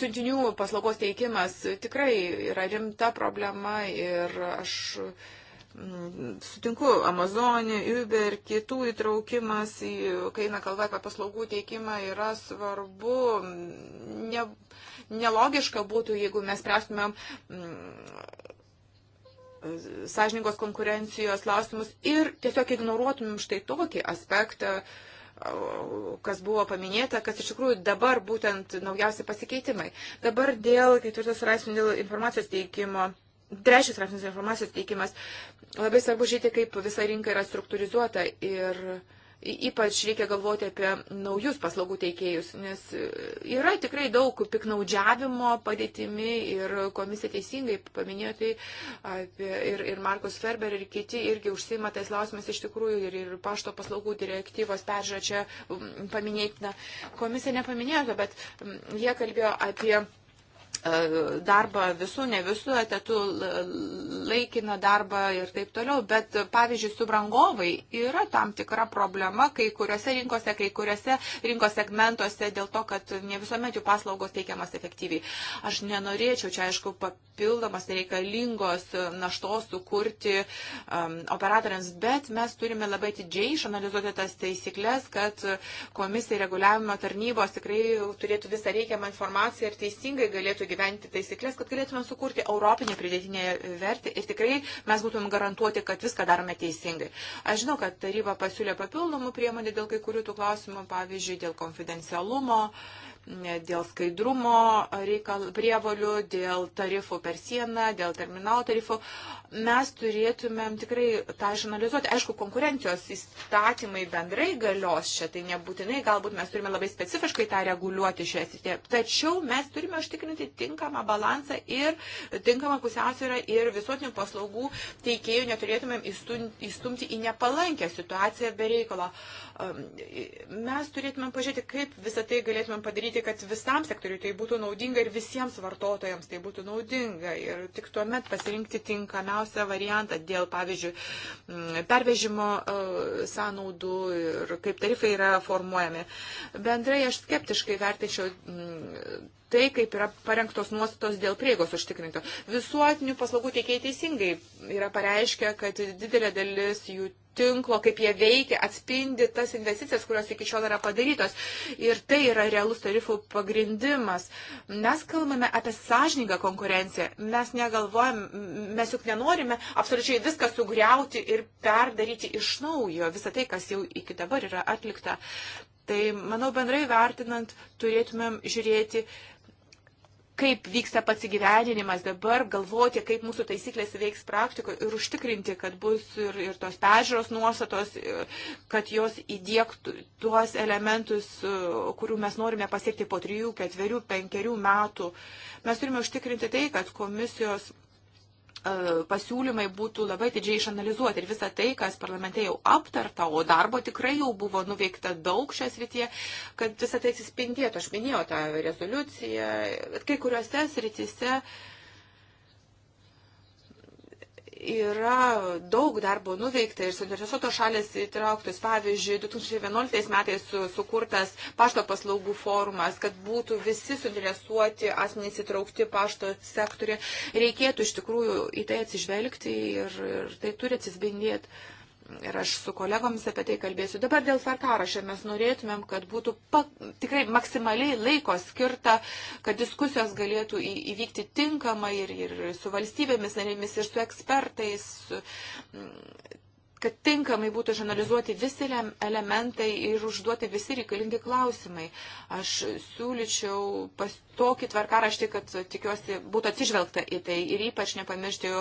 siuntinių paslaugos teikimas tikrai yra rimta problema ir aš Sutinku, Amazonė, Uber, kitų įtraukimas, į, kai eina kalba apie paslaugų teikimą, yra svarbu. Ne, nelogiška būtų, jeigu mes spręstumėm mm, sąžiningos konkurencijos klausimus ir tiesiog ignoruotumėm štai tokį aspektą, kas buvo paminėta, kas iš tikrųjų dabar būtent naujausi pasikeitimai. Dabar dėl ketvirtos raismų, dėl informacijos teikimo Trečias straipsnis informacijos teikimas. Labai svarbu žiūrėti, kaip visa rinka yra struktūrizuota ir ypač reikia galvoti apie naujus paslaugų teikėjus, nes e, yra tikrai daug piknaudžiavimo padėtimi ir komisija teisingai paminėjo tai apie, ir, ir Markus Ferber ir kiti irgi užsima tais lausimais iš tikrųjų ir, ir pašto paslaugų direktyvos peržiūrė čia paminėtina. Komisija nepaminėjo, bet jie kalbėjo apie E, darbą visų, ne visų etatų, laikiną darbą ir taip toliau. Bet, pavyzdžiui, subrangovai yra tam tikra problema kai kuriuose rinkose, kai kuriuose rinkos segmentuose dėl to, kad ne visuomet jų paslaugos teikiamas efektyviai. Aš nenorėčiau čia, aišku, papildomas reikalingos naštos sukurti um, operatoriams, bet mes turime labai atidžiai išanalizuoti tas taisyklės, kad komisija reguliavimo tarnybos tikrai turėtų visą reikiamą informaciją ir teisingai galėtų reikėtų gyventi taisyklės, kad galėtume sukurti europinę pridėtinę vertę ir tikrai mes būtumėm garantuoti, kad viską darome teisingai. Aš žinau, kad taryba pasiūlė papildomų priemonių dėl kai kurių tų klausimų, pavyzdžiui, dėl konfidencialumo. Uh, dėl skaidrumo reikalų prievalių, dėl tarifų per sieną, dėl terminalo tarifų, mes turėtumėm tikrai tą žurnalizuoti. Aišku, konkurencijos įstatymai bendrai galios čia, tai nebūtinai galbūt mes turime labai specifiškai tą reguliuoti šioje srityje, tačiau mes turime užtikrinti tinkamą balansą ir tinkamą pusiausvyrą ir visuotinių paslaugų teikėjų neturėtumėm įstumti į nepalankę situaciją be reikalo. Ehm, mes turėtumėm pažiūrėti, kaip visą tai galėtumėm padaryti padaryti, kad visam sektoriui tai būtų naudinga ir visiems vartotojams tai būtų naudinga. Ir tik tuomet pasirinkti tinkamiausią variantą dėl, pavyzdžiui, mm, pervežimo e, sąnaudų ir kaip tarifai yra formuojami. Bendrai aš skeptiškai vertinčiau mm, tai, kaip yra parengtos nuostatos dėl prieigos užtikrinto. Visuotinių paslaugų teikėjai teisingai yra pareiškę, kad didelė dalis jų tinklo, kaip jie veikia, atspindi tas investicijas, kurios iki šiol yra padarytos. Ir tai yra realus tarifų pagrindimas. Mes kalbame apie sąžiningą konkurenciją. Mes negalvojam, mes juk nenorime absoliučiai viską sugriauti ir perdaryti iš naujo, visą tai, kas jau iki dabar yra atlikta. Tai, manau, bendrai vertinant, turėtumėm žiūrėti kaip vyksta pats įgyvendinimas dabar, galvoti, kaip mūsų taisyklės veiks praktikoje ir užtikrinti, kad bus ir, ir tos peržiūros nuostatos, kad jos įdėktų tuos elementus, kurių mes norime pasiekti po trijų, ketverių, penkerių metų. Mes turime užtikrinti tai, kad komisijos E, pasiūlymai būtų labai didžiai išanalizuoti ir visą tai, kas parlamente jau aptarta, o darbo tikrai jau buvo nuveikta daug šias rytie, kad visą tai atsispindėtų. Aš minėjau tą rezoliuciją, kai kuriuose srityse uh, yra daug darbo nuveikta ir suinteresuotos šalės įtrauktos. Pavyzdžiui, 2011 metais su, sukurtas pašto paslaugų forumas, kad būtų visi suinteresuoti asmenys įtraukti pašto sektorį. Reikėtų iš tikrųjų į tai atsižvelgti ir, ir tai turi atsispindėti ir aš su kolegomis apie tai kalbėsiu. Dabar dėl tvarkarašio mes norėtumėm, kad būtų pa, tikrai maksimaliai laiko skirta, kad diskusijos galėtų į, įvykti tinkamai ir, ir su valstybėmis narėmis, ir su ekspertais. Su, kad tinkamai būtų išanalizuoti visi elementai ir užduoti visi reikalingi klausimai. Aš siūlyčiau pas tokį tvarkaraštį, kad tikiuosi būtų atsižvelgta į tai ir ypač nepamiršti,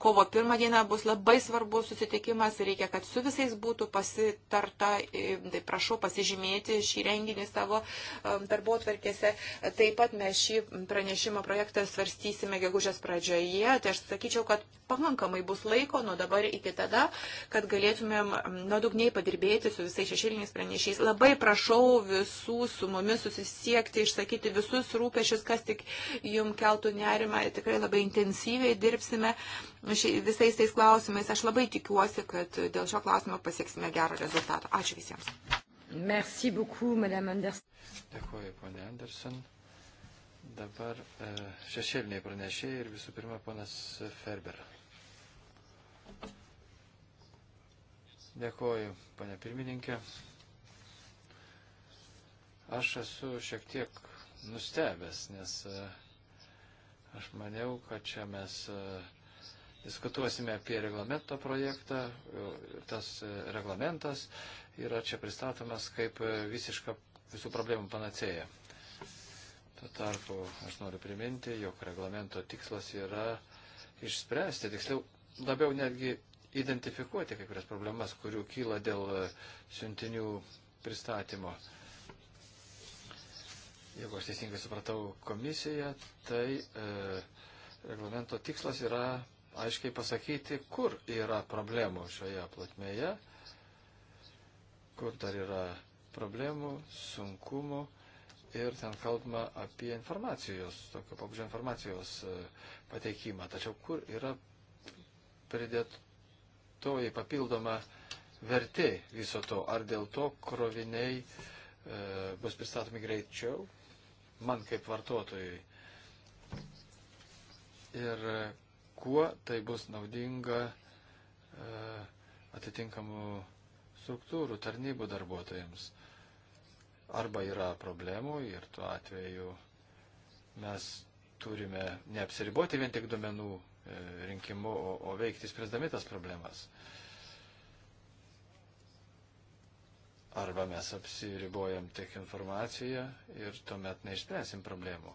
kovo pirmą dieną bus labai svarbus susitikimas, reikia, kad su visais būtų pasitarta, tai prašau pasižymėti šį renginį savo um, darbo atvarkėse. Taip pat mes šį pranešimo projektą svarstysime gegužės pradžioje, tai aš sakyčiau, kad pakankamai bus laiko nuo dabar iki tada, kad kad galėtumėm nuodugniai padirbėti su visais šešėliniais pranešiais. Labai prašau visų su mumis susisiekti, išsakyti visus rūpešius, kas tik jum keltų nerimą. Tikrai labai intensyviai dirbsime visais tais klausimais. Aš labai tikiuosi, kad dėl šio klausimo pasieksime gerą rezultatą. Ačiū visiems. Merci beaucoup, Madame Anderson. Dėkuoju, ponė Anderson. Dabar e, šešėliniai pranešėjai ir visų pirma, ponas Ferber. Dėkoju, pane pirmininkė. Aš esu šiek tiek nustebęs, nes e, aš maniau, kad čia mes e, diskutuosime apie reglamento projektą. E, tas reglamentas yra čia pristatomas kaip visiška visų problemų panacėja. Tuo tarpu aš noriu priminti, jog reglamento tikslas yra išspręsti, tiksliau labiau netgi identifikuoti kai kurias problemas, kurių kyla dėl e, siuntinių pristatymo. Jeigu aš teisingai supratau komisiją, tai e, reglamento tikslas yra aiškiai pasakyti, kur yra problemų šioje platmėje, kur dar yra problemų, sunkumų ir ten kalbama apie informacijos, tokio pabudžio informacijos e, pateikimą. Tačiau kur yra pridėt, toji papildoma vertė viso to? Ar dėl to kroviniai e, bus pristatomi greičiau man kaip vartotojui? Ir e, kuo tai bus naudinga e, atitinkamų struktūrų, tarnybų darbuotojams? Arba yra problemų ir tuo atveju mes turime neapsiriboti vien tik duomenų rinkimu, o, o veikti spręsdami tas problemas. Arba mes apsiribojam tik informaciją ir tuomet neišspręsim problemų.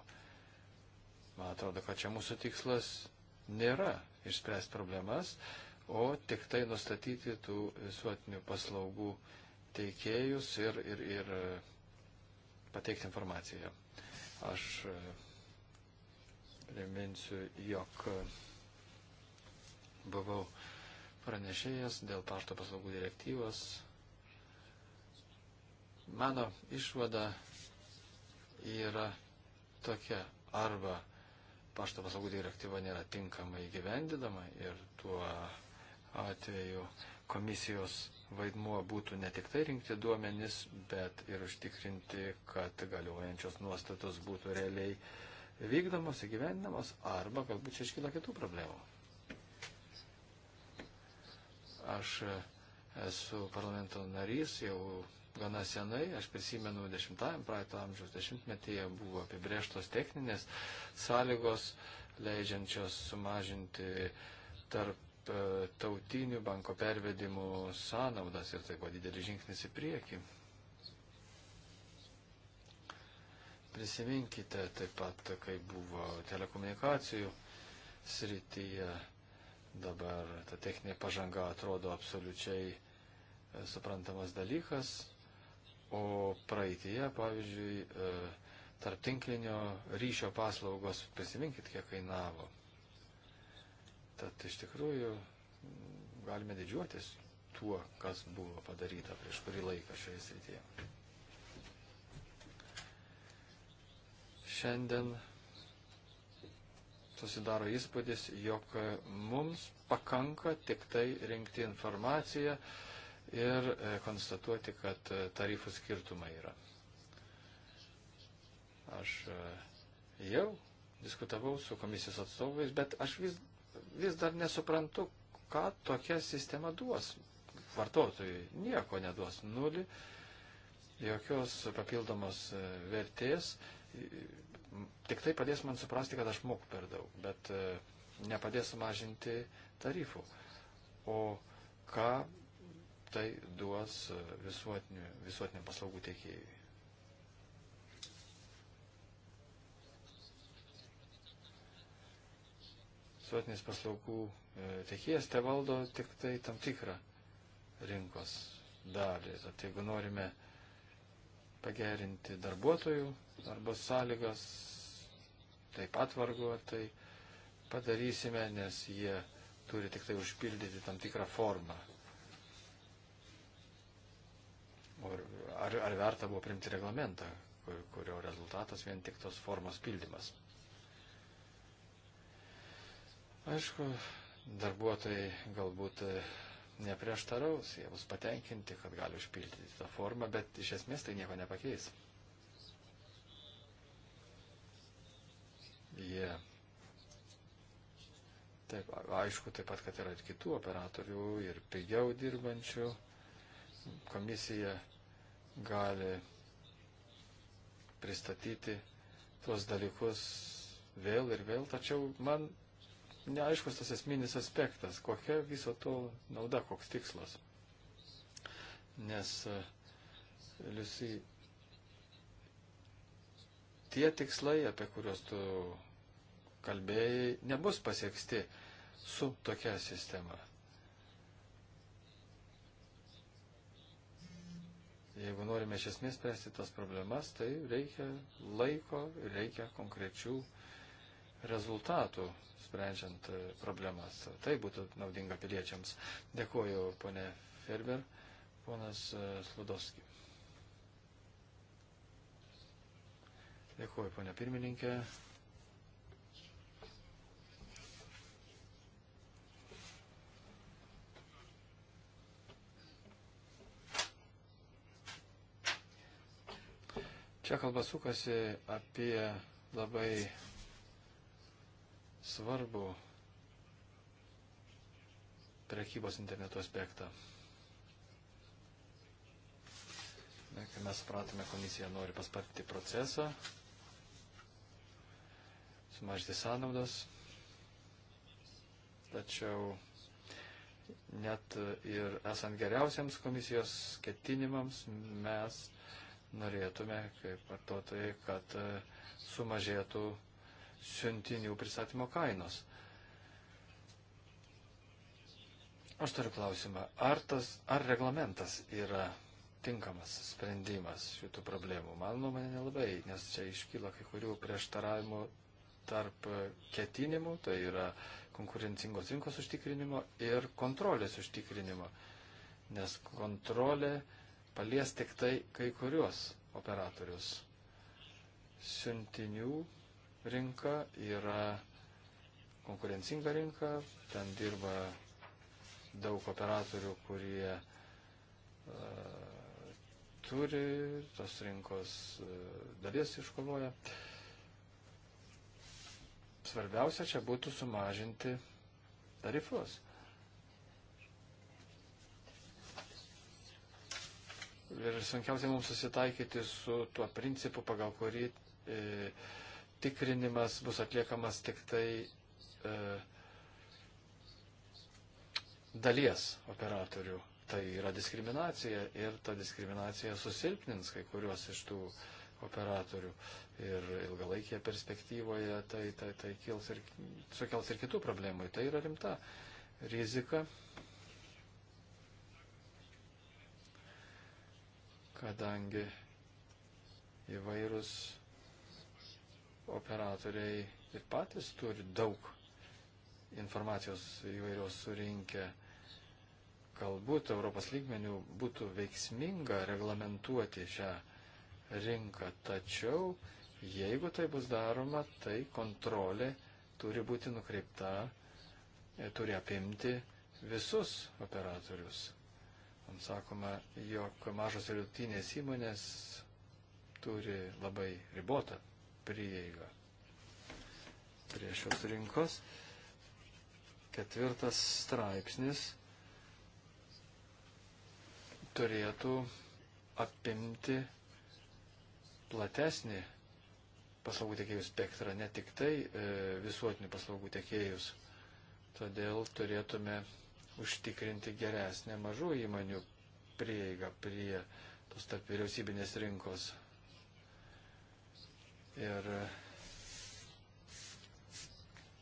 Man atrodo, kad čia mūsų tikslas nėra išspręsti problemas, o tik tai nustatyti tų visuotinių paslaugų teikėjus ir, ir, ir e, pateikti informaciją. Aš e, priminsiu, jog e, buvau pranešėjas dėl pašto paslaugų direktyvos. Mano išvada yra tokia. Arba pašto paslaugų direktyva nėra tinkamai gyvendinama ir tuo atveju komisijos vaidmuo būtų ne tik tai rinkti duomenis, bet ir užtikrinti, kad galiojančios nuostatos būtų realiai vykdomos, įgyvendinamos, arba galbūt čia iškyla kitų problemų. Aš e, esu parlamento narys jau gana senai, aš prisimenu 10-ąjį praeito amžiaus dešimtmetyje buvo apibrėžtos techninės sąlygos, leidžiančios sumažinti tarp e, tautinių banko pervedimų sąnaudas ir tai buvo didelis žingsnis į priekį. Prisiminkite taip pat, kai buvo telekomunikacijų srityje Dabar ta techninė pažanga atrodo absoliučiai e, suprantamas dalykas, o praeitie, pavyzdžiui, e, tarp tinklinio ryšio paslaugos, prisiminkit, kiek kainavo. Tad iš tikrųjų galime didžiuotis tuo, kas buvo padaryta prieš kurį laiką šioje srityje. Šiandien susidaro įspūdis, jog mums pakanka tik tai rinkti informaciją ir e, konstatuoti, kad e, tarifų skirtumai yra. Aš e, jau diskutavau su komisijos atstovais, bet aš vis, vis dar nesuprantu, ką tokia sistema duos. Vartotojui nieko neduos nulį, jokios papildomos vertės, tik tai padės man suprasti, kad aš moku per daug, bet e, nepadės sumažinti tarifų. O ką tai duos e, visuotinių, visuotinių paslaugų teikėjai? Visuotinės paslaugų e, tiekėjas te valdo tik tai tam tikrą rinkos dalį. Tad jeigu norime pagerinti darbuotojų darbo sąlygas taip pat vargu, tai padarysime, nes jie turi tik tai užpildyti tam tikrą formą. Ar, ar verta buvo primti reglamentą, kurio rezultatas vien tik tos formos pildymas. Aišku, darbuotojai galbūt e, neprieštaraus, jie bus patenkinti, kad gali užpildyti tą formą, bet iš esmės tai nieko nepakeis. jie. Taip, aišku, taip pat, kad yra ir kitų operatorių, ir pigiau dirbančių. Komisija gali pristatyti tuos dalykus vėl ir vėl, tačiau man neaiškus tas esminis aspektas, kokia viso to nauda, koks tikslas. Nes e, Liusy tie tikslai, apie kuriuos tu kalbėjai, nebus pasieksti su tokia sistema. Jeigu norime iš esmės spręsti tas problemas, tai reikia laiko ir reikia konkrečių rezultatų sprendžiant e, problemas. Tai būtų naudinga piliečiams. Dėkuoju, ponė Ferber, ponas e, Sludovskis. Dėkuoju, ponia pirmininkė. Čia kalba sukasi apie labai svarbų prekybos internetu aspektą. Kai mes supratome, komisija nori paspartinti procesą, sumažinti sąnaudas, tačiau net ir esant geriausiams komisijos ketinimams mes norėtume, kaip vartotojai, kad e, sumažėtų siuntinių pristatymo kainos. Aš turiu klausimą, ar, tas, ar reglamentas yra tinkamas sprendimas šitų problemų? Man nuomonė nelabai, nes čia iškyla kai kurių prieštaravimų tarp ketinimų, tai yra konkurencingos rinkos užtikrinimo ir kontrolės užtikrinimo, nes kontrolė palies tik tai kai kuriuos operatorius. Siuntinių rinka yra konkurencinga rinka, ten dirba daug operatorių, kurie uh, turi tos rinkos uh, dalies iškovoja. Uh, Svarbiausia čia būtų sumažinti tarifus. Ir sunkiausia mums susitaikyti su tuo principu, pagal kurį e, tikrinimas bus atliekamas tik tai e, dalies operatorių. Tai yra diskriminacija ir ta diskriminacija susilpnins kai kuriuos iš tų e, operatorių. Ir ilgalaikėje perspektyvoje tai, tai, tai kils ir, sukels ir kitų problemų. Tai yra rimta rizika, kadangi įvairūs operatoriai ir patys turi daug informacijos įvairios surinkę. Galbūt Europos lygmenių būtų veiksminga reglamentuoti šią rinką. Tačiau, jeigu tai bus daroma, tai kontrolė turi būti nukreipta, e, turi apimti visus operatorius. Man sakoma, jog mažos ir vidutinės įmonės turi labai ribotą prieigą prie šios rinkos. Ketvirtas straipsnis turėtų apimti platesnį paslaugų tiekėjų spektrą, ne tik tai e, visuotinių paslaugų tiekėjus. Todėl turėtume užtikrinti geresnę mažų įmonių prieigą prie tos tarp vyriausybinės rinkos. Ir e,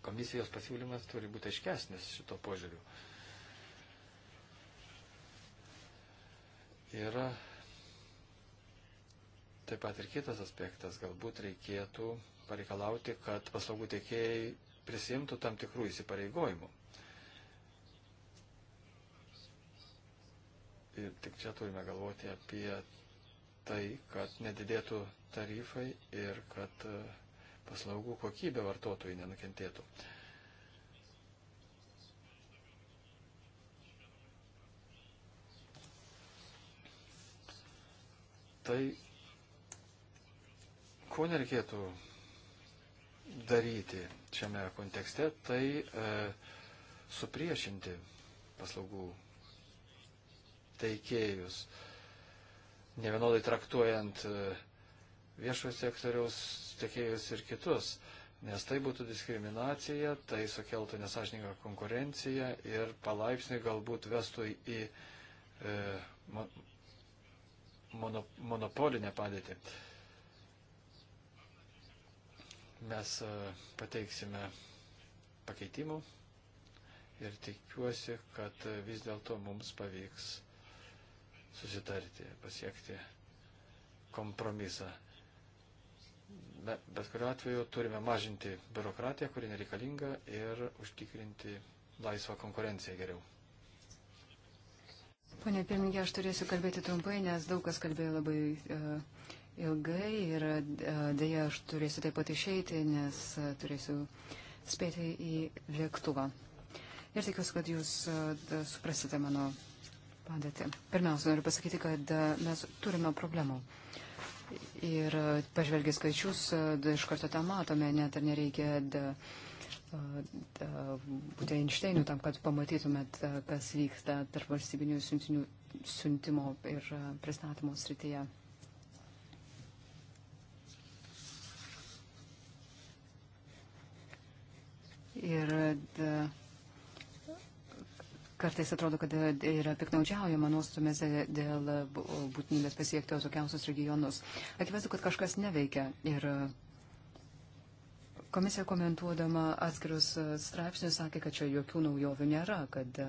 komisijos pasiūlymas turi būti aiškesnis šito požiūriu. Yra Taip pat ir kitas aspektas, galbūt reikėtų pareikalauti, kad paslaugų tiekėjai prisimtų tam tikrų įsipareigojimų. Ir tik čia turime galvoti apie tai, kad nedidėtų tarifai ir kad e, paslaugų kokybė vartotojai nenukentėtų. Tai ko nereikėtų daryti šiame kontekste, tai e, supriešinti paslaugų teikėjus, nevienodai traktuojant e, viešojo sektoriaus teikėjus ir kitus, nes tai būtų diskriminacija, tai sukeltų nesažininką konkurenciją ir palaipsniui galbūt vestų į e, mono, monopolinę padėtį. E, Mes e, pateiksime pakeitimų ir tikiuosi, kad vis dėlto mums pavyks susitarti, pasiekti kompromisą. Be, bet kuriuo atveju turime mažinti biurokratiją, kuri nereikalinga, ir užtikrinti laisvą konkurenciją geriau. Pone pirmininkė, aš turėsiu kalbėti trumpai, nes daug kas kalbėjo labai uh, ilgai ir e, dėja aš turėsiu taip pat išeiti, nes e, turėsiu spėti į lėktuvą. Ir tikiuosi, kad jūs e, suprasite mano padėtį. Pirmiausia, noriu pasakyti, kad mes turime problemų. Ir pažvelgiai skaičius, da, iš karto tą matome, net ar nereikia da, da, būti Einšteinų tam, kad pamatytumėt, kas vyksta tarp valstybinių siuntinių siuntimo ir pristatymo srityje. Ir da, e, kartais atrodo, kad e, yra piknaudžiaujama nuostumis e, dėl būtinybės pasiekti atokiausius regionus. Akivaizdu, kad kažkas neveikia. Ir komisija komentuodama atskirus straipsnius sakė, kad čia jokių naujovių nėra, kad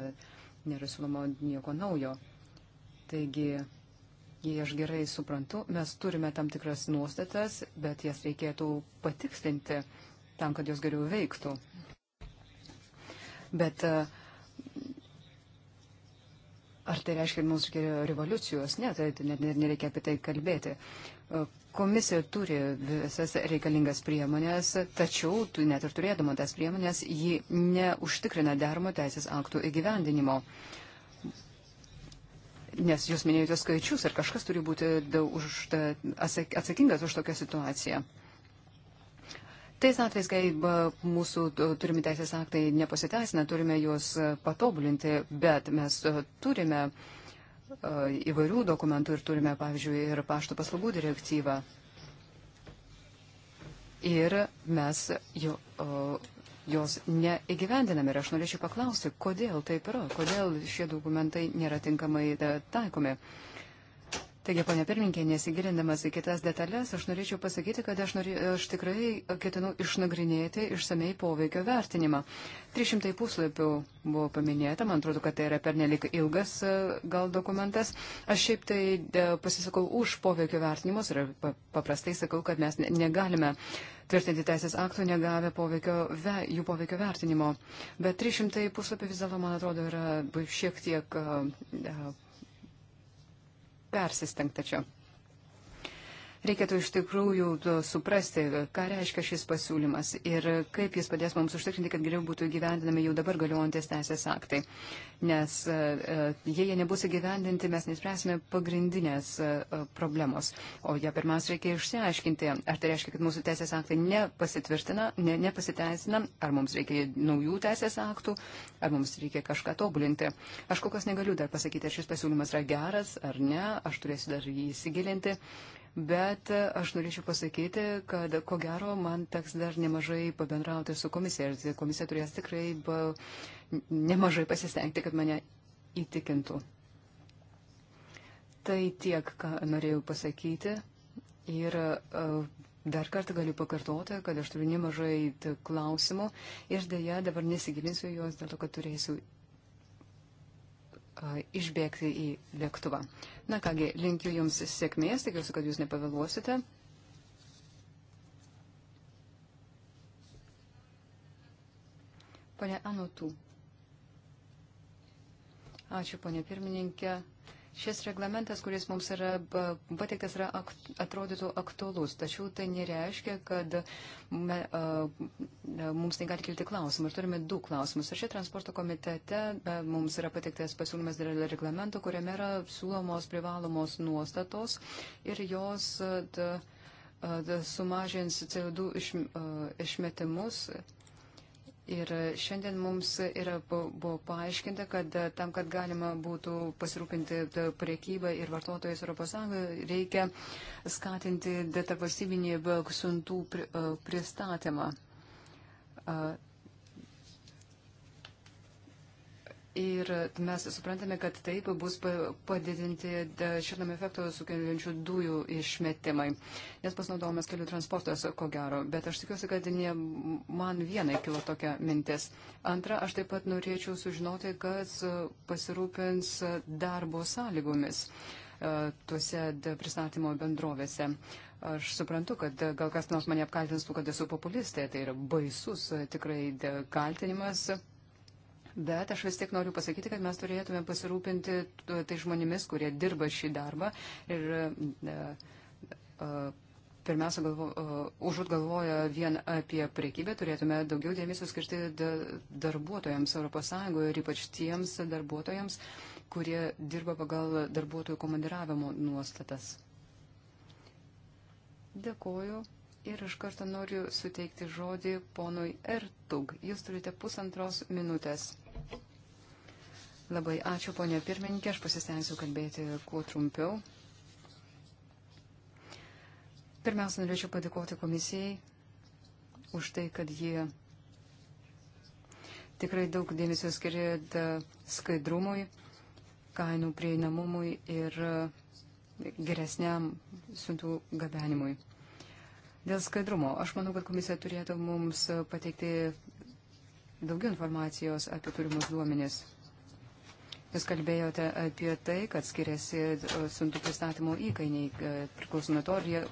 nėra siūloma nieko naujo. Taigi, jei aš gerai suprantu, mes turime tam tikras nuostatas, bet jas reikėtų patikslinti tam, kad jos geriau veiktų. Bet eh, ar tai reiškia, kad mums reikia revoliucijos? Ne, tai, tai net nereikia apie tai kalbėti. Eh, komisija turi visas reikalingas priemonės, tačiau net ir turėdama tas priemonės, ji neužtikrina dermo teisės aktų įgyvendinimo. Nes jūs minėjote skaičius ir kažkas turi būti už ta, atsakingas už tokią situaciją. Tais atvejais, kai mūsų turimi teisės aktai nepasiteisina, turime juos e, patobulinti, bet mes e, turime e, įvairių dokumentų ir turime, pavyzdžiui, ir pašto paslaugų direktyvą. Ir mes jo, jos neįgyvendiname. Ir aš norėčiau paklausti, kodėl taip yra, kodėl šie dokumentai nėra tinkamai taikomi. Da, Taigi, ponia pirminkė, nesigilindamas į kitas detalės, aš norėčiau pasakyti, kad aš, norė, aš tikrai ketinu išnagrinėti išsamei poveikio vertinimą. 300 puslapių buvo paminėta, man atrodo, kad tai yra pernelik ilgas e, gal dokumentas. Aš šiaip tai e, pasisakau už poveikio vertinimus ir paprastai sakau, kad mes negalime tvirtinti teisės aktų negavę poveikio, ve, jų poveikio vertinimo. Bet 300 puslapių vis dėlto, man atrodo, yra šiek tiek. Uh, persistengta čia. Reikėtų iš tikrųjų suprasti, ką reiškia šis pasiūlymas ir kaip jis padės mums užtikrinti, kad geriau būtų įgyvendinami jau dabar galiojantis teisės aktai. Nes e, e, jei jie nebus įgyvendinti, mes nespręsime pagrindinės e, problemos. O ją pirmiausia reikia išsiaiškinti, ar tai reiškia, kad mūsų teisės aktai nepasitvirtina, ne, nepasiteisina, ar mums reikia naujų teisės aktų, ar mums reikia kažką tobulinti. Aš kol kas negaliu dar pasakyti, ar šis pasiūlymas yra geras ar ne, aš turėsiu dar jį įsigilinti bet aš norėčiau pasakyti, kad ko gero man teks dar nemažai pabendrauti su komisija ir komisija turės tikrai nemažai pasistengti, kad mane įtikintų. Tai tiek, ką norėjau pasakyti ir e, Dar kartą galiu pakartoti, kad aš turiu nemažai klausimų ir dėja dabar nesigilinsiu juos dėl to, kad turėsiu išbėgti į lėktuvą. Na kągi, linkiu Jums sėkmės, tikiuosi, kad Jūs nepavėluosite. Pane Anotų. Ačiū, ponė pirmininkė. Šis reglamentas, kuris mums yra pateiktas, yra akt, atrodytų aktuolus, tačiau tai nereiškia, kad me, a, mums negali kilti klausimų. Ir turime du klausimus. Ir čia transporto komitete a, mums yra pateiktas pasiūlymas dėl reglamento, kuriame yra siūlomos privalomos nuostatos ir jos a, a, sumažins CO2 iš, a, išmetimus. A, Ir šiandien mums yra, buvo paaiškinta, kad e, tam, kad galima būtų pasirūpinti e, priekybą ir vartotojais ES, reikia skatinti detarvalstybinį e, siuntų pristatymą. Ir mes suprantame, kad taip bus padidinti šiltnamio efekto sukeliančių dujų išmetimai, nes pasinaudojamas kelių transportas, ko gero. Bet aš tikiuosi, kad ne man vienai kilo tokia mintis. Antra, aš taip pat norėčiau sužinoti, kas pasirūpins darbo sąlygomis e, tuose pristatymo bendrovėse. Aš suprantu, kad gal kas nors mane apkaltins, kad esu populistė, tai yra baisus e, tikrai kaltinimas Bet aš vis tiek noriu pasakyti, kad mes turėtume pasirūpinti tai žmonėmis, kurie dirba šį darbą. Ir e, e, pirmiausia, galvo, e, užut galvoja vien apie priekybę, turėtume daugiau dėmesio skirti darbuotojams ES ir ypač tiems darbuotojams, kurie dirba pagal darbuotojų komandiravimo nuostatas. Dėkoju. Ir iš karto noriu suteikti žodį ponui Ertug. Jūs turite pusantros minutės. Labai ačiū, ponė pirmininkė. Aš pasistengsiu kalbėti kuo trumpiau. Pirmiausia, norėčiau padėkoti komisijai už tai, kad jie tikrai daug dėmesio skiria skaidrumui, kainų prieinamumui ir geresniam siuntų gabenimui. Dėl skaidrumo, aš manau, kad komisija turėtų mums pateikti daugiau informacijos apie turimus duomenis. Jūs kalbėjote apie tai, kad skiriasi e, siuntų pristatymo įkainiai, e, priklauso nuo to, ar jie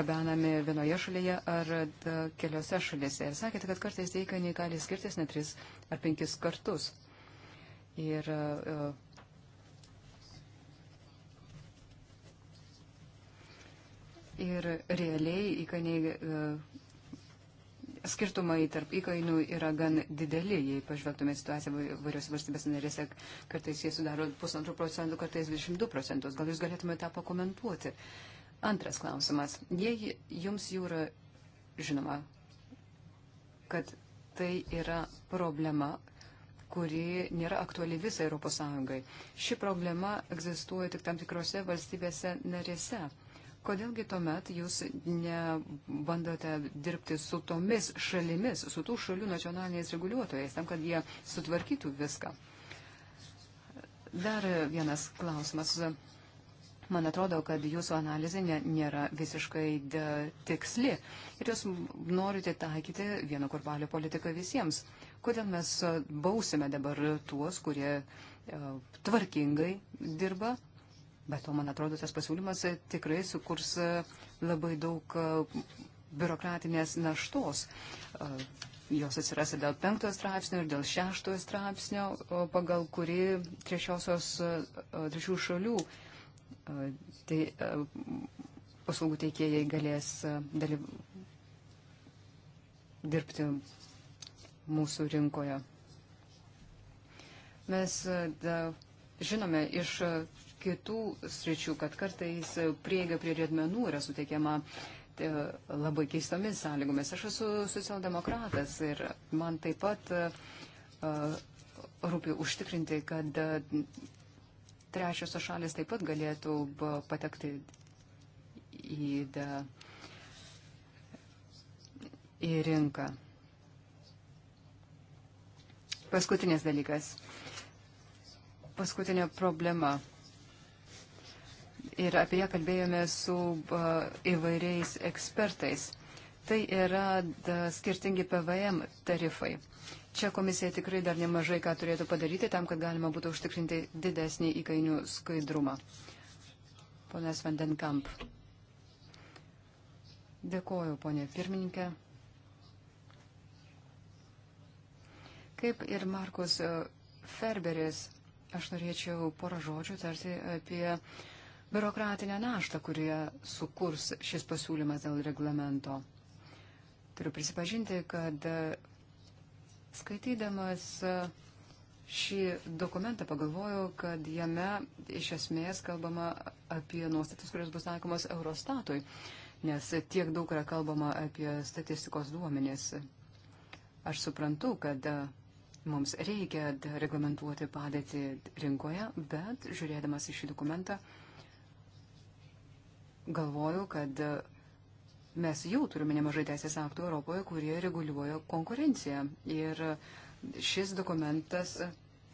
gabenami vienoje šalyje ar e, keliose šalyse. Ir sakėte, kad kartais įkainiai gali skirtis net tris ar penkis kartus. Ir uh, Ir realiai įkainiai, e, skirtumai tarp įkainų yra gan dideli, jei pažvelgtume situaciją varios valstybės narėse, kartais jie sudaro pusantrų procentų, kartais 22 procentus. Gal jūs galėtumėte tą pakomentuoti? Antras klausimas. Jei jums jau yra žinoma, kad tai yra problema, kuri nėra aktuali visai ES. Ši problema egzistuoja tik tam tikrose valstybėse narėse. Kodėlgi tuomet jūs nebandote dirbti su tomis šalimis, su tų šalių nacionaliniais reguliuotojais, tam, kad jie sutvarkytų viską? Dar vienas klausimas. Man atrodo, kad jūsų analizė nėra visiškai tiksli ir jūs norite taikyti vieno kurpalio politiką visiems. Kodėl mes bausime dabar tuos, kurie e, tvarkingai dirba, Bet to, man atrodo, tas pasiūlymas tikrai sukurs e, labai daug e, biurokratinės naštos. E, jos atsiras ir dėl penktojo straipsnio, ir dėl šeštojo straipsnio, pagal kuri trečiosios, trečių šalių tai, paslaugų teikėjai galės dalyv... dirbti mūsų rinkoje. Mes da, žinome iš kitų sričių, kad kartais prieiga prie riedmenų yra suteikiama e, labai keistomis sąlygomis. Aš esu socialdemokratas ir man taip pat e, rūpi užtikrinti, kad e, trečiosios šalis taip pat galėtų patekti į, da, į rinką. Paskutinis dalykas. Paskutinė problema ir apie ją kalbėjome su įvairiais ekspertais. Tai yra skirtingi PVM tarifai. Čia komisija tikrai dar nemažai ką turėtų padaryti tam, kad galima būtų užtikrinti didesnį įkainių skaidrumą. Ponas Vandenkamp. Dėkoju, ponė pirmininkė. Kaip ir Markus Ferberis, aš norėčiau porą žodžių tarti apie biurokratinę naštą, kurie sukurs šis pasiūlymas dėl reglamento. Turiu prisipažinti, kad e, skaitydamas e, šį dokumentą pagalvojau, kad jame iš esmės kalbama apie nuostatas, kurios bus taikomas Eurostatui, nes tiek daug yra kalbama apie statistikos duomenys. Aš suprantu, kad e, mums reikia reglamentuoti padėtį rinkoje, bet žiūrėdamas į šį dokumentą galvoju, kad mes jau turime nemažai teisės aktų Europoje, kurie reguliuoja konkurenciją. Ir šis dokumentas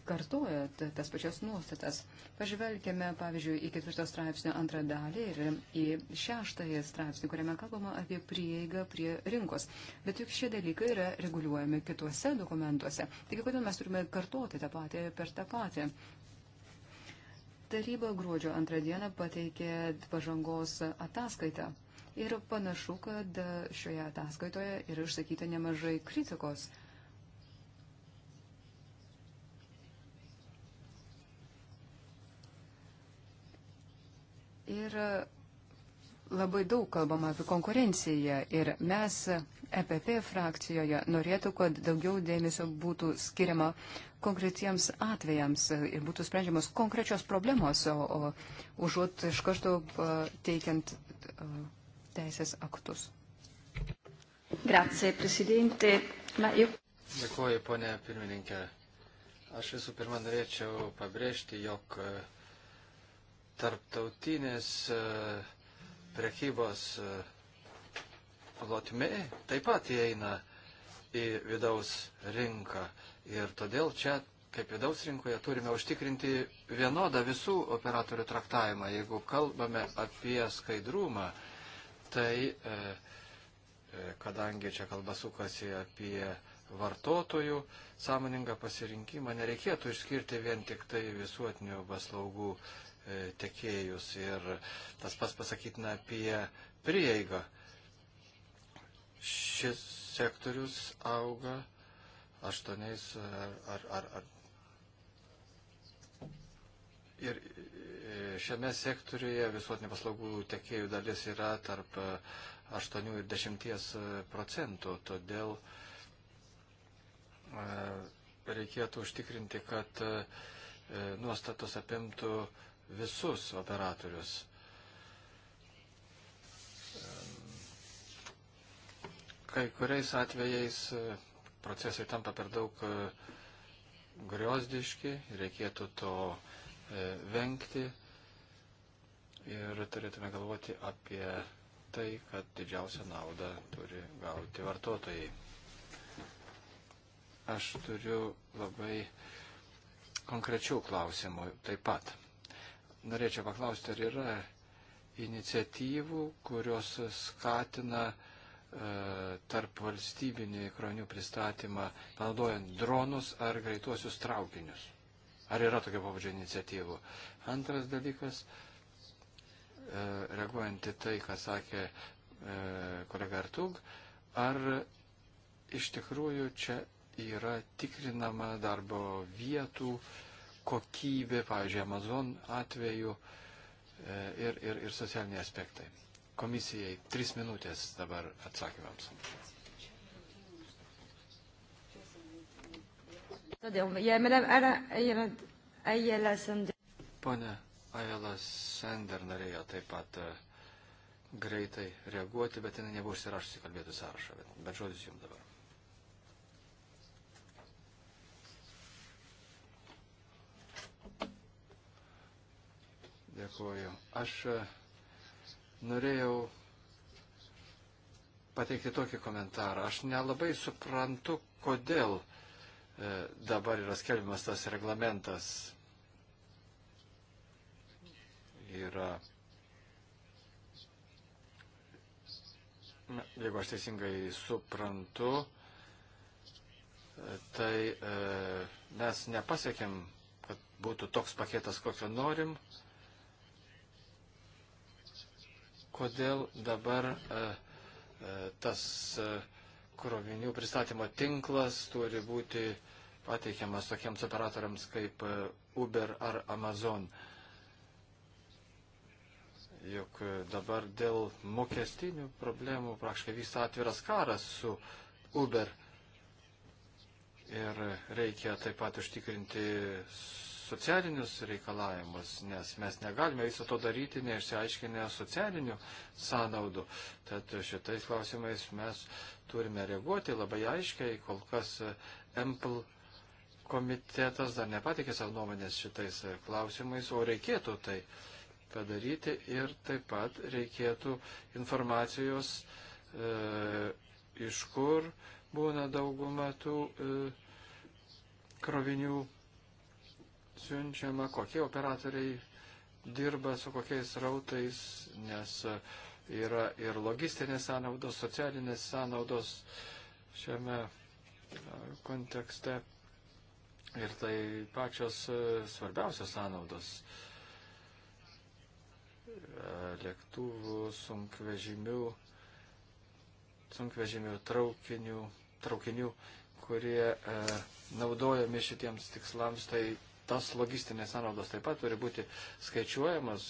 kartoja tas pačias nuostatas. Pažvelkime, pavyzdžiui, į ketvirto straipsnio antrą dalį ir į šeštąją straipsnį, kuriame kalbama apie prieigą prie rinkos. Bet juk šie dalykai yra reguliuojami kituose dokumentuose. Taigi, kodėl mes turime kartoti tą patį per tą patį? Taryba gruodžio antrą dieną pateikė pažangos ataskaitą. Ir panašu, kad šioje ataskaitoje yra išsakyta nemažai kritikos. Ir labai daug kalbama apie konkurenciją ir mes EPP frakcijoje norėtų, kad daugiau dėmesio būtų skiriama konkretiems atvejams ir būtų sprendžiamos konkrečios problemos, o, o užuot iš karto teikiant o, teisės aktus. Grazie, prezidente. Na, jau. Dėkuoju, ponė pirmininkė. Aš visų pirma norėčiau pabrėžti, jog tarptautinės uh, prekybos e, plotmė taip pat įeina į vidaus rinką. Ir todėl čia, kaip vidaus rinkoje, turime užtikrinti vienodą visų operatorių traktavimą. Jeigu kalbame apie skaidrumą, tai e, e, kadangi čia kalba sukasi apie vartotojų sąmoningą pasirinkimą, nereikėtų išskirti vien tik tai visuotinių paslaugų E, tekėjus ir tas pas pasakytina apie prieigą. Šis sektorius auga 8 e, ar, ar, ar. Ir e, šiame sektoriuje visuotinė paslaugų tekėjų dalis yra tarp 8 ir 10 procentų, todėl reikėtų užtikrinti, kad nuostatos apimtų visus operatorius. Kai kuriais atvejais e, procesai tampa per daug e, griozdiški, reikėtų to e, vengti ir turėtume galvoti apie tai, kad didžiausią naudą turi gauti vartotojai. Aš turiu labai konkrečių klausimų taip pat norėčiau paklausti, ar yra iniciatyvų, kurios skatina e, tarp valstybinį kronių pristatymą, naudojant dronus ar greituosius traukinius. Ar yra tokia pavadžio iniciatyvų? Antras dalykas, e, reaguojant į tai, ką sakė e, kolega Artug, ar iš tikrųjų čia yra tikrinama darbo vietų, e, kokybė, pavyzdžiui, Amazon atveju e, ir, ir, ir socialiniai aspektai. Komisijai tris minutės dabar atsakymams. Pone Ajala Sender norėjo taip pat e, greitai reaguoti, bet jinai nebuvo užsirašusi kalbėti sąrašą, bet, bet žodis jums dabar. Dėkuoju. Aš e, norėjau pateikti tokį komentarą. Aš nelabai suprantu, kodėl e, dabar yra skelbimas tas reglamentas. Yra. Na, jeigu aš teisingai suprantu, e, tai e, mes nepasiekėm, kad būtų toks paketas, kokio norim, e, kodėl dabar e, e, tas e, krovinių pristatymo tinklas turi būti pateikiamas tokiems operatoriams kaip e, Uber ar Amazon. Juk e, dabar dėl mokestinių problemų praktiškai vyksta atviras karas su Uber. Ir reikia taip pat užtikrinti socialinius reikalavimus, nes mes negalime viso to daryti neišsiaiškinę socialinių sąnaudų. Tad šitais klausimais mes turime reaguoti labai aiškiai, kol kas EMPL komitetas dar nepatikė savo nuomonės šitais klausimais, o reikėtų tai padaryti ir taip pat reikėtų informacijos, e, iš kur būna dauguma tų e, krovinių siunčiama, kokie operatoriai dirba su kokiais rautais, nes yra ir logistinės sąnaudos, socialinės sąnaudos šiame kontekste ir tai pačios svarbiausios sąnaudos lėktuvų, sunkvežimių, sunkvežimių traukinių, traukinių kurie e, naudojami šitiems tikslams, tai tas logistinės sąnaudos taip pat turi būti skaičiuojamas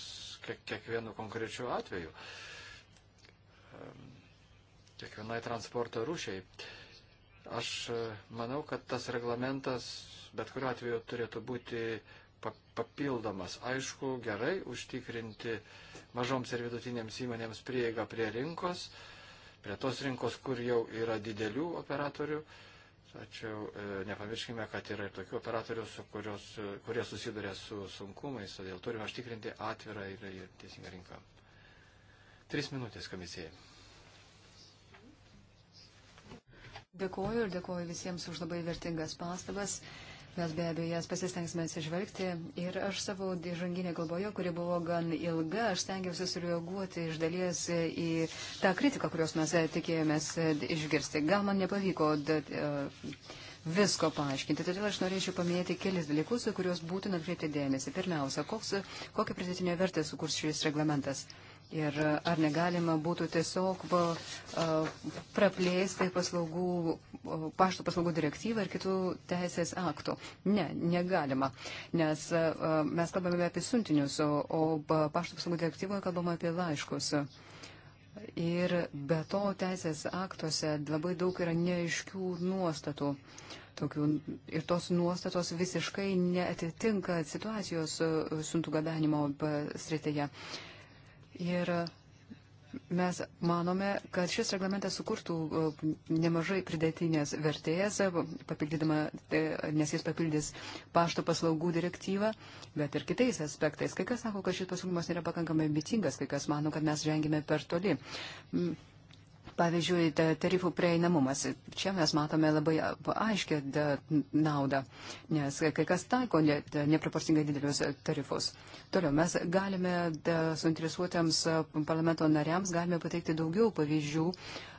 kiekvienu konkrečiu atveju, kiekvienai transporto rūšiai. Aš e, manau, kad tas reglamentas bet kuriuo atveju turėtų būti papildomas. Aišku, gerai užtikrinti mažoms ir vidutinėms įmonėms prieigą prie rinkos, prie tos rinkos, kur jau yra didelių operatorių. Uh, Tačiau e, nepamirškime, kad yra ir tokių operatorių, su kurios, e, kurie susiduria su sunkumais, todėl turime užtikrinti atvirą ir, ir teisingą rinką. Tris minutės komisijai. Dėkuoju ir dėkuoju visiems už labai vertingas pastabas. Mes be abejo jas pasistengsime atsižvelgti. Ir aš savo žanginė kalboje, kuri buvo gan ilga, aš stengiausi sureaguoti iš dalies į tą kritiką, kurios mes tikėjomės išgirsti. Gal man nepavyko. Dat, uh, e, visko paaiškinti. Todėl aš norėčiau paminėti kelis dalykus, kuriuos būtina atkreipti dėmesį. Pirmiausia, koks, kokią pridėtinę vertę sukurs šis reglamentas. Ir e, ar negalima būtų tiesiog e, praplėsti paslaugų, e, pašto paslaugų direktyvą ir kitų teisės aktų? Ne, negalima, nes mes kalbame apie siuntinius, o pašto paslaugų direktyvoje kalbame apie laiškus. Ir be to teisės aktuose labai daug yra neaiškių nuostatų. Tokių, ir tos nuostatos visiškai neatitinka situacijos siuntų gabenimo srityje. Uh, Ir mes manome, kad šis reglamentas sukurtų e, nemažai pridėtinės vertėjas, e, nes jis papildys pašto paslaugų direktyvą, bet ir kitais aspektais. Kai kas sako, kad šis pasiūlymas nėra pakankamai ambicingas, kai kas mano, kad mes žengime per toli. Pavyzdžiui, tarifų prieinamumas. Čia mes matome labai aiškę naudą, nes kai kas taiko ne, neproporcingai didelius tarifus. Toliau mes galime suinteresuotams parlamento nariams galime pateikti daugiau pavyzdžių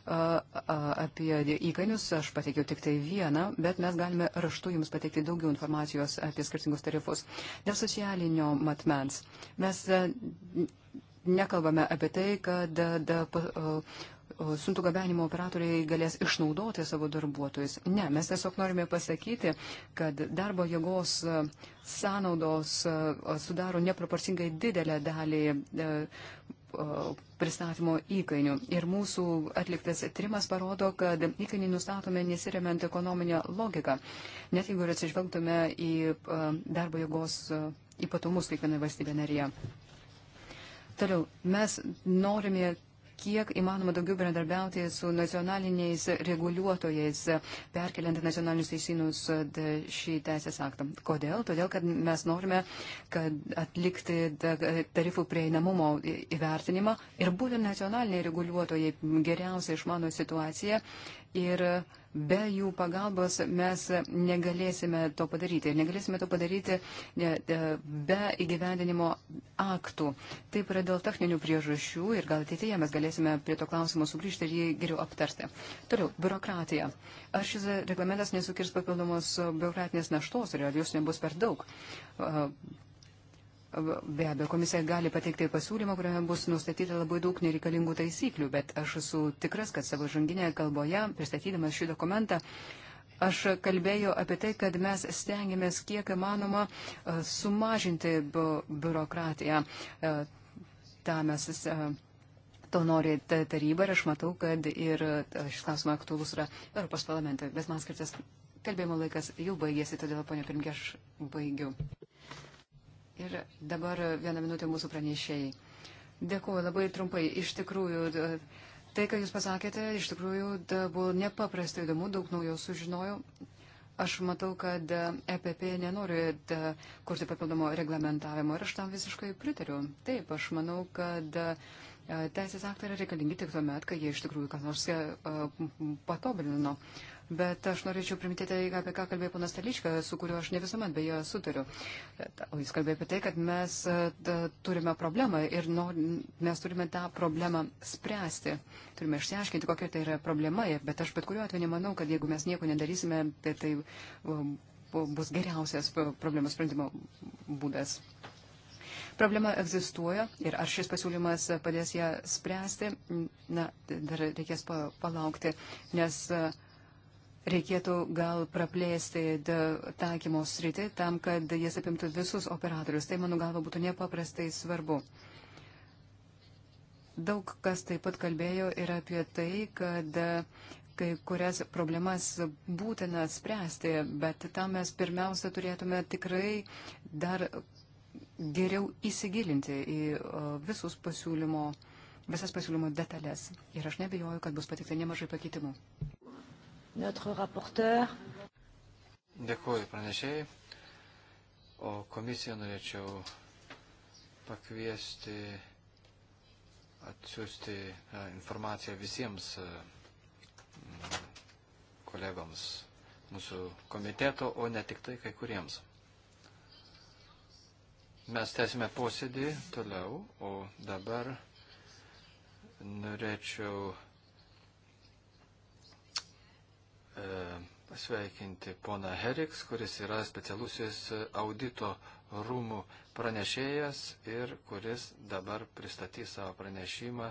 apie įkainius aš pateikiau tik tai vieną, bet mes galime raštu jums pateikti daugiau informacijos apie skirtingus tarifus. Dėl socialinio matmens mes nekalbame apie tai, kad da, da, siuntų gabenimo operatoriai galės išnaudoti savo darbuotojus. Ne, mes tiesiog norime pasakyti, kad darbo jėgos e, sąnaudos e, sudaro neproporcingai didelę dalį e, pristatymo įkainių. Ir mūsų atliktas trimas parodo, kad įkainį nustatome nesiremiant ekonominę logiką. Net jeigu ir atsižvelgtume į darbo jėgos ypatumus kiekvienoje valstybėje narėje. Toliau, mes norime, kiek įmanoma daugiau bendradarbiauti su nacionaliniais reguliuotojais, perkeliant nacionalinius teisynus šį teisės aktą. Kodėl? Todėl, kad mes norime kad atlikti tarifų prieinamumo įvertinimą ir būtent nacionaliniai reguliuotojai geriausiai išmano situaciją ir uh, Be jų pagalbos mes negalėsime to padaryti. Ir negalėsime to padaryti e, be įgyvendinimo aktų. Taip yra dėl techninių priežasčių ir gal ateityje mes galėsime prie to klausimo sugrįžti ir jį geriau aptarti. Toliau, biurokratija. Ar šis reglamentas nesukirs papildomos biurokratinės naštos ir ar jos nebus per daug? E, Be abejo, komisija gali pateikti pasiūlymą, kuriame bus nustatyta labai daug nereikalingų taisyklių, bet aš esu tikras, kad savo žanginėje kalboje, pristatydamas šį dokumentą, Aš kalbėjau apie tai, kad mes stengiamės kiek įmanoma e, sumažinti bu biurokratiją. E, ta mes e, to nori taryba ir aš matau, kad ir šis klausimas aktuolus yra Europos parlamentui. Bet man skirtas kalbėjimo laikas jau baigėsi, todėl, ponia Pirmke, aš baigiu. Ir dabar vieną minutę mūsų pranešėjai. Dėkuoju labai trumpai. Iš tikrųjų, tai, ką Jūs pasakėte, iš tikrųjų da, buvo nepaprastai įdomu, daug naujo sužinojau. Aš matau, kad EPP nenori kurti papildomo reglamentavimo ir aš tam visiškai pritariu. Taip, aš manau, kad teisės aktai yra reikalingi tik tuomet, kai jie iš tikrųjų ką nors patobulino. Uh, bet aš norėčiau priminti tai, apie ką kalbėjo ponas Teliška, su kuriuo aš ne visuomet beje sutariu. O jis kalbėjo apie tai, kad mes e, turime problemą ir nor, mes turime tą problemą spręsti. Turime išsiaiškinti, kokia tai yra problema, bet aš bet kuriuo atveju nemanau, kad jeigu mes nieko nedarysime, tai tai bus geriausias problemos sprendimo būdas. Problema egzistuoja ir ar šis pasiūlymas padės ją spręsti, na, dar reikės palaukti, nes uh, reikėtų gal praplėsti taikymo sritį tam, kad jis apimtų visus operatorius. Tai, mano galva, būtų nepaprastai svarbu. Daug kas taip pat kalbėjo ir apie tai, kad kai kurias problemas būtina spręsti, bet tam mes pirmiausia turėtume tikrai dar geriau įsigilinti į visus pasiūlymo, visas pasiūlymo detalės. Ir aš nebejoju, kad bus patikta nemažai pakeitimų notre rapporteur. Dėkuoju pranešėjai. O komisiją norėčiau pakviesti atsiųsti e, informaciją visiems e, kolegoms mūsų komiteto, o ne tik tai kai kuriems. Mes tęsime posėdį toliau, o dabar norėčiau E, pasveikinti poną Heriks, kuris yra specialusis audito rūmų pranešėjas ir kuris dabar pristatys savo pranešimą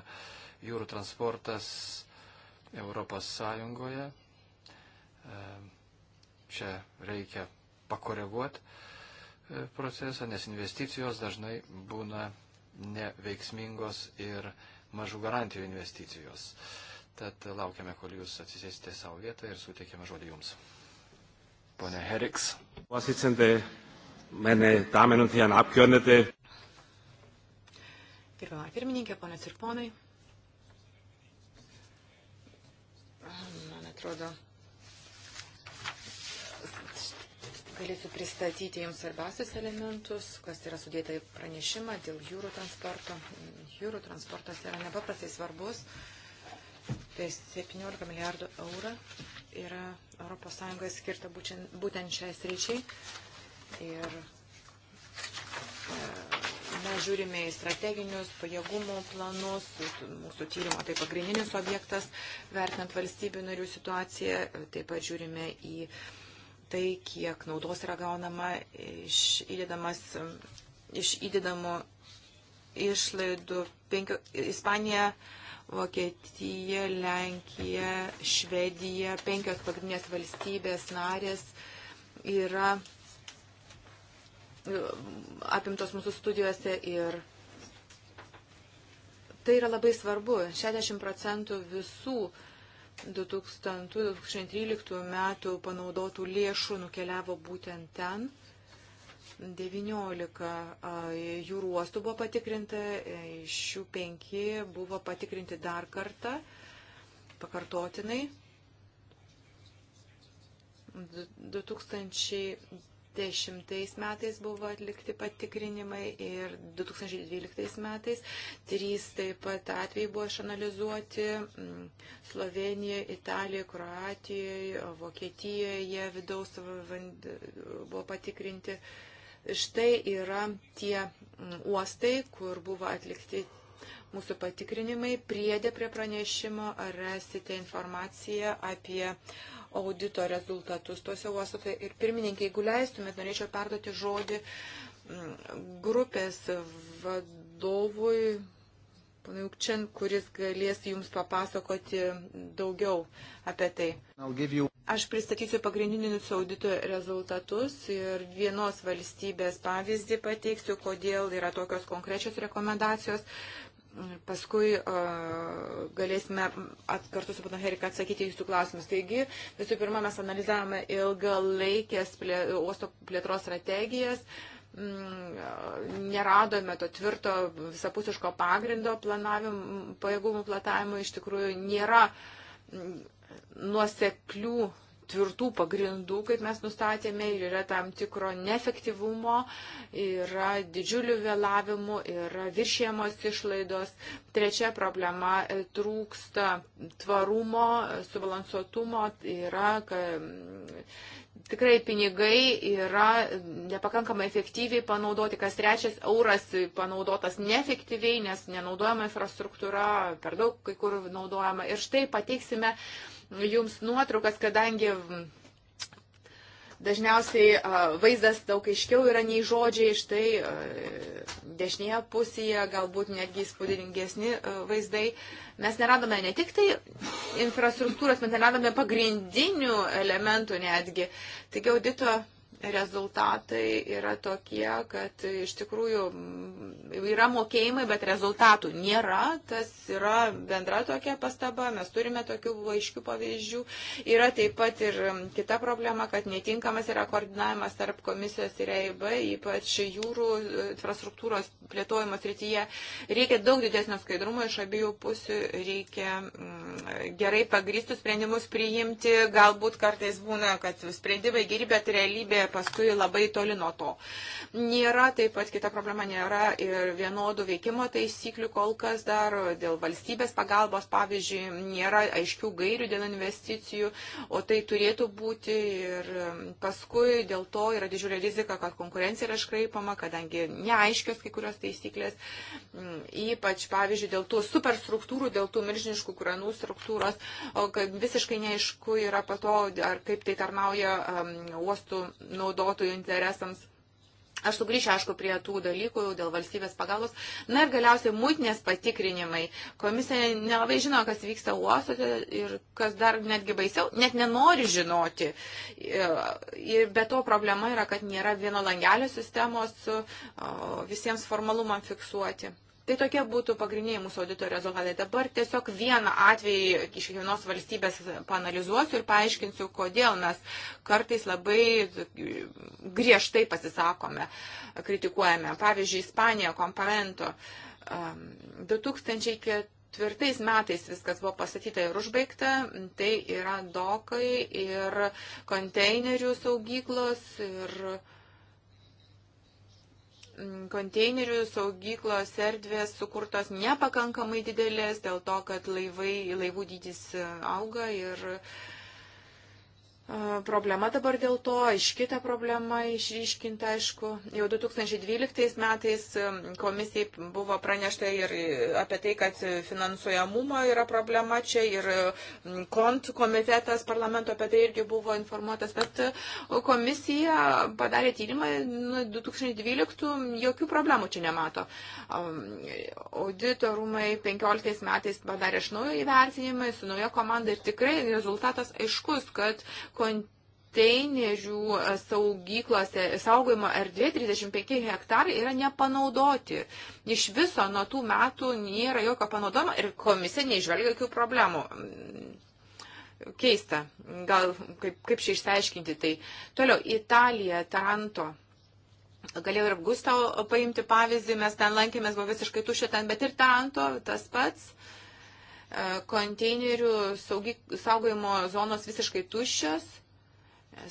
jūrų transportas Europos Sąjungoje. E, čia reikia pakoreguoti e, procesą, nes investicijos dažnai būna neveiksmingos ir mažų garantijų investicijos. Uh, Tad laukiame, kol jūs atsisėsite savo vietą ir suteikiame žodį jums. Pone Heriks. Gerbama pirmininkė, ponas ir ponai. Man atrodo, galėsiu pristatyti jums svarbiausius elementus, kas yra sudėta į pranešimą dėl jūrų transporto. Jūrų transportas yra nepaprastai svarbus. Uh, Tai 17 milijardų eurų yra ES skirta būtent šiai sričiai. Ir e, mes žiūrime į strateginius pajėgumų planus, mūsų tyrimo tai pagrindinis objektas, vertinant valstybių narių situaciją, taip pat žiūrime į tai, kiek naudos yra gaunama iš, įdedamas, iš įdedamų išlaidų. Penkio, Ispanija Vokietija, Lenkija, Švedija, penkios pagrindinės valstybės narės yra e, apimtos mūsų studijuose ir tai yra labai svarbu. 60 procentų visų 2000-2013 metų panaudotų lėšų nukeliavo būtent ten. 19 jūrų uostų buvo patikrinta, e, iš jų 5 buvo patikrinti dar kartą, pakartotinai. 2010 metais buvo atlikti patikrinimai ir 2012 metais trys taip pat atvejai buvo išanalizuoti Slovenijoje, Italijoje, Kroatijoje, Vokietijoje vidaus buvo patikrinti. Štai yra tie mm, uostai, kur buvo atlikti mūsų patikrinimai. Priedė prie pranešimo rasite informaciją apie audito rezultatus tuose uostuose. Ir pirmininkai, jeigu leistumėt, norėčiau perduoti žodį mm, grupės vadovui Pana Jukčen, kuris galės jums papasakoti daugiau apie tai. Aš pristatysiu pagrindinius audito rezultatus ir vienos valstybės pavyzdį pateiksiu, kodėl yra tokios konkrečios rekomendacijos. Paskui uh, galėsime kartu su pana Herika atsakyti jūsų klausimus. Taigi, visų pirma, mes analizavome ilgalaikės plė, uosto plėtros strategijas. Uh, Mm, neradome to tvirto visapusiško pagrindo planavim, pajėgumų platavimo iš tikrųjų nėra mm, nuoseklių tvirtų pagrindų, kaip mes nustatėme, ir yra tam tikro neefektyvumo, yra didžiulių vėlavimų, yra viršėmos išlaidos. Trečia problema e, - trūksta tvarumo, subalansuotumo, yra tikrai pinigai yra nepakankamai efektyviai panaudoti, kas trečias euras panaudotas neefektyviai, nes nenaudojama infrastruktūra, per daug kai kur naudojama. Ir štai pateiksime jums nuotraukas, kadangi Dažniausiai vaizdas daug aiškiau yra nei žodžiai, štai dešinėje pusėje galbūt netgi įspūdingesni vaizdai. Mes neradome ne tik tai infrastruktūros, bet neradome pagrindinių elementų netgi. Taigi audito rezultatai yra tokie, kad iš tikrųjų yra mokėjimai, bet rezultatų nėra. Tas yra bendra tokia pastaba, mes turime tokių aiškių pavyzdžių. Yra taip pat ir kita problema, kad netinkamas yra koordinavimas tarp komisijos ir EIB, ypač jūrų infrastruktūros plėtojimo srityje. Reikia daug didesnio skaidrumo iš abiejų pusių, reikia mm, gerai pagristus sprendimus priimti, galbūt kartais būna, kad sprendimai geri, bet realybė važiuoja paskui labai toli nuo to. Nėra taip pat kita problema, nėra ir vienodų veikimo taisyklių kol kas dar dėl valstybės pagalbos, pavyzdžiui, nėra aiškių gairių dėl investicijų, o tai turėtų būti ir um, paskui dėl to yra didžiulė rizika, kad konkurencija yra iškraipama, kadangi neaiškios kai kurios taisyklės, mm, ypač, pavyzdžiui, dėl tų superstruktūrų, dėl tų milžiniškų kranų struktūros, visiškai neaišku yra pato, ar kaip tai tarnauja um, uostų naudotojų interesams. Aš sugrįšiu, aišku, prie tų dalykų dėl valstybės pagalbos. Na ir galiausiai muitinės patikrinimai. Komisija nelabai žino, kas vyksta uostote ir kas dar netgi baisiau, net nenori žinoti. Ir be to problema yra, kad nėra vieno langelio sistemos visiems formalumam fiksuoti. Tai tokie būtų pagrindiniai mūsų audito rezultatai. Dabar tiesiog vieną atvejį iš kiekvienos valstybės panalizuosiu ir paaiškinsiu, kodėl mes kartais labai griežtai pasisakome, kritikuojame. Pavyzdžiui, Ispanija, komponento. 2004 metais viskas buvo pastatyta ir užbaigta. Tai yra dokai ir konteinerių saugyklos ir konteinerių saugyklos erdvės sukurtos nepakankamai didelės dėl to, kad laivai, laivų dydis auga ir uh, Problema dabar dėl to, iš kita problema išryškinta, aišku, jau 2012 metais komisijai buvo pranešta ir apie tai, kad finansuojamumo yra problema čia ir kont komitetas parlamento apie tai irgi buvo informuotas, bet komisija padarė tyrimą 2012 nu, jokių problemų čia nemato. Auditorumai 15 metais padarė iš naujo įvertinimą su nauja komanda ir tikrai rezultatas aiškus, kad konteinerių e, saugyklose saugojimo erdvė 35 hektarai yra nepanaudoti. Iš viso nuo tų metų nėra jokio panaudojimo ir komisija neižvelgia jokių problemų mm, keista, gal kaip, kaip čia išsiaiškinti tai. Toliau, Italija, Taranto. Galėjau ir Gusto paimti pavyzdį, mes ten lankėmės, buvo visiškai tuščia ten, bet ir Taranto tas pats konteinerių saugi, saugojimo zonos visiškai tuščios.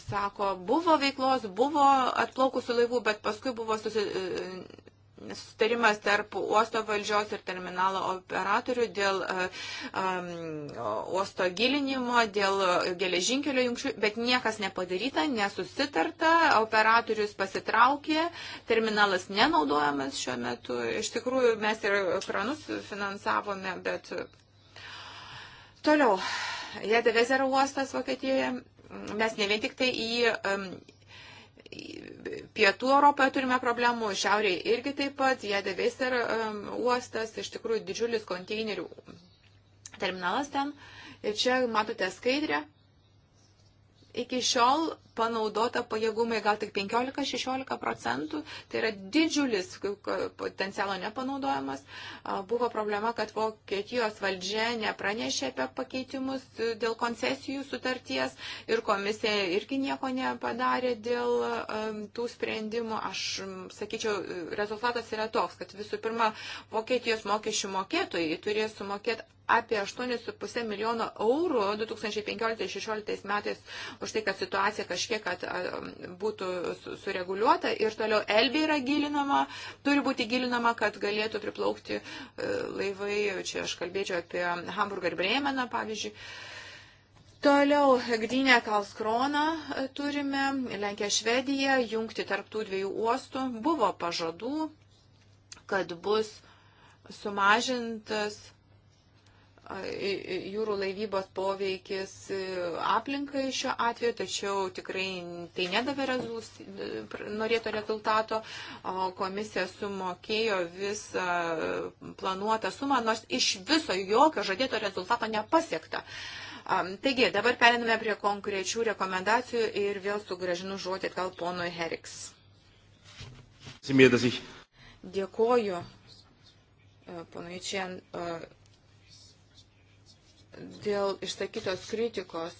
Sako, buvo veiklos, buvo atplaukusių laivų, bet paskui buvo susi, e, sustarimas tarp uosto valdžios ir terminalo operatorių dėl um, uosto gilinimo, dėl geležinkelio jungčių, bet niekas nepadaryta, nesusitarta, operatorius pasitraukė, terminalas nenaudojamas šiuo metu. Iš tikrųjų, mes ir kranus finansavome, bet Toliau, Jedevezero uostas Vokietijoje. Mes ne vien tik tai į um, pietų Europoje turime problemų, šiaurėje irgi taip pat, Jedeveser um, uostas, iš tikrųjų didžiulis konteinerių terminalas ten. Ir čia matote skaidrę, iki šiol panaudota pajėgumai gal tik 15-16 procentų, tai yra didžiulis potencialo nepanaudojimas. Buvo problema, kad Vokietijos valdžia nepranešė apie pakeitimus dėl koncesijų sutarties ir komisija irgi nieko nepadarė dėl tų sprendimų. Aš sakyčiau, rezultatas yra toks, kad visų pirma, Vokietijos mokesčių mokėtojai turės sumokėti apie 8,5 milijono eurų 2015-2016 metais už tai, kad situacija kažkiek kad būtų sureguliuota ir toliau Elbė yra gilinama, turi būti gilinama, kad galėtų priplaukti e, laivai, čia aš kalbėčiau apie Hamburgą ir Bremeną, pavyzdžiui. Toliau Gdynė Kalskrona e, turime, Lenkija Švedija, jungti tarptų dviejų uostų. Buvo pažadų, kad bus sumažintas jūrų laivybos poveikis e, aplinkai šiuo atveju, tačiau tikrai tai nedavė rezult, norėto rezultato. Komisija sumokėjo visą planuotą sumą, nors iš viso jokio žadėto rezultato nepasiekta. Taigi, dabar periname prie konkrečių rekomendacijų ir vėl sugražinu žodį gal ponui Heriks. Dėkoju, e, ponui Čien dėl išsakytos kritikos.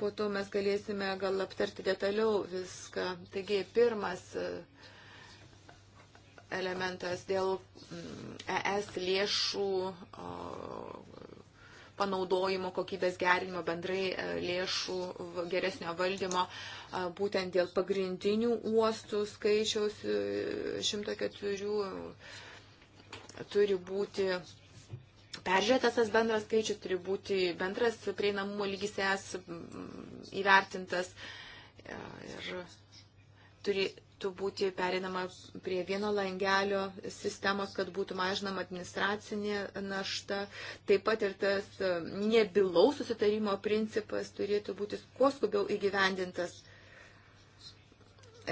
Po to mes galėsime gal aptarti detaliau viską. Taigi, pirmas e, elementas dėl mm, ES lėšų panaudojimo, kokybės gerinimo, bendrai e, lėšų geresnio valdymo, e, būtent dėl pagrindinių uostų skaičiaus 104 turi būti peržiūrėtas tas bendras skaičius, turi būti bendras prieinamumo lygis es mm, įvertintas e, ir turi būti pereinama prie vieno langelio sistemos, kad būtų mažinama administracinė našta. Taip pat ir tas e, nebilaus susitarimo principas turėtų būti kuo skubiau įgyvendintas.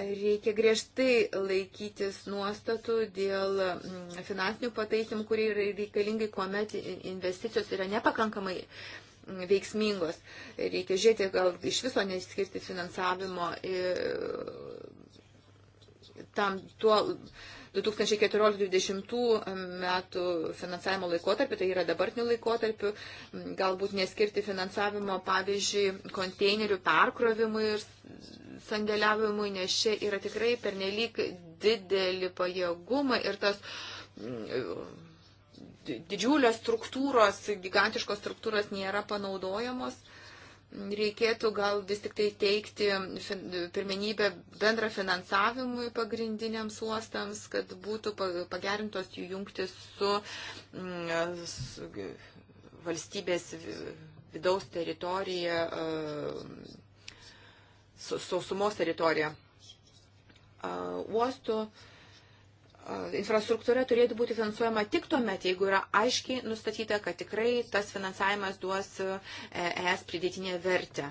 Reikia griežtai laikytis nuostatų dėl mm, finansinių pataisimų, kurie yra reikalingi, kuomet investicijos yra nepakankamai mm, veiksmingos. Reikia žiūrėti, gal iš viso neskirti finansavimo tam tuo 2014-2020 metų finansavimo laikotarpį, tai yra dabartinių laikotarpių, galbūt neskirti finansavimo, pavyzdžiui, konteinerių perkrovimui ir sandėliavimui, nes čia yra tikrai pernelyg didelį pajėgumą ir tas didžiulės struktūros, gigantiškos struktūros nėra panaudojamos reikėtų gal vis tik tai teikti pirmenybę bendra finansavimui pagrindiniams uostams, kad būtų pagerintos jų jungtis su, mm, su valstybės vidaus teritorija, e, sausumos su, teritorija. Uostų uh, infrastruktūra turėtų būti finansuojama tik tuo met, jeigu yra aiškiai nustatyta, kad tikrai tas finansavimas duos e, ES pridėtinę vertę.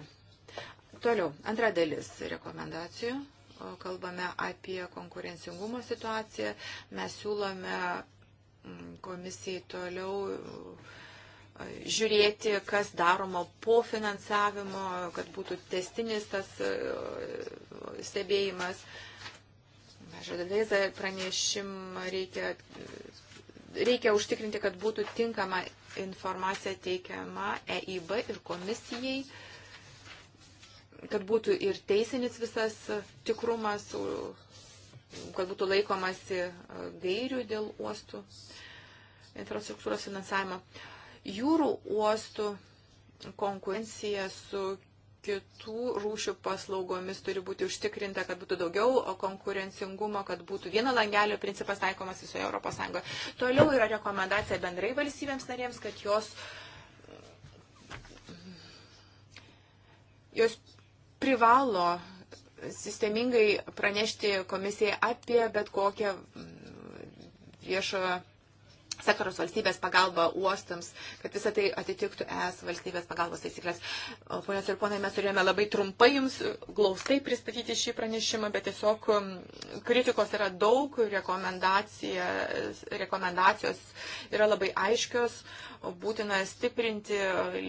Toliau, antra dalis rekomendacijų. Kalbame apie konkurencingumo situaciją. Mes siūlome mm, komisijai toliau e, žiūrėti, kas daroma po finansavimo, kad būtų testinis tas e, stebėjimas. Žadavėza pranešimą reikia, reikia užtikrinti, kad būtų tinkama informacija teikiama EIB ir komisijai, kad būtų ir teisinis visas tikrumas, kad būtų laikomasi gairių dėl uostų infrastruktūros finansavimo. Jūrų uostų konkurencija su kitų rūšių paslaugomis turi būti užtikrinta, kad būtų daugiau konkurencingumo, kad būtų vieno langelio principas taikomas visoje Europos Sąjungoje. Toliau yra rekomendacija bendrai valstybėms narėms, kad jos, jos privalo sistemingai pranešti komisijai apie bet kokią viešojo sektoriaus valstybės pagalba uostams, kad visą tai atitiktų ES valstybės pagalbos taisyklės. Ponios ir ponai, mes turėjome labai trumpai jums glaustai pristatyti šį pranešimą, bet tiesiog kritikos yra daug, rekomendacijos yra labai aiškios, būtina stiprinti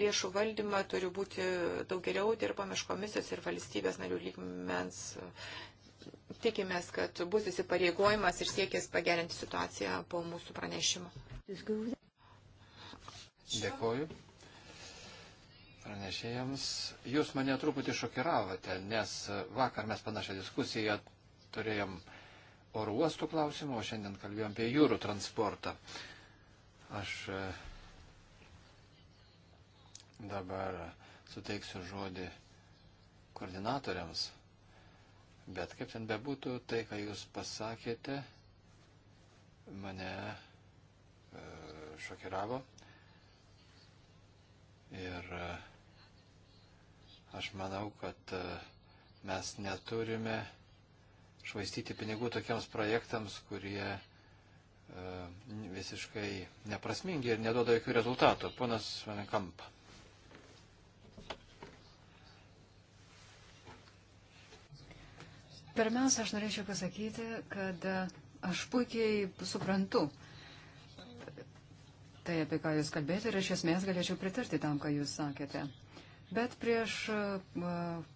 lėšų valdymą, turi būti daug geriau dirbama iš komisijos ir valstybės narių lygmens tikimės, kad bus įsipareigojimas ir siekis pagerinti situaciją po mūsų pranešimo. Dėkoju. Pranešėjams. Jūs mane truputį šokiravote, nes vakar mes panašią diskusiją turėjom oro uostų klausimų, o šiandien kalbėjom apie jūrų transportą. Aš e, dabar suteiksiu žodį koordinatoriams. Bet kaip ten bebūtų, tai, ką jūs pasakėte, mane e, šokiravo. Ir e, aš manau, kad e, mes neturime švaistyti pinigų tokiems projektams, kurie visiškai neprasmingi ir neduoda jokių rezultatų. Ponas Vanenkampa. Pirmiausia, aš norėčiau pasakyti, kad aš puikiai suprantu tai, apie ką Jūs kalbėjote ir iš esmės galėčiau pritarti tam, ką Jūs sakėte. Bet prieš uh,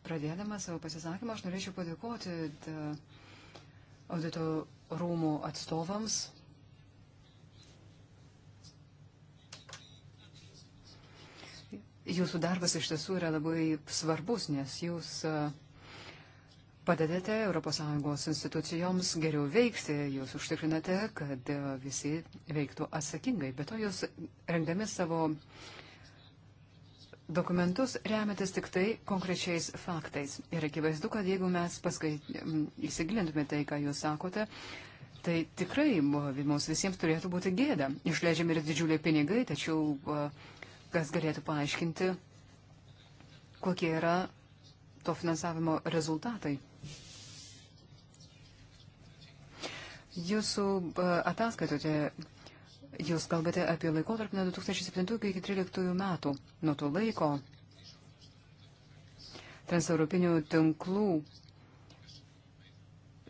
pradėdama savo pasisakymą, aš norėčiau padėkoti uh, audito rūmų atstovams, Jūsų darbas iš tiesų yra labai svarbus, nes jūs uh, padedate ES institucijoms geriau veikti, jūs užtikrinate, kad e, visi veiktų atsakingai, bet to jūs rengdami savo dokumentus remiatės tik tai konkrečiais faktais. Ir akivaizdu, kad jeigu mes paskait... įsigilintume tai, ką jūs sakote, tai tikrai mums visiems turėtų būti gėda. Išleidžiami ir didžiuliai pinigai, tačiau e, kas galėtų paaiškinti, kokie yra to finansavimo rezultatai. Jūsų e, ataskaitote Jūs kalbate apie laikotarpį nuo 2007 iki 2013 metų. Nuo to laiko transeuropinių tinklų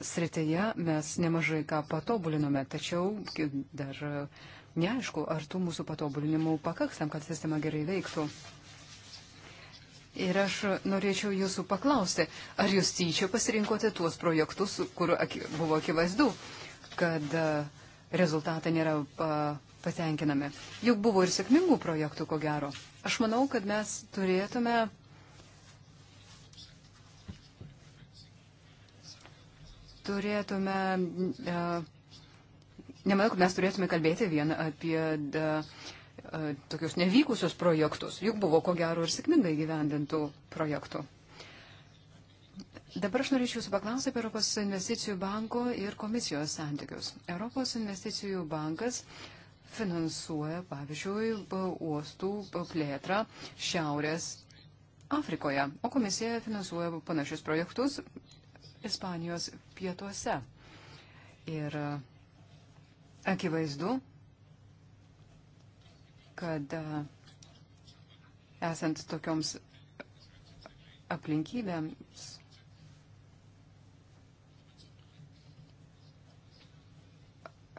srityje mes nemažai ką patobulinome, tačiau dar neaišku, ar tų mūsų patobulinimų pakaks tam, kad sistema gerai veiktų. Ir aš norėčiau jūsų paklausti, ar jūs tyčia pasirinkote tuos projektus, kur buvo akivaizdu, kad e, rezultatai nėra e, patenkinami. Juk buvo ir sėkmingų projektų, ko gero. Aš manau, kad mes turėtume turėtume, e, nemanau, kad mes turėtume kalbėti vien apie da, tokius nevykusius projektus. Juk buvo, ko gero, ir sėkmingai gyvendintų projektų. Dabar aš norėčiau jūsų paklausti apie Europos investicijų banko ir komisijos santykius. Europos investicijų bankas finansuoja, pavyzdžiui, uostų plėtrą Šiaurės Afrikoje, o komisija finansuoja panašius projektus Ispanijos pietuose. Ir akivaizdu, kad e, esant tokioms aplinkybėms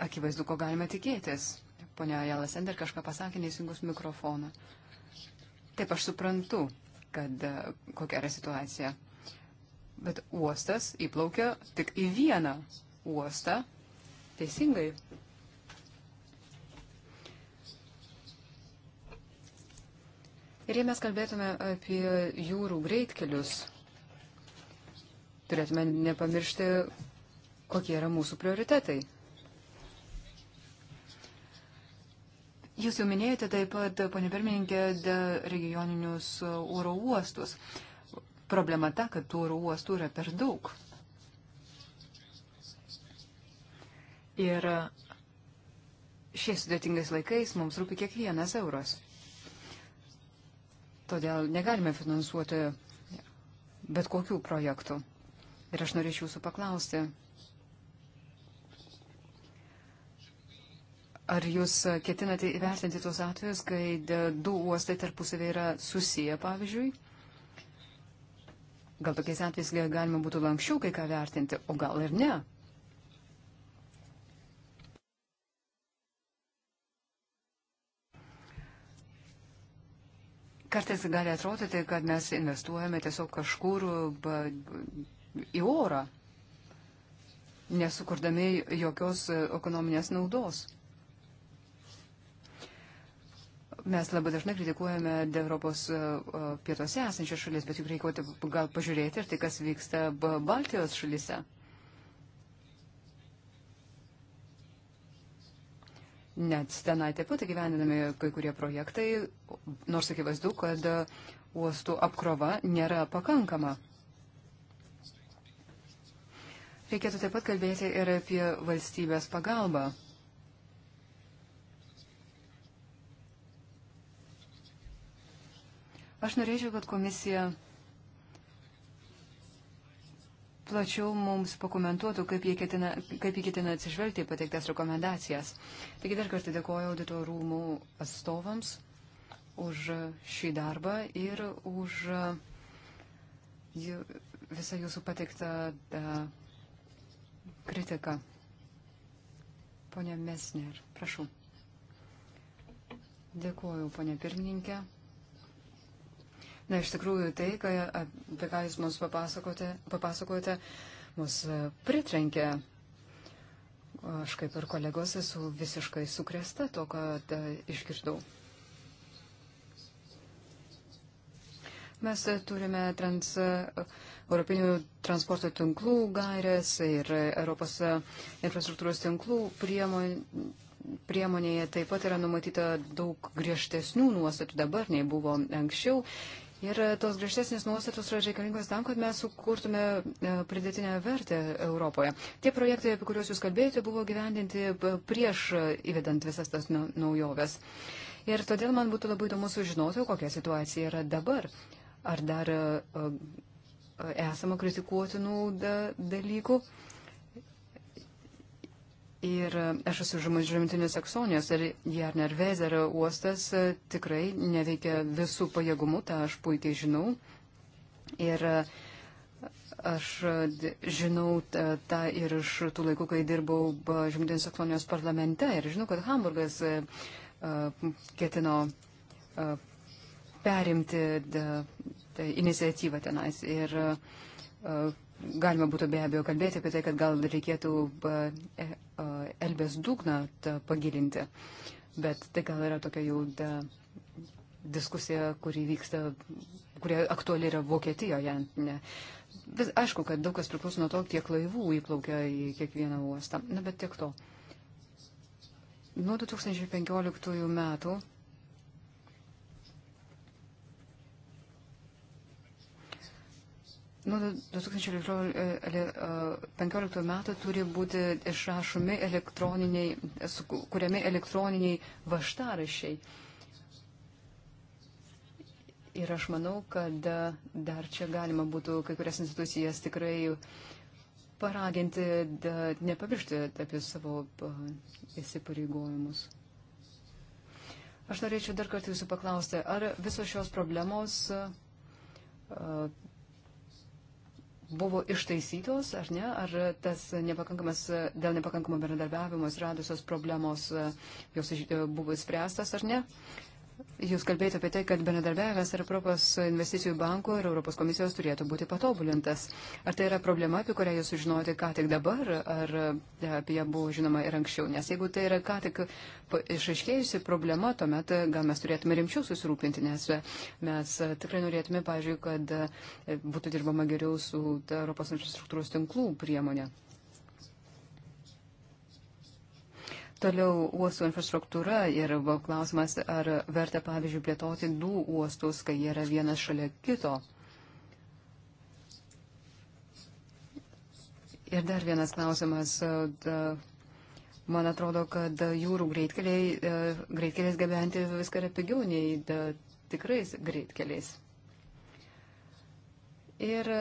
akivaizdu, ko galime tikėtis. Pone Jalas Ender kažką pasakė, neįsingus mikrofoną. Taip, aš suprantu, kad e, kokia yra situacija. Bet uostas įplaukia tik į vieną uostą. Teisingai. Ir jei mes kalbėtume apie jūrų greitkelius, turėtume nepamiršti, kokie yra mūsų prioritetai. Jūs jau minėjote taip pat, ponė pirmininkė, regioninius oro uostus. Problema ta, kad tų oro uostų yra per daug. Ir šiais sudėtingais laikais mums rūpi kiekvienas euras. Todėl negalime finansuoti bet kokių projektų. Ir aš norėčiau jūsų paklausti, Ar jūs ketinate įvertinti tuos atvejus, kai du uostai tarpusavė yra susiję, pavyzdžiui? Gal tokiais atvejais galima būtų lankščiau kai ką vertinti, o gal ir ne? Kartais gali atrodyti, kad mes investuojame tiesiog kažkur į orą, nesukurdami jokios ekonominės naudos. Mes labai dažnai kritikuojame Europos e, e, pietuose esančias šalis, bet juk reikia gal pažiūrėti ir tai, kas vyksta Baltijos šalyse. Net tenai taip pat gyveninami kai kurie projektai, nors akivaizdu, kad uostų apkrova nėra pakankama. Reikėtų taip pat kalbėti ir apie valstybės pagalbą. Aš norėčiau, kad komisija plačiau mums pakomentuotų, kaip jie ketina, kaip jie ketina atsižvelgti į pateiktas rekomendacijas. Taigi dar kartą dėkoju audito rūmų atstovams už šį darbą ir už e, visą jūsų pateiktą e, kritiką. Pone Mesner, prašau. Dėkuoju, ponė pirmininkė. Na, iš tikrųjų, tai, kai, apie ką jūs mums papasakote, papasakote mus e, pritrenkė. Aš kaip ir kolegos esu visiškai sukresta to, kad e, išgirdau. Mes e, turime trans, Europinių transporto tinklų gairės ir Europos infrastruktūros tinklų priemonė, priemonėje taip pat yra numatyta daug griežtesnių nuostatų dabar nei buvo anksčiau Ir e, tos griežtesnės nuostatos yra reikalingos tam, kad mes sukurtume e, pridėtinę vertę Europoje. Tie projektai, apie kuriuos jūs kalbėjote, buvo gyvendinti e, prieš įvedant visas tas naujoves. Ir todėl man būtų labai įdomu sužinoti, kokia situacija yra dabar. Ar dar esama kritikuotinų dalykų? Da Ir aš esu žymus žemtinės Saksonijos ir Jarner Vezerio uostas e, tikrai neveikia visų pajėgumų, tą aš puikiai žinau. Ir e, aš e, žinau tą ir iš tų laikų, kai dirbau žemtinės Saksonijos parlamente ir žinau, kad Hamburgas ketino perimti iniciatyvą tenais. Ir galima būtų be abejo kalbėti apie tai, kad gal reikėtų e, Elbės dugną pagilinti, bet tai gal yra tokia jau da, diskusija, kuri vyksta, kurie aktuali yra Vokietijoje. Ne. Vis, aišku, kad daug kas priklauso nuo to, kiek laivų įplaukia į kiekvieną uostą. Na, bet tiek to. Nuo 2015 metų Nuo 2015 metų turi būti išrašomi elektroniniai, kuriami elektroniniai vaštarašiai. Ir aš manau, kad dar čia galima būtų kai kurias institucijas tikrai paraginti, nepamiršti apie savo įsipareigojimus. Aš norėčiau dar kartą jūsų paklausti, ar visos šios problemos buvo ištaisytos ar ne, ar tas nepakankamas, dėl nepakankamo bendradarbiavimo atsiradusios problemos e, jos e, buvo įspręstas ar ne. Jūs kalbėjote apie tai, kad bendradarbiavimas tarp Europos investicijų banko ir Europos komisijos turėtų būti patobulintas. Ar tai yra problema, apie kurią jūs sužinojote ką tik dabar, ar e, apie ją buvo žinoma ir anksčiau? Nes jeigu tai yra ką tik išaiškėjusi problema, tuomet e, gal mes turėtume rimčiau susirūpinti, nes e, mes tikrai norėtume, pavyzdžiui, kad būtų dirbama geriau su Europos infrastruktūros tinklų priemonė. Toliau uostų infrastruktūra ir klausimas, ar verta, pavyzdžiui, plėtoti du uostus, kai jie yra vienas šalia kito. Ir dar vienas klausimas. Man atrodo, kad jūrų e, greitkeliais gabenti viską yra pigiau nei tikrais greitkeliais. Ir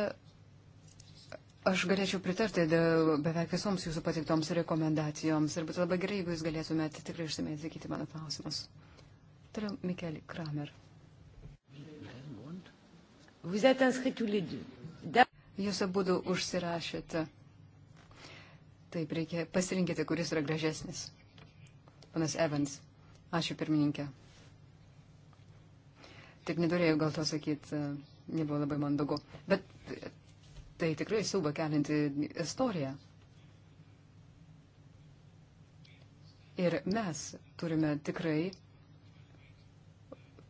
Aš galėčiau pritarti dėl beveik visoms jūsų patiktoms rekomendacijoms ir būtų labai gerai, jeigu jūs galėtumėte tikrai išsamei atsakyti mano klausimus. Toliau Mikeli Kramer. Jūs abu užsirašėte. Taip, reikia pasirinkite, kuris yra gražesnis. Panas Evans. Ačiū pirmininkė. Taip nedorėjau gal to sakyti, nebuvo labai mandagu. Bet tai tikrai siauba kelinti istorija. Ir mes turime tikrai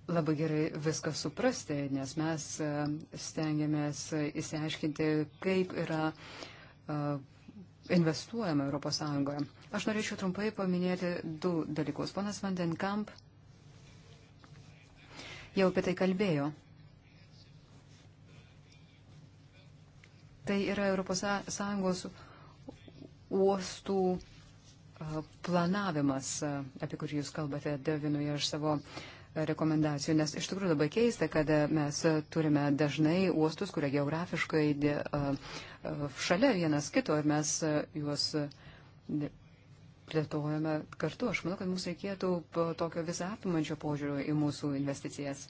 labai gerai viską suprasti, nes mes e, stengiamės įsiaiškinti, kaip yra e, investuojama ES. Aš norėčiau trumpai paminėti du dalykus. Ponas Vandenkamp jau apie tai kalbėjo. Tai yra ES uostų planavimas, apie kurį jūs kalbate vienoje iš savo rekomendacijų, nes iš tikrųjų labai keista, kad mes turime dažnai uostus, kurie geografiškai šalia vienas kito ir mes juos plėtojame kartu. Aš manau, kad mums reikėtų tokio visą apimančio požiūrio į mūsų investicijas.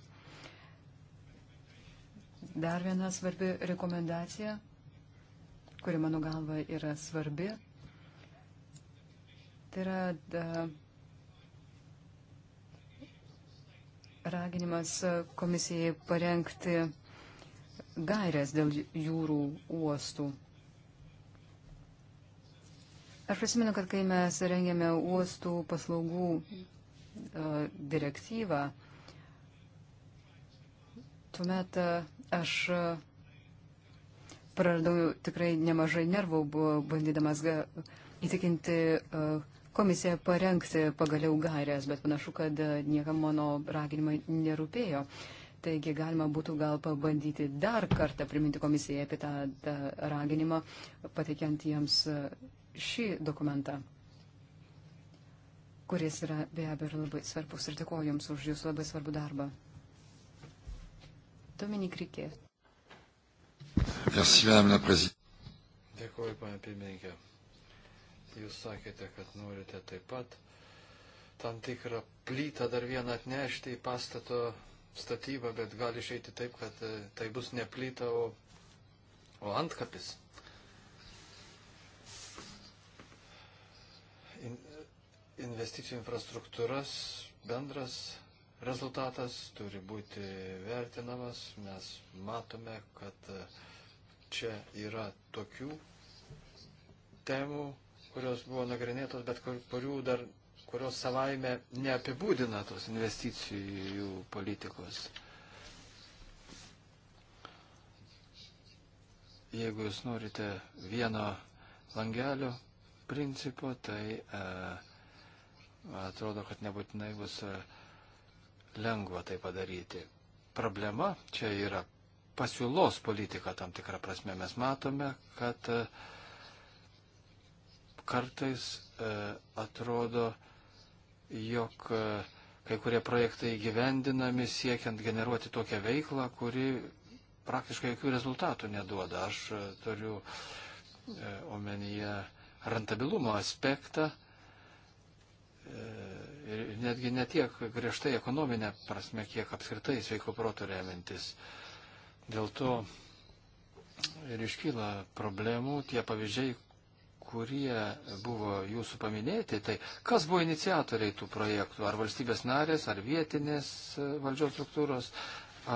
Dar viena svarbi rekomendacija kuri mano galva yra svarbi. Tai yra da, raginimas komisijai parengti gairias dėl jūrų uostų. Aš prisimenu, kad kai mes rengėme uostų paslaugų uh, direktyvą, tuomet uh, aš uh, praradau tikrai nemažai nervų, bandydamas įtikinti komisiją parengti pagaliau gairias, bet panašu, kad niekam mano raginimai nerūpėjo. Taigi galima būtų gal pabandyti dar kartą priminti komisijai apie tą, tą raginimą, pateikiant jiems šį dokumentą, kuris yra be abejo labai svarbus. Ir dėkoju Jums už Jūsų labai svarbų darbą. Dominik Rikė. Merci, Madame la Présidente. Dėkuoju, pane pirmininkė. Jūs sakėte, kad norite taip pat tam tikrą plytą dar vieną atnešti į pastato statybą, bet gali išeiti taip, kad e, tai bus ne plyta, o, o antkapis. In, investicijų infrastruktūras bendras rezultatas turi būti vertinamas. Mes matome, kad e, čia yra tokių temų, kurios buvo nagrinėtos, bet kur, kurių dar, kurios savaime neapibūdina tos investicijų politikos. Jeigu jūs norite vieno langelio principo, tai e, atrodo, kad nebūtinai bus e, lengva tai padaryti. Problema čia yra pasiūlos politika tam tikrą prasme. Mes matome, kad e, kartais e, atrodo, jog e, kai kurie projektai įgyvendinami siekiant generuoti tokią veiklą, kuri praktiškai jokių rezultatų neduoda. Aš turiu omenyje rentabilumo aspektą ir netgi ne tiek griežtai ekonominė prasme, kiek apskritai sveiko proto remintis. Dėl to ir iškyla problemų tie pavyzdžiai, kurie buvo jūsų paminėti, tai kas buvo iniciatoriai tų projektų? Ar valstybės narės, ar vietinės e, valdžios struktūros,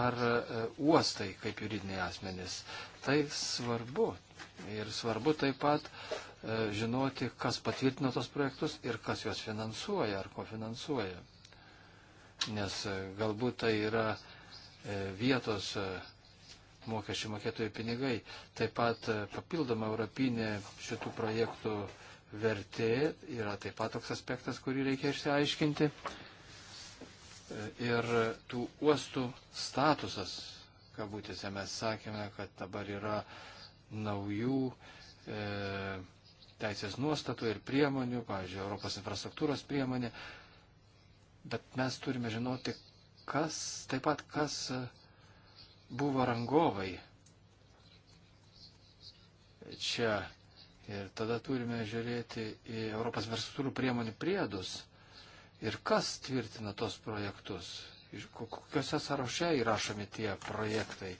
ar e, uostai kaip juridiniai asmenys? Tai svarbu. Ir svarbu taip pat E, žinoti, kas patvirtino tos projektus ir kas juos finansuoja ar kofinansuoja. Nes e, galbūt tai yra e, vietos mokesčių mokėtojų pinigai. Taip pat papildoma europinė šitų projektų vertė yra taip pat toks aspektas, kurį reikia išsiaiškinti. Ir tų uostų statusas, kabutėse mes sakėme, kad dabar yra naujų e, teisės nuostatų ir priemonių, pavyzdžiui, Europos infrastruktūros priemonė, bet mes turime žinoti, kas, taip pat kas e, buvo rangovai čia. Ir tada turime žiūrėti į Europos infrastruktūrų priemonių priedus ir kas tvirtina tos projektus, kokiuose sąraše įrašomi tie projektai.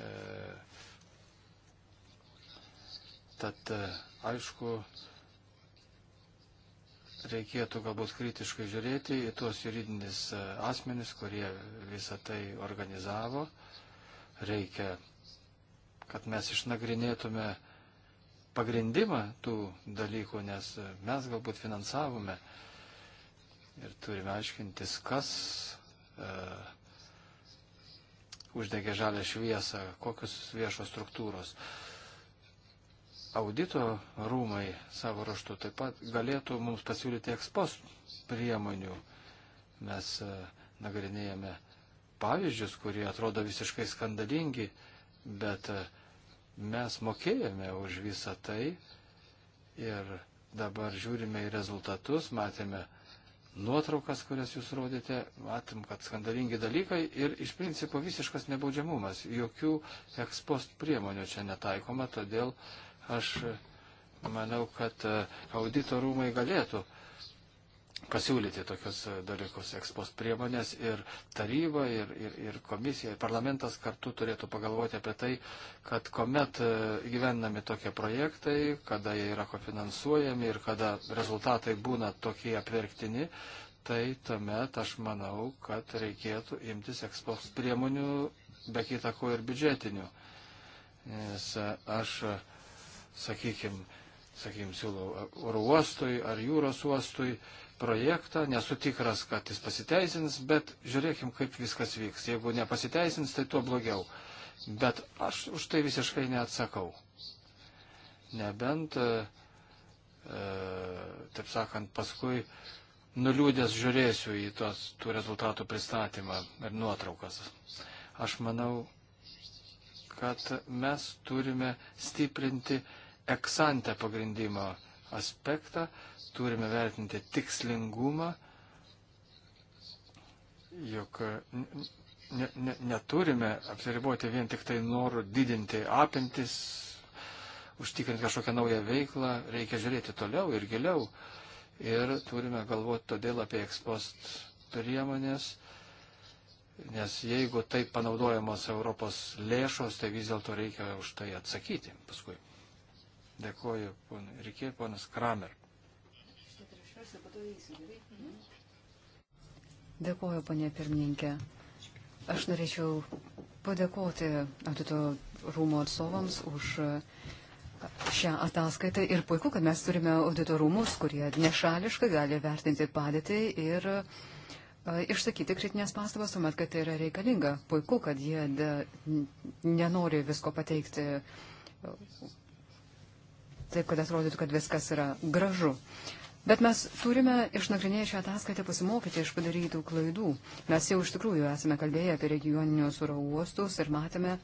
E, Tad e, Aišku, reikėtų galbūt kritiškai žiūrėti į tuos juridinis e, asmenis, kurie visą tai organizavo. Reikia, kad mes išnagrinėtume pagrindimą tų dalykų, nes e, mes galbūt finansavome ir turime aiškintis, kas e, uždegė žalę šviesą, kokios viešos struktūros. E, audito rūmai savo raštu taip pat galėtų mums pasiūlyti ekspos priemonių. Mes e, nagrinėjame pavyzdžius, kurie atrodo visiškai skandalingi, bet e, mes mokėjome už visą tai ir dabar žiūrime į rezultatus, matėme nuotraukas, kurias jūs rodėte, matom, kad skandalingi dalykai ir iš principo visiškas nebaudžiamumas, jokių ekspost priemonių čia netaikoma, todėl uh, Aš e, manau, kad e, audito rūmai galėtų pasiūlyti tokius e, dalykus, ekspos priemonės ir taryba, ir, ir, ir komisija, ir parlamentas kartu turėtų pagalvoti apie tai, kad kuomet gyvenami tokie projektai, kada jie yra kofinansuojami ir kada rezultatai būna tokie apverktini, tai tuomet aš manau, kad reikėtų imtis ekspos priemonių, be kitako ir biudžetinių. Nes aš sakykime, sakykim, siūlau oro uostui ar jūros uostui projektą, nesu tikras, kad jis pasiteisins, bet žiūrėkim, kaip viskas vyks. Jeigu nepasiteisins, tai tuo blogiau. Bet aš už tai visiškai neatsakau. Nebent, e, e taip sakant, paskui nuliūdęs žiūrėsiu į tos, tų rezultatų pristatymą ir nuotraukas. Aš manau, kad mes turime stiprinti eksantę pagrindimo aspektą, turime vertinti tikslingumą, jog ne, ne, neturime apsiriboti vien tik tai norų didinti apimtis, užtikrinti kažkokią naują veiklą, reikia žiūrėti toliau ir giliau. Ir turime galvoti todėl apie ekspost priemonės, nes jeigu taip panaudojamos Europos lėšos, tai vis dėlto reikia už tai atsakyti paskui. Dėkuoju, ponai. Reikėjo ponas Kramer. Dėkuoju, ponė pirmininkė. Aš norėčiau padėkoti audito rūmų atstovams už šią ataskaitą ir puiku, kad mes turime audito rūmus, kurie nešališkai gali vertinti padėtį ir e, išsakyti kritinės pastabas, tuomet, kad tai yra reikalinga. Puiku, kad jie nenori visko pateikti taip kad atrodytų, kad viskas yra gražu. Bet mes turime išnagrinėję šią ataskaitę pasimokyti iš padarytų klaidų. Mes jau iš tikrųjų esame kalbėję apie regioninius oro uostus ir matėme,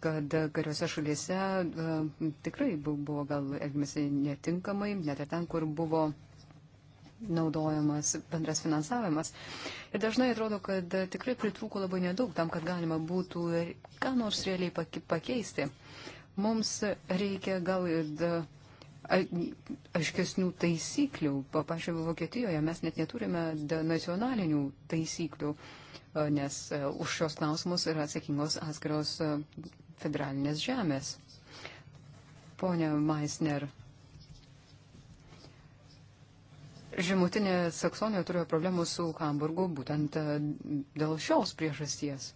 kad kariuose šalyse uh, tikrai buvo gal elgimasi netinkamai, net ir ten, kur buvo naudojamas bendras finansavimas. Ir dažnai atrodo, kad tikrai pritrūko labai nedaug tam, kad galima būtų ką nors realiai pakeisti. Mums reikia gal ir e, aiškesnių taisyklių. Pavyzdžiui, Vokietijoje mes net neturime nacionalinių taisyklių, nes už šios klausimus yra atsakingos atskiros federalinės žemės. Pone Meisner, Žemutinė Saksonija turėjo problemų su Hamburgu būtent dėl šios priežasties.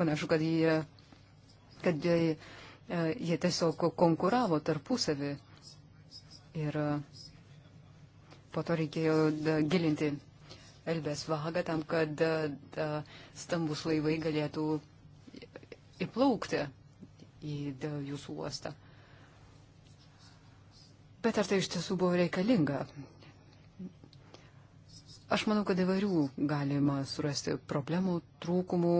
Panašu, kad jie, kad jie E, jie tiesiog konkuravo tarpusavį ir e, po to reikėjo gilinti Elbės vagą tam, kad e, stambus laivai galėtų įplaukti į jūsų uostą. Bet ar tai iš tiesų buvo reikalinga? Aš manau, kad įvairių galima surasti problemų, trūkumų,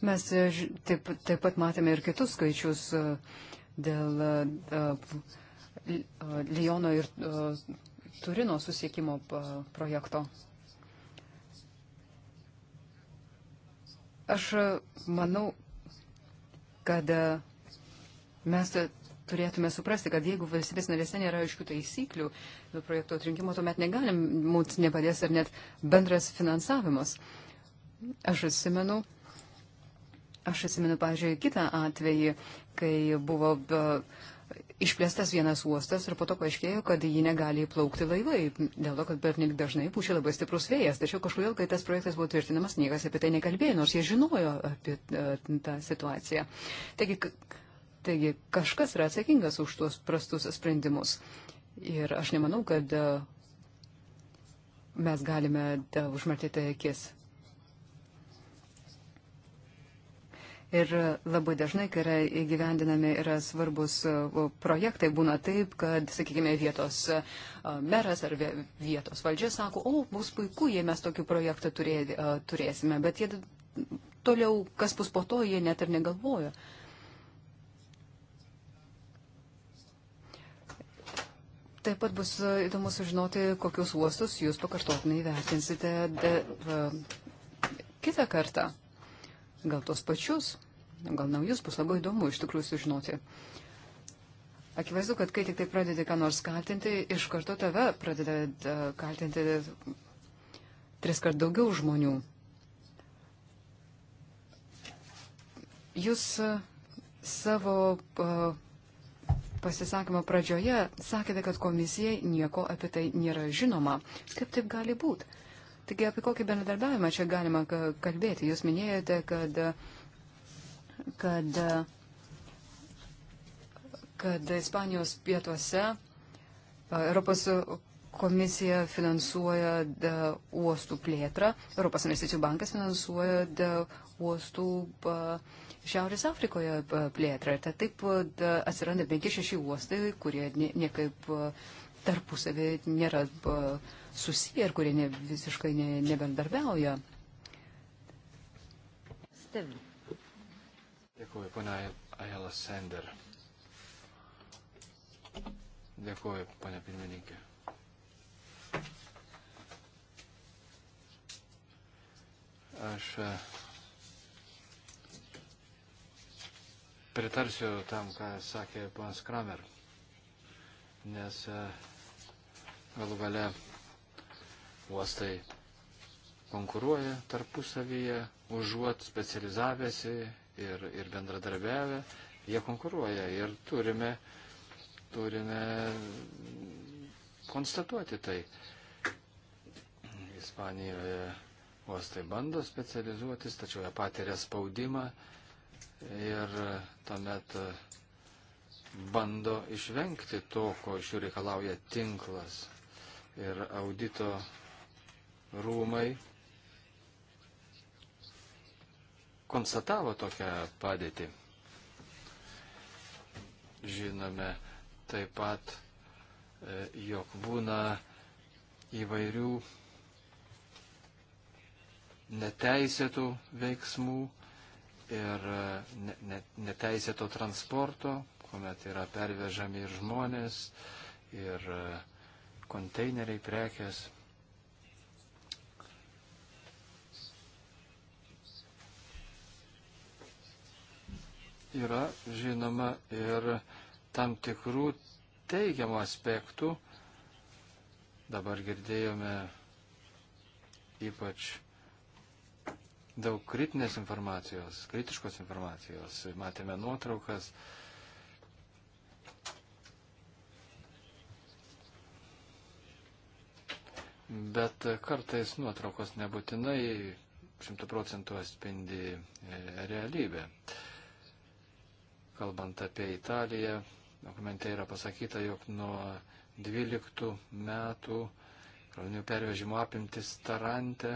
Mes e, taip, taip pat matėme ir kitus skaičius e, dėl e, Liono ir Turino susiekimo projekto. Aš manau, kad mes turėtume suprasti, kad jeigu valstybės narėse nėra aiškių taisyklių dėl projekto atrinkimo, tuomet negalim, mums nepadės ir net bendras finansavimas. Aš atsimenu, Aš atsimenu, pažiūrėjau, kitą atvejį, kai buvo e, išplėstas vienas uostas ir po to paaiškėjo, kad jį negali įplaukti laivai, dėl to, kad pernik dažnai pušia labai stiprus vėjas. Tačiau kažkodėl, kai tas projektas buvo tvirtinamas, niekas apie tai nekalbėjo, nors jie žinojo apie e, tą situaciją. Taigi, taigi kažkas yra atsakingas už tuos prastus sprendimus. Ir aš nemanau, kad e, mes galime užmartyti akis. Ir labai dažnai, kai yra įgyvendinami yra svarbus e, projektai, būna taip, kad, sakykime, vietos e, meras ar vietos valdžia sako, o, bus puiku, jei mes tokių projektų turė, e, turėsime, bet jie toliau, kas bus po to, jie net ir negalvoja. Taip pat bus įdomu sužinoti, kokius uostus jūs pakartotinai vertinsite kitą kartą gal tos pačius, gal naujus, bus labai įdomu iš tikrųjų sužinoti. Akivaizdu, kad kai tik tai pradedi ką nors kaltinti, iš karto tave pradeda e, kaltinti tris kart daugiau žmonių. Jūs e, savo e, pasisakymo pradžioje sakėte, kad komisijai nieko apie tai nėra žinoma. Kaip taip gali būti? Taigi apie kokį bendradarbiavimą čia galima kalbėti? Jūs minėjote, kad, kad, kad Ispanijos pietuose Europos komisija finansuoja uostų plėtrą, Europos investicijų bankas finansuoja uostų Šiaurės Afrikoje plėtrą. Ir taip atsiranda 5-6 uostai, kurie niekaip tarpusavį nėra. Pa, susiję ir kurie ne, visiškai ne, nebendarbiauja. Stebim. Dėkuoju, ponia Ajala Sender. Dėkuoju, ponia pirmininkė. Aš e, pritarsiu tam, ką sakė ponas Kramer, nes e, galų gale uostai konkuruoja tarpusavyje, užuot specializavęsi ir, ir bendradarbiavę, jie konkuruoja ir turime, turime konstatuoti tai. Ispanijoje uostai bando specializuotis, tačiau jie patiria spaudimą ir tuomet bando išvengti to, ko iš jų reikalauja tinklas. Ir audito rūmai konstatavo tokią padėtį. Žinome taip pat, e, jog būna įvairių neteisėtų veiksmų ir e, neteisėto transporto, kuomet yra pervežami ir žmonės, ir e, konteineriai prekės yra žinoma ir tam tikrų teigiamų aspektų. Dabar girdėjome ypač daug kritinės informacijos, kritiškos informacijos, matėme nuotraukas. Bet kartais nuotraukos nebūtinai šimtų procentų atspindi e, realybę. E, kalbant apie Italiją, dokumente yra pasakyta, jog nuo 12 metų krovinių pervežimo apimtis Tarante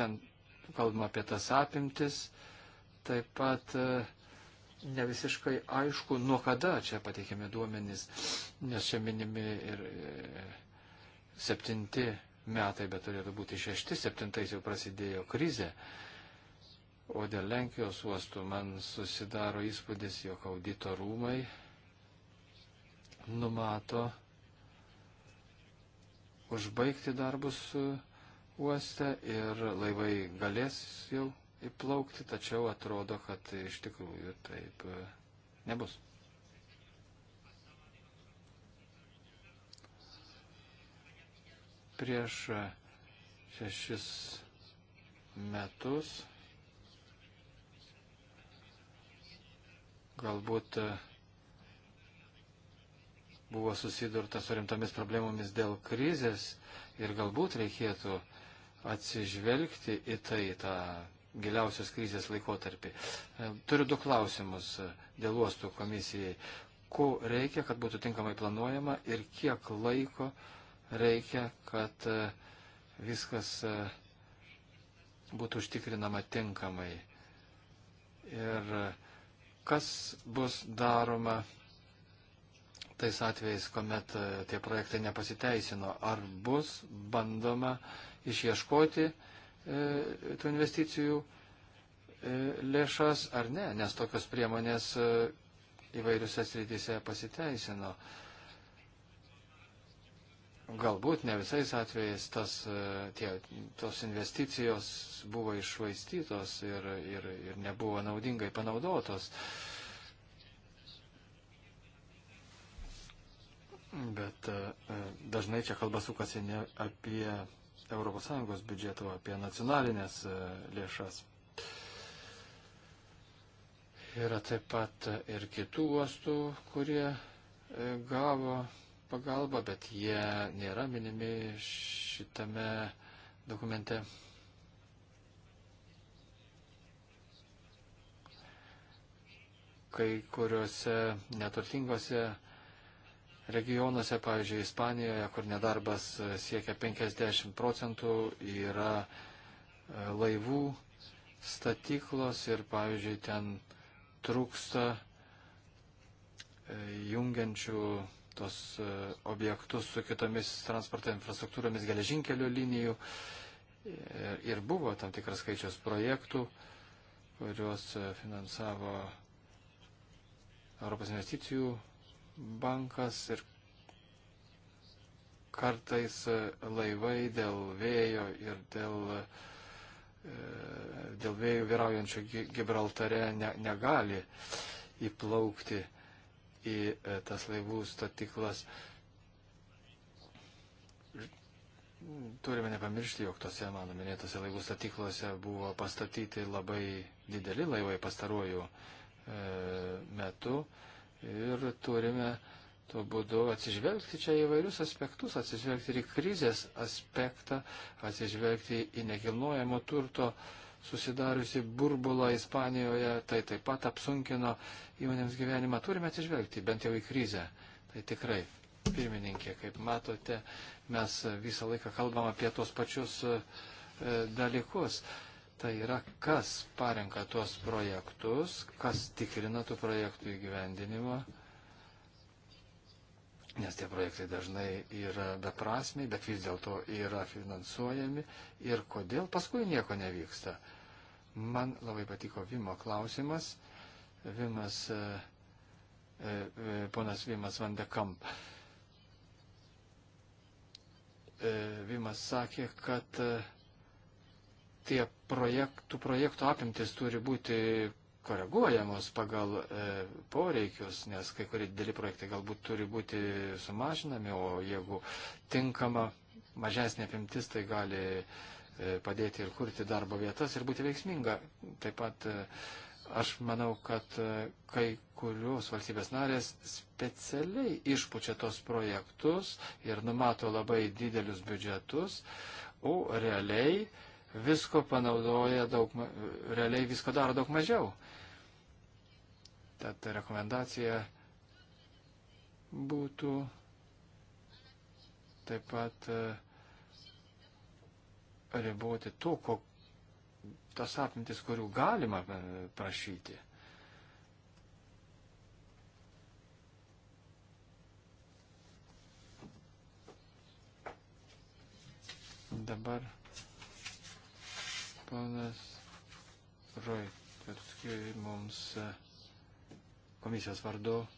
ten kalbama apie tas apimtis, taip pat e, ne visiškai aišku, nuo kada čia pateikiami duomenys, nes čia minimi ir e, septinti metai, bet turėtų būti šešti, septintais jau prasidėjo krizė. O dėl Lenkijos uostų man susidaro įspūdis, jog audito rūmai numato užbaigti darbus uoste ir laivai galės jau įplaukti, tačiau atrodo, kad iš tikrųjų taip e, nebus. Prieš e, šešis metus galbūt e, buvo susidurta su rimtomis problemomis dėl krizės ir galbūt reikėtų atsižvelgti į tai tą giliausios krizės laikotarpį. E, turiu du klausimus dėl uostų komisijai. Ko reikia, kad būtų tinkamai planuojama ir kiek laiko uh, reikia, kad e, viskas e, būtų užtikrinama tinkamai. Ir e, kas bus daroma tais atvejais, kuomet tie projektai nepasiteisino, ar bus bandoma išieškoti e, tų investicijų e, lėšas ar ne, nes tokios priemonės e, įvairiuose srityse pasiteisino. E, galbūt ne visais atvejais tas, e, tie, tos investicijos buvo išvaistytos ir, ir, ir nebuvo naudingai panaudotos. Bet e, e, dažnai čia kalba sukasi ne apie ES biudžetą, o apie nacionalinės lėšas. Yra taip pat ir kitų uostų, kurie gavo pagalba, bet jie nėra minimi šitame dokumente. Kai kuriuose neturtingose regionuose, pavyzdžiui, Ispanijoje, kur nedarbas siekia 50 procentų, yra e, laivų statyklos ir, pavyzdžiui, ten trūksta e, jungiančių tos e, objektus su kitomis transporto infrastruktūromis geležinkelio linijų. Ir, e, ir buvo tam tikras skaičius projektų, kuriuos e, finansavo Europos investicijų bankas ir kartais laivai dėl vėjo ir dėl, dėl vėjų vyraujančių Gibraltare ne, negali įplaukti į e, tas laivų statiklas. Turime nepamiršti, jog tose mano minėtose laivų statiklose buvo pastatyti labai dideli laivai pastaruoju e, metu ir turime tuo būdu atsižvelgti čia įvairius aspektus, atsižvelgti ir į krizės aspektą, atsižvelgti į nekilnojamo turto e, susidariusi burbulą Ispanijoje, tai taip pat apsunkino įmonėms gyvenimą. Turime atsižvelgti bent jau į krizę. Tai tikrai, pirmininkė, kaip matote, mes visą laiką kalbam apie tos pačius e, dalykus. Tai yra, kas parenka tuos projektus, kas tikrina tų projektų įgyvendinimą nes tie projektai dažnai yra beprasmiai, bet vis dėlto yra finansuojami ir kodėl paskui nieko nevyksta. Man labai patiko Vimo klausimas. Vimas, e, e, e, ponas Vimas Vandekamp. Vimas sakė, kad tie projektų, projektų apimtis turi būti koreguojamos pagal e, poreikius, nes kai kurie dideli projektai galbūt turi būti sumažinami, o jeigu tinkama mažesnė apimtis, tai gali e, padėti ir kurti darbo vietas ir būti veiksminga. Taip pat e, aš manau, kad e, kai kurios valstybės narės specialiai išpučia tos projektus ir numato labai didelius biudžetus, o realiai visko panaudoja daug, realiai visko daro daug mažiau. Tad rekomendacija būtų taip pat e, riboti to, ko, tas apimtis, kurių galima e, prašyti. Dabar ponas Roy, kad mums uh, komisijos vardu e,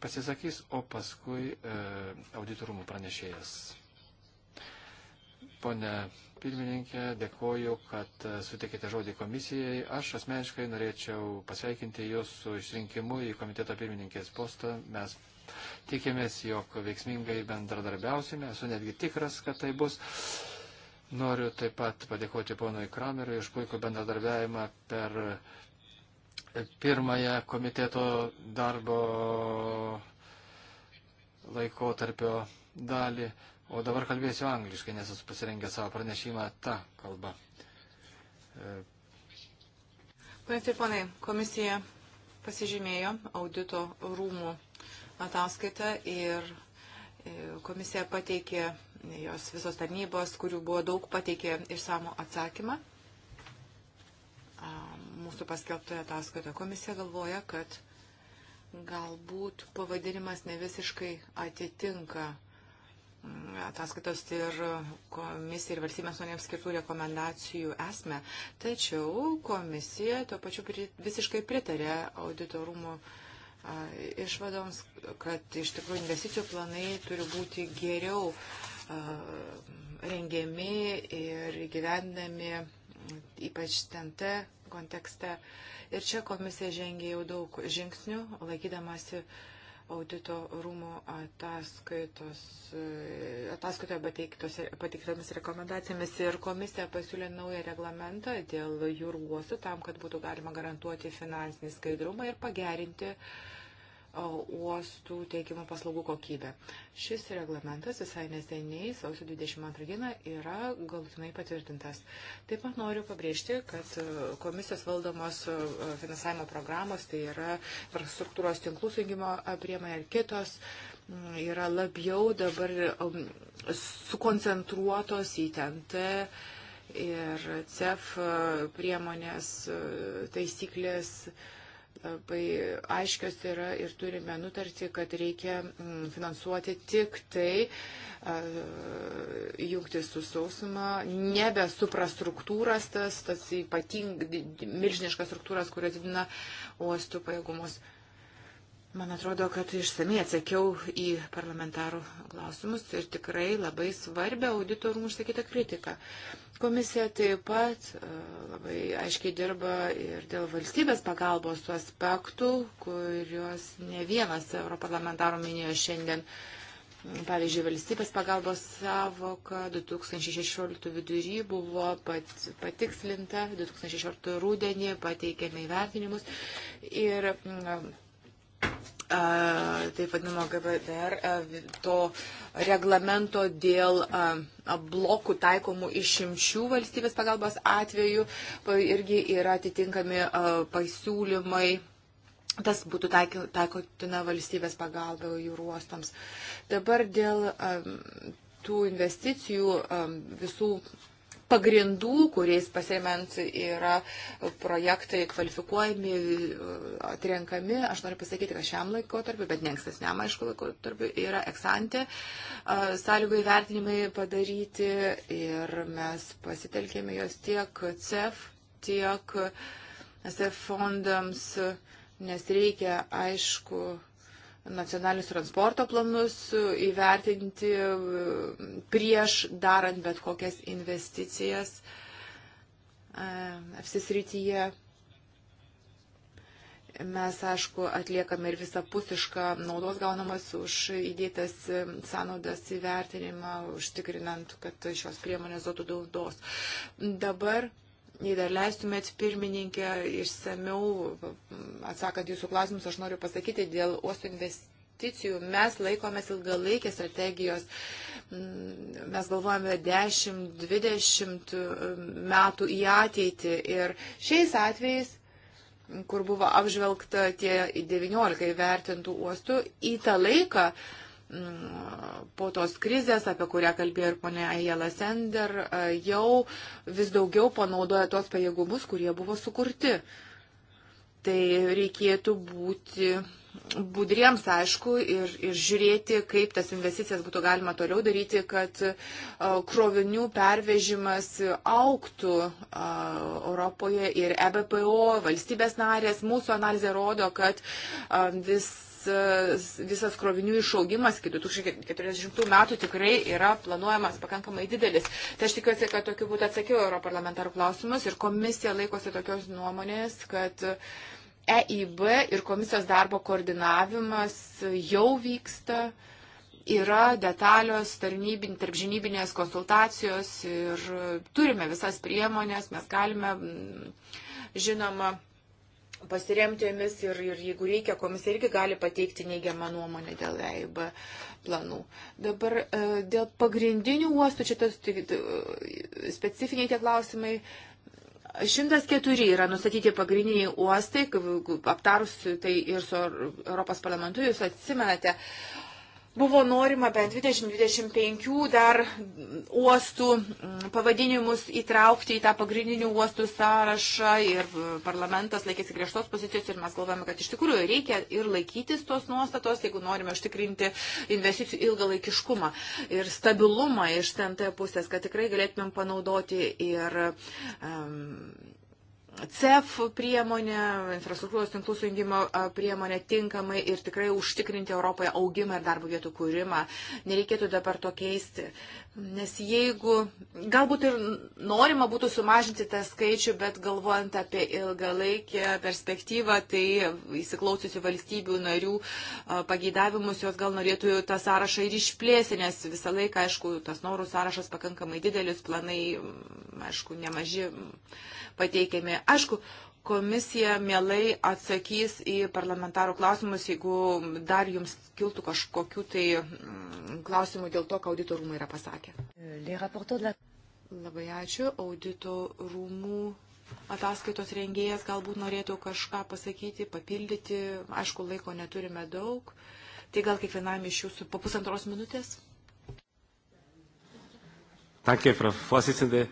pasisakys, o paskui e, auditorumų pranešėjas. Pone pirmininkė, dėkoju, kad e, sutikėte žodį komisijai. Aš asmeniškai norėčiau pasveikinti Jūs su išrinkimu į komiteto pirmininkės postą. Mes tikėmės, jog veiksmingai bendradarbiausime. Esu netgi tikras, kad tai bus. E, Noriu taip pat padėkoti ponui Krameriui iš puikų bendradarbiavimą per pirmąją komiteto darbo laikotarpio dalį. O dabar kalbėsiu angliškai, nes esu pasirengęs savo pranešimą tą kalbą. Ponės ir ponai, komisija pasižymėjo audito rūmų ataskaitą ir Komisija pateikė, jos visos tarnybos, kurių buvo daug, pateikė išsamų atsakymą. Mūsų paskelbtoje ataskaitoje komisija galvoja, kad galbūt pavadinimas ne visiškai atitinka mm, ataskaitos ir komisija ir valstybės nuonėms skirtų rekomendacijų esmę. Tačiau komisija tuo pačiu pri, visiškai pritarė auditorumų uh, išvadoms, kad iš tikrųjų investicijų planai turi būti geriau rengiami ir gyvendami, ypač TNT kontekste. Ir čia komisija žengė jau daug žingsnių, laikydamasi uh, audito rūmo e, ataskaitoje pateiktomis rekomendacijomis ir komisija pasiūlė naują reglamentą dėl jūrų uostų tam, kad būtų galima garantuoti finansinį skaidrumą ir pagerinti uh, uostų teikimo paslaugų kokybę. Šis reglamentas visai neseniai, sausio 22 dieną, yra galutinai patvirtintas. Taip pat noriu pabrėžti, kad e, komisijos valdomos e, finansavimo programos, tai yra infrastruktūros tinklų sujungimo priemonė ir kitos, yra labiau dabar um, sukoncentruotos į TNT ir CEF e, priemonės taisyklės labai aiškios yra ir turime nutarti, kad reikia mm, finansuoti tik tai jungtis su sausuma, nebe suprastruktūras, tas, tas ypatingai milžiniškas struktūras, kurios didina uostų pajėgumus. Uh, Man atrodo, kad išsamei atsakiau į parlamentarų klausimus ir tikrai labai svarbę auditorų užsakytą kritiką. Komisija taip pat e, labai aiškiai dirba ir dėl valstybės pagalbos tų aspektų, kuriuos ne vienas europarlamentarų minėjo šiandien. Pavyzdžiui, valstybės pagalbos savoka 2016 vidury buvo pat, patikslinta, 2016 rūdienį pateikėme įvertinimus ir taip vadinamo GBTR, to reglamento dėl blokų taikomų išimčių valstybės pagalbos atveju irgi yra atitinkami pasiūlymai tas būtų taikotina valstybės pagalba jūrų uostams. Dabar dėl um, tų investicijų um, visų pagrindų, kuriais pasiremiant yra projektai kvalifikuojami, atrenkami. Aš noriu pasakyti, kad šiam laikotarpiu, bet ne ankstesniam, aišku, laikotarpiu yra eksantė sąlygų įvertinimai padaryti ir mes pasitelkėme jos tiek CEF, tiek CEF fondams, nes reikia, aišku, nacionalinius transporto planus įvertinti e, prieš darant bet kokias investicijas e, apsisrityje. Mes, aišku, atliekame ir visapusišką naudos gaunamas už įdėtas e, sąnaudas įvertinimą, užtikrinant, kad šios priemonės duotų naudos. Dabar Jei dar leistumėt, pirmininkė, išsamiau atsakant jūsų klausimus, aš noriu pasakyti dėl uosto investicijų. Mes laikomės ilgalaikės strategijos. Mm, mes galvojame 10-20 mm, metų į ateitį. Ir šiais atvejais kur buvo apžvelgta tie 19 vertintų uostų, į tą laiką uh, po tos krizės, apie kurią kalbėjo ir ponė Ajela Sender, e, jau vis daugiau panaudoja tos pajėgumus, kurie buvo sukurti. Tai reikėtų būti budriems, aišku, ir, ir žiūrėti, kaip tas investicijas būtų galima toliau daryti, kad e, krovinių pervežimas auktų e, Europoje ir EBPO valstybės narės. Mūsų analizė rodo, kad vis E, visas krovinių išaugimas iki 2040 metų tikrai yra planuojamas pakankamai didelis. Tai aš tikiuosi, kad tokiu būtų atsakiau europarlamentarų klausimus ir komisija laikosi tokios nuomonės, kad EIB ir komisijos darbo koordinavimas jau vyksta yra detalios tarnybin, tarpžinybinės konsultacijos ir turime visas priemonės, mes galime, žinoma, pasiremti jomis ir, ir jeigu reikia, komisija irgi gali pateikti neigiamą nuomonę dėl EIB planų. Dabar e, dėl pagrindinių uostų, čia tas e, specifiniai tie klausimai. 104 yra nustatyti pagrindiniai uostai, aptarus tai ir su Europos parlamentu, jūs atsimenate, Buvo norima bent 20-25 dar uostų mm, pavadinimus įtraukti į tą pagrindinių uostų sąrašą ir e, parlamentas laikėsi griežtos pozicijos ir mes galvojame, kad iš tikrųjų reikia ir laikytis tos nuostatos, jeigu norime užtikrinti investicijų ilgalaikiškumą ir stabilumą iš TNT pusės, kad tikrai galėtumėm panaudoti ir um, CEF priemonę, infrastruktūros tinklų sujungimo priemonę tinkamai ir tikrai užtikrinti Europoje augimą ir darbo vietų kūrimą. Nereikėtų dabar to keisti. Nes jeigu, galbūt ir norima būtų sumažinti tą skaičių, bet galvojant apie ilgalaikę perspektyvą, tai įsiklausiusių valstybių narių pageidavimus, jos gal norėtų tą sąrašą ir išplėsti, nes visą laiką, aišku, tas norų sąrašas pakankamai didelis, planai, aišku, nemaži pateikiami. Aišku, komisija mielai atsakys į parlamentarų klausimus, jeigu dar jums kiltų kažkokių tai mm, klausimų dėl to, ką audito rūmai yra pasakę. Labai ačiū. Audito rūmų ataskaitos rengėjas galbūt norėtų kažką pasakyti, papildyti. Aišku, laiko neturime daug. Tai gal kiekvienam iš jūsų po pusantros minutės. Danke, Frau Vorsitzende.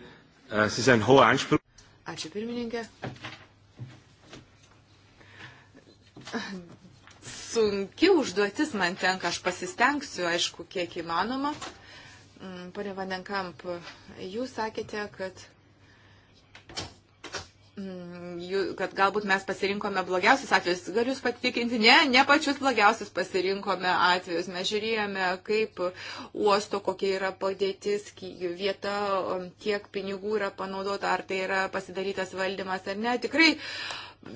Äh, Sie sind hoher Anspruch. Ačiū pirmininkė. Sunki užduotis man tenka, aš pasistengsiu, aišku, kiek įmanoma. Mm, Pane Vandenkamp, jūs sakėte, kad Mm, kad galbūt mes pasirinkome blogiausius atvejus. Galiu jūs patikinti, ne, ne pačius blogiausius pasirinkome atvejus. Mes žiūrėjome, kaip uosto, kokia yra padėtis, vieta, kiek pinigų yra panaudota, ar tai yra pasidarytas valdymas ar ne. Tikrai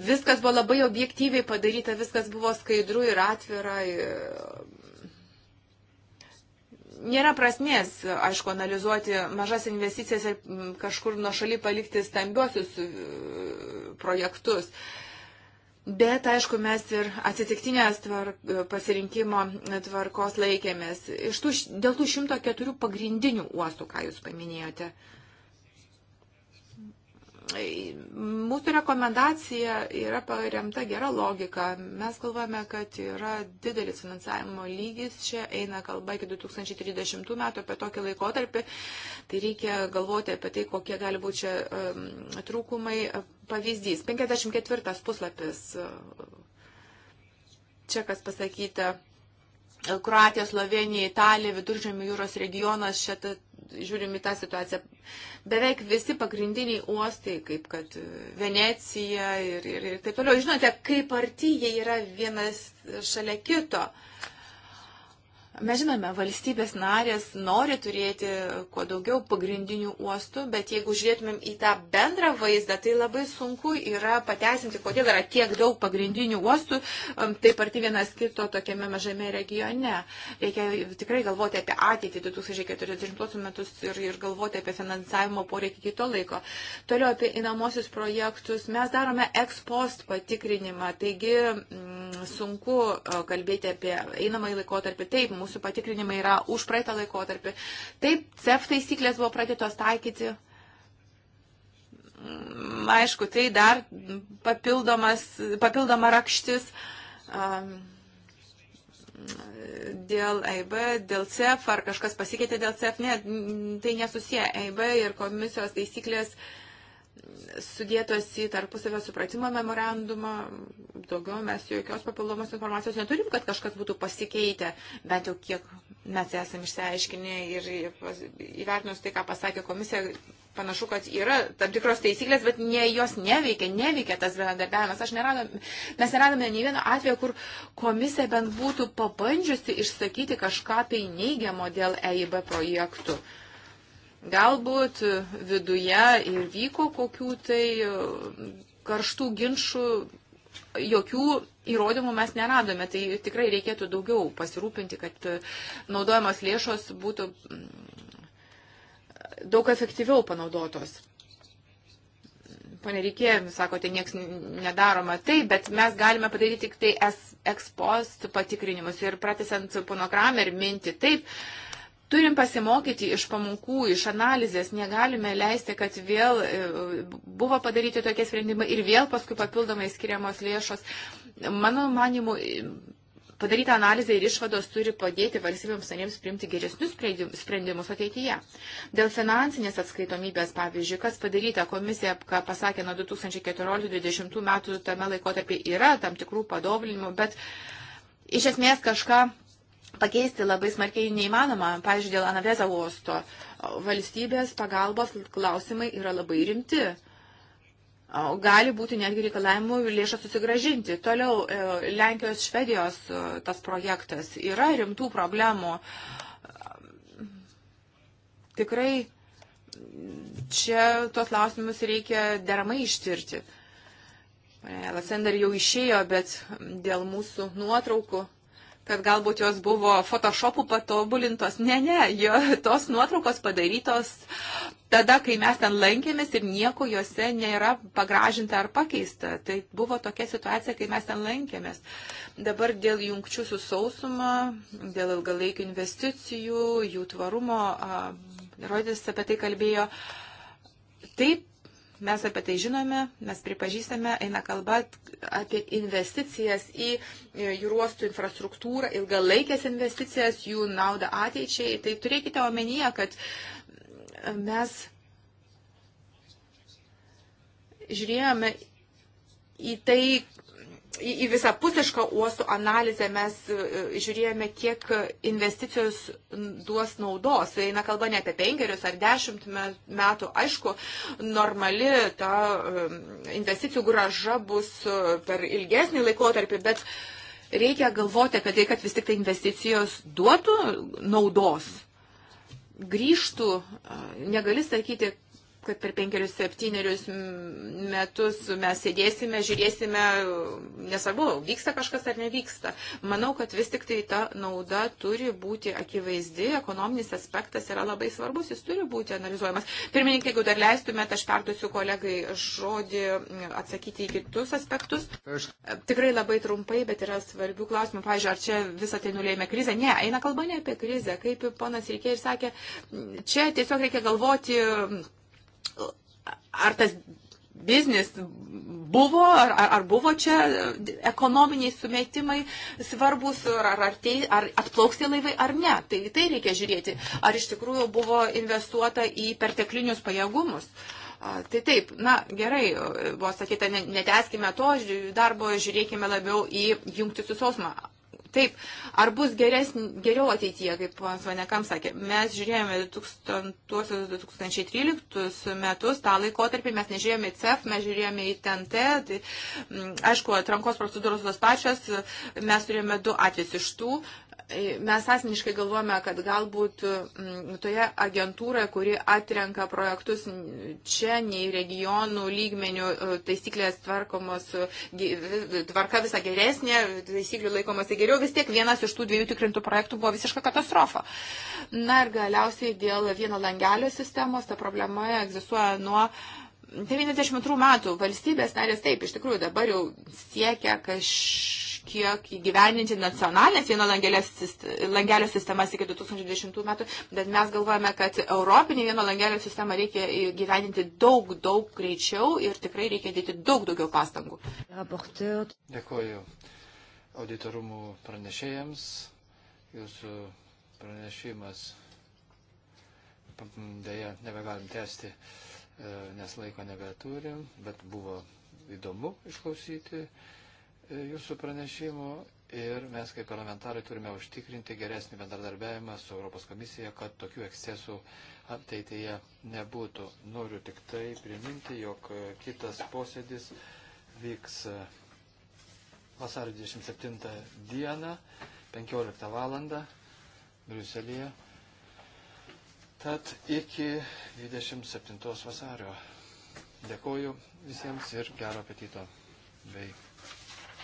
viskas buvo labai objektyviai padaryta, viskas buvo skaidru ir atvira. Ir nėra prasmės, aišku, analizuoti mažas investicijas ir mm, kažkur nuo šaly palikti stambiosius e, projektus. Bet, aišku, mes ir atsitiktinės tvark, pasirinkimo tvarkos laikėmės. Iš tų, dėl tų 104 pagrindinių uostų, ką jūs paminėjote. Uh, Mūsų rekomendacija yra paremta gera logika. Mes galvojame, kad yra didelis finansavimo lygis, čia eina kalba iki 2030 metų apie tokį laikotarpį, tai reikia galvoti apie tai, kokie gali būti čia um, trūkumai. Pavyzdys, 54 puslapis, čia kas pasakyta Kroatija, Slovenija, Italija, Viduržėmio jūros regionas, šitą žiūrim į tą situaciją. Beveik visi pagrindiniai uostai, kaip kad e, Venecija ir, ir, ir taip toliau. Žinote, kaip arti jie yra vienas šalia kito. Uh, Mes žinome, valstybės narės nori turėti kuo daugiau pagrindinių uostų, bet jeigu žiūrėtumėm į tą bendrą vaizdą, tai labai sunku yra pateisinti, kodėl yra tiek daug pagrindinių uostų, um, taip arti vienas kito tokiame mažame regione. Reikia tikrai galvoti apie ateitį 2040 metus ir, ir galvoti apie finansavimo poreikį kito laiko. Toliau apie įnamosius projektus. Mes darome ekspost patikrinimą, taigi m, mm, sunku uh, kalbėti apie einamąjį laikotarpį. Taip, mūsų patikrinimai yra už praeitą laikotarpį. Taip, CEF taisyklės buvo pradėtos taikyti. Mm, aišku, tai dar papildoma rakštis. Um, dėl AIB, dėl CEF, ar kažkas pasikeitė dėl CEF, ne, tai nesusiję. AIB ir komisijos taisyklės uh, sudėtos į tarpusavio supratimo memorandumą, daugiau mes jokios papildomos informacijos neturim, kad kažkas būtų pasikeitę, bent jau kiek mes esam išsiaiškinę ir įvertinus tai, ką pasakė komisija, panašu, kad yra tam tikros taisyklės, bet ne, jos neveikia, neveikia tas bendradarbiavimas. Neradom, mes neradome nei vieno atveju, kur komisija bent būtų pabandžiusi išsakyti kažką tai neigiamo dėl EIB projektų. Uh, Galbūt viduje ir vyko kokių tai e, karštų ginčių, jokių įrodymų mes neradome, tai tikrai reikėtų daugiau pasirūpinti, kad e, naudojamos lėšos būtų mm, daug efektyviau panaudotos. Pane Reikė, sakote, nieks nedaroma tai, bet mes galime padaryti tik tai ekspost patikrinimus. Ir pratesant pono Kramer mintį, taip, uh, Turim pasimokyti iš pamokų, iš analizės, negalime leisti, kad vėl e, buvo padaryti tokie sprendimai ir vėl paskui papildomai skiriamos lėšos. Mano manimu, padaryta analizė ir išvados turi padėti valstybėms narėms priimti geresnius sprendimus ateityje. Dėl finansinės atskaitomybės, pavyzdžiui, kas padaryta, komisija, ką pasakė nuo 2014-2020 metų tame laikotarpį, yra tam tikrų padoblinimų, bet iš esmės kažką pakeisti labai smarkiai neįmanoma. Pavyzdžiui, dėl Anavezo uosto valstybės pagalbos klausimai yra labai rimti. Gali būti netgi reikalavimų lėšą susigražinti. Toliau e, Lenkijos, Švedijos e, tas projektas yra rimtų problemų. Tikrai čia tuos klausimus reikia deramai ištirti. Lasender jau išėjo, bet dėl mūsų nuotraukų kad galbūt jos buvo Photoshopų patobulintos. Ne, ne, jo, tos nuotraukos padarytos tada, kai mes ten lankėmės ir nieko juose nėra pagražinta ar pakeista. Tai buvo tokia situacija, kai mes ten lankėmės. Dabar dėl jungčių su sausuma, dėl ilgalaikių investicijų, jų tvarumo, Rodis apie tai kalbėjo. Taip, Mes apie tai žinome, mes pripažįstame, eina kalba apie investicijas į e, jūruostų infrastruktūrą, ilgalaikės investicijas, jų naudą ateičiai. Tai turėkite omenyje, kad mes žiūrėjome į tai, į, į visapusišką uostų analizę mes e, žiūrėjome, kiek investicijos duos naudos. Tai eina kalba ne apie penkerius ar dešimt metų. Aišku, normali ta e, investicijų graža bus e, per ilgesnį laikotarpį, bet reikia galvoti apie tai, kad vis tik tai investicijos duotų naudos grįžtų, negali sakyti, kad per penkerius, septynerius metus mes sėdėsime, žiūrėsime, nesvarbu, vyksta kažkas ar nevyksta. Manau, kad vis tik tai ta nauda turi būti akivaizdi, ekonominis aspektas yra labai svarbus, jis turi būti analizuojamas. Pirmininkai, jeigu dar leistumėt, aš perduosiu kolegai žodį atsakyti į kitus aspektus. Tikrai labai trumpai, bet yra svarbių klausimų. Pavyzdžiui, ar čia visą tai nulėmė krizė? Ne, eina kalba ne apie krizę. Kaip ponas Rikė ir sakė, čia tiesiog reikia galvoti ar tas biznis buvo, ar, ar buvo čia ekonominiai sumetimai svarbus, ar, ar, tai, ar atplauksti laivai, ar ne. Tai tai reikia žiūrėti, ar iš tikrųjų buvo investuota į perteklinius pajėgumus. Tai taip, na gerai, buvo sakyta, neteskime to darbo, žiūrėkime labiau į jungtį su sausmą. Taip, ar bus geresn, geriau ateityje, kaip ponas Vanekam sakė. Mes žiūrėjome 2000-2013 metus, tą laikotarpį mes nežiūrėjome į CEF, mes žiūrėjome į TNT. Tai, aišku, atrankos procedūros tos pačios, mes turėjome du atvejus iš tų. Uh, Mes asmeniškai galvojame, kad galbūt mm, toje agentūroje, kuri atrenka projektus čia, nei regionų lygmenių e, taisyklės tvarkomos, e, e, tvarka visą geresnė, taisyklių laikomasi geriau, vis tiek vienas iš tų dviejų tikrintų projektų buvo visiška katastrofa. Na ir galiausiai dėl vieno langelio sistemos ta problema egzistuoja nuo 92 metų valstybės narės taip, iš tikrųjų dabar jau siekia kaž kažkiek įgyveninti nacionalinės vieno langelio sistemas iki 2010 metų, bet mes galvojame, kad europinį vieno langelio sistemą reikia įgyveninti daug, daug greičiau ir tikrai reikia dėti daug daugiau pastangų. Dėkuoju auditorumų pranešėjams. Jūsų pranešimas dėja nebegalim tęsti, e, nes laiko nebeturim, bet buvo įdomu išklausyti E, jūsų pranešimų ir mes kaip parlamentarai turime užtikrinti geresnį bendradarbiavimą su Europos komisija, kad tokių ekscesų ateityje nebūtų. Noriu tik tai priminti, jog e, kitas posėdis vyks e, vasario 27 dieną, 15 val. Briuselėje. Tad iki 27 vasario. Dėkoju visiems ir gero apetito bei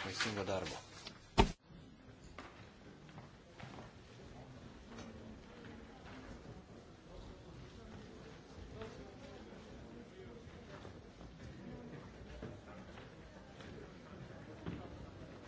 vaisingo darbo.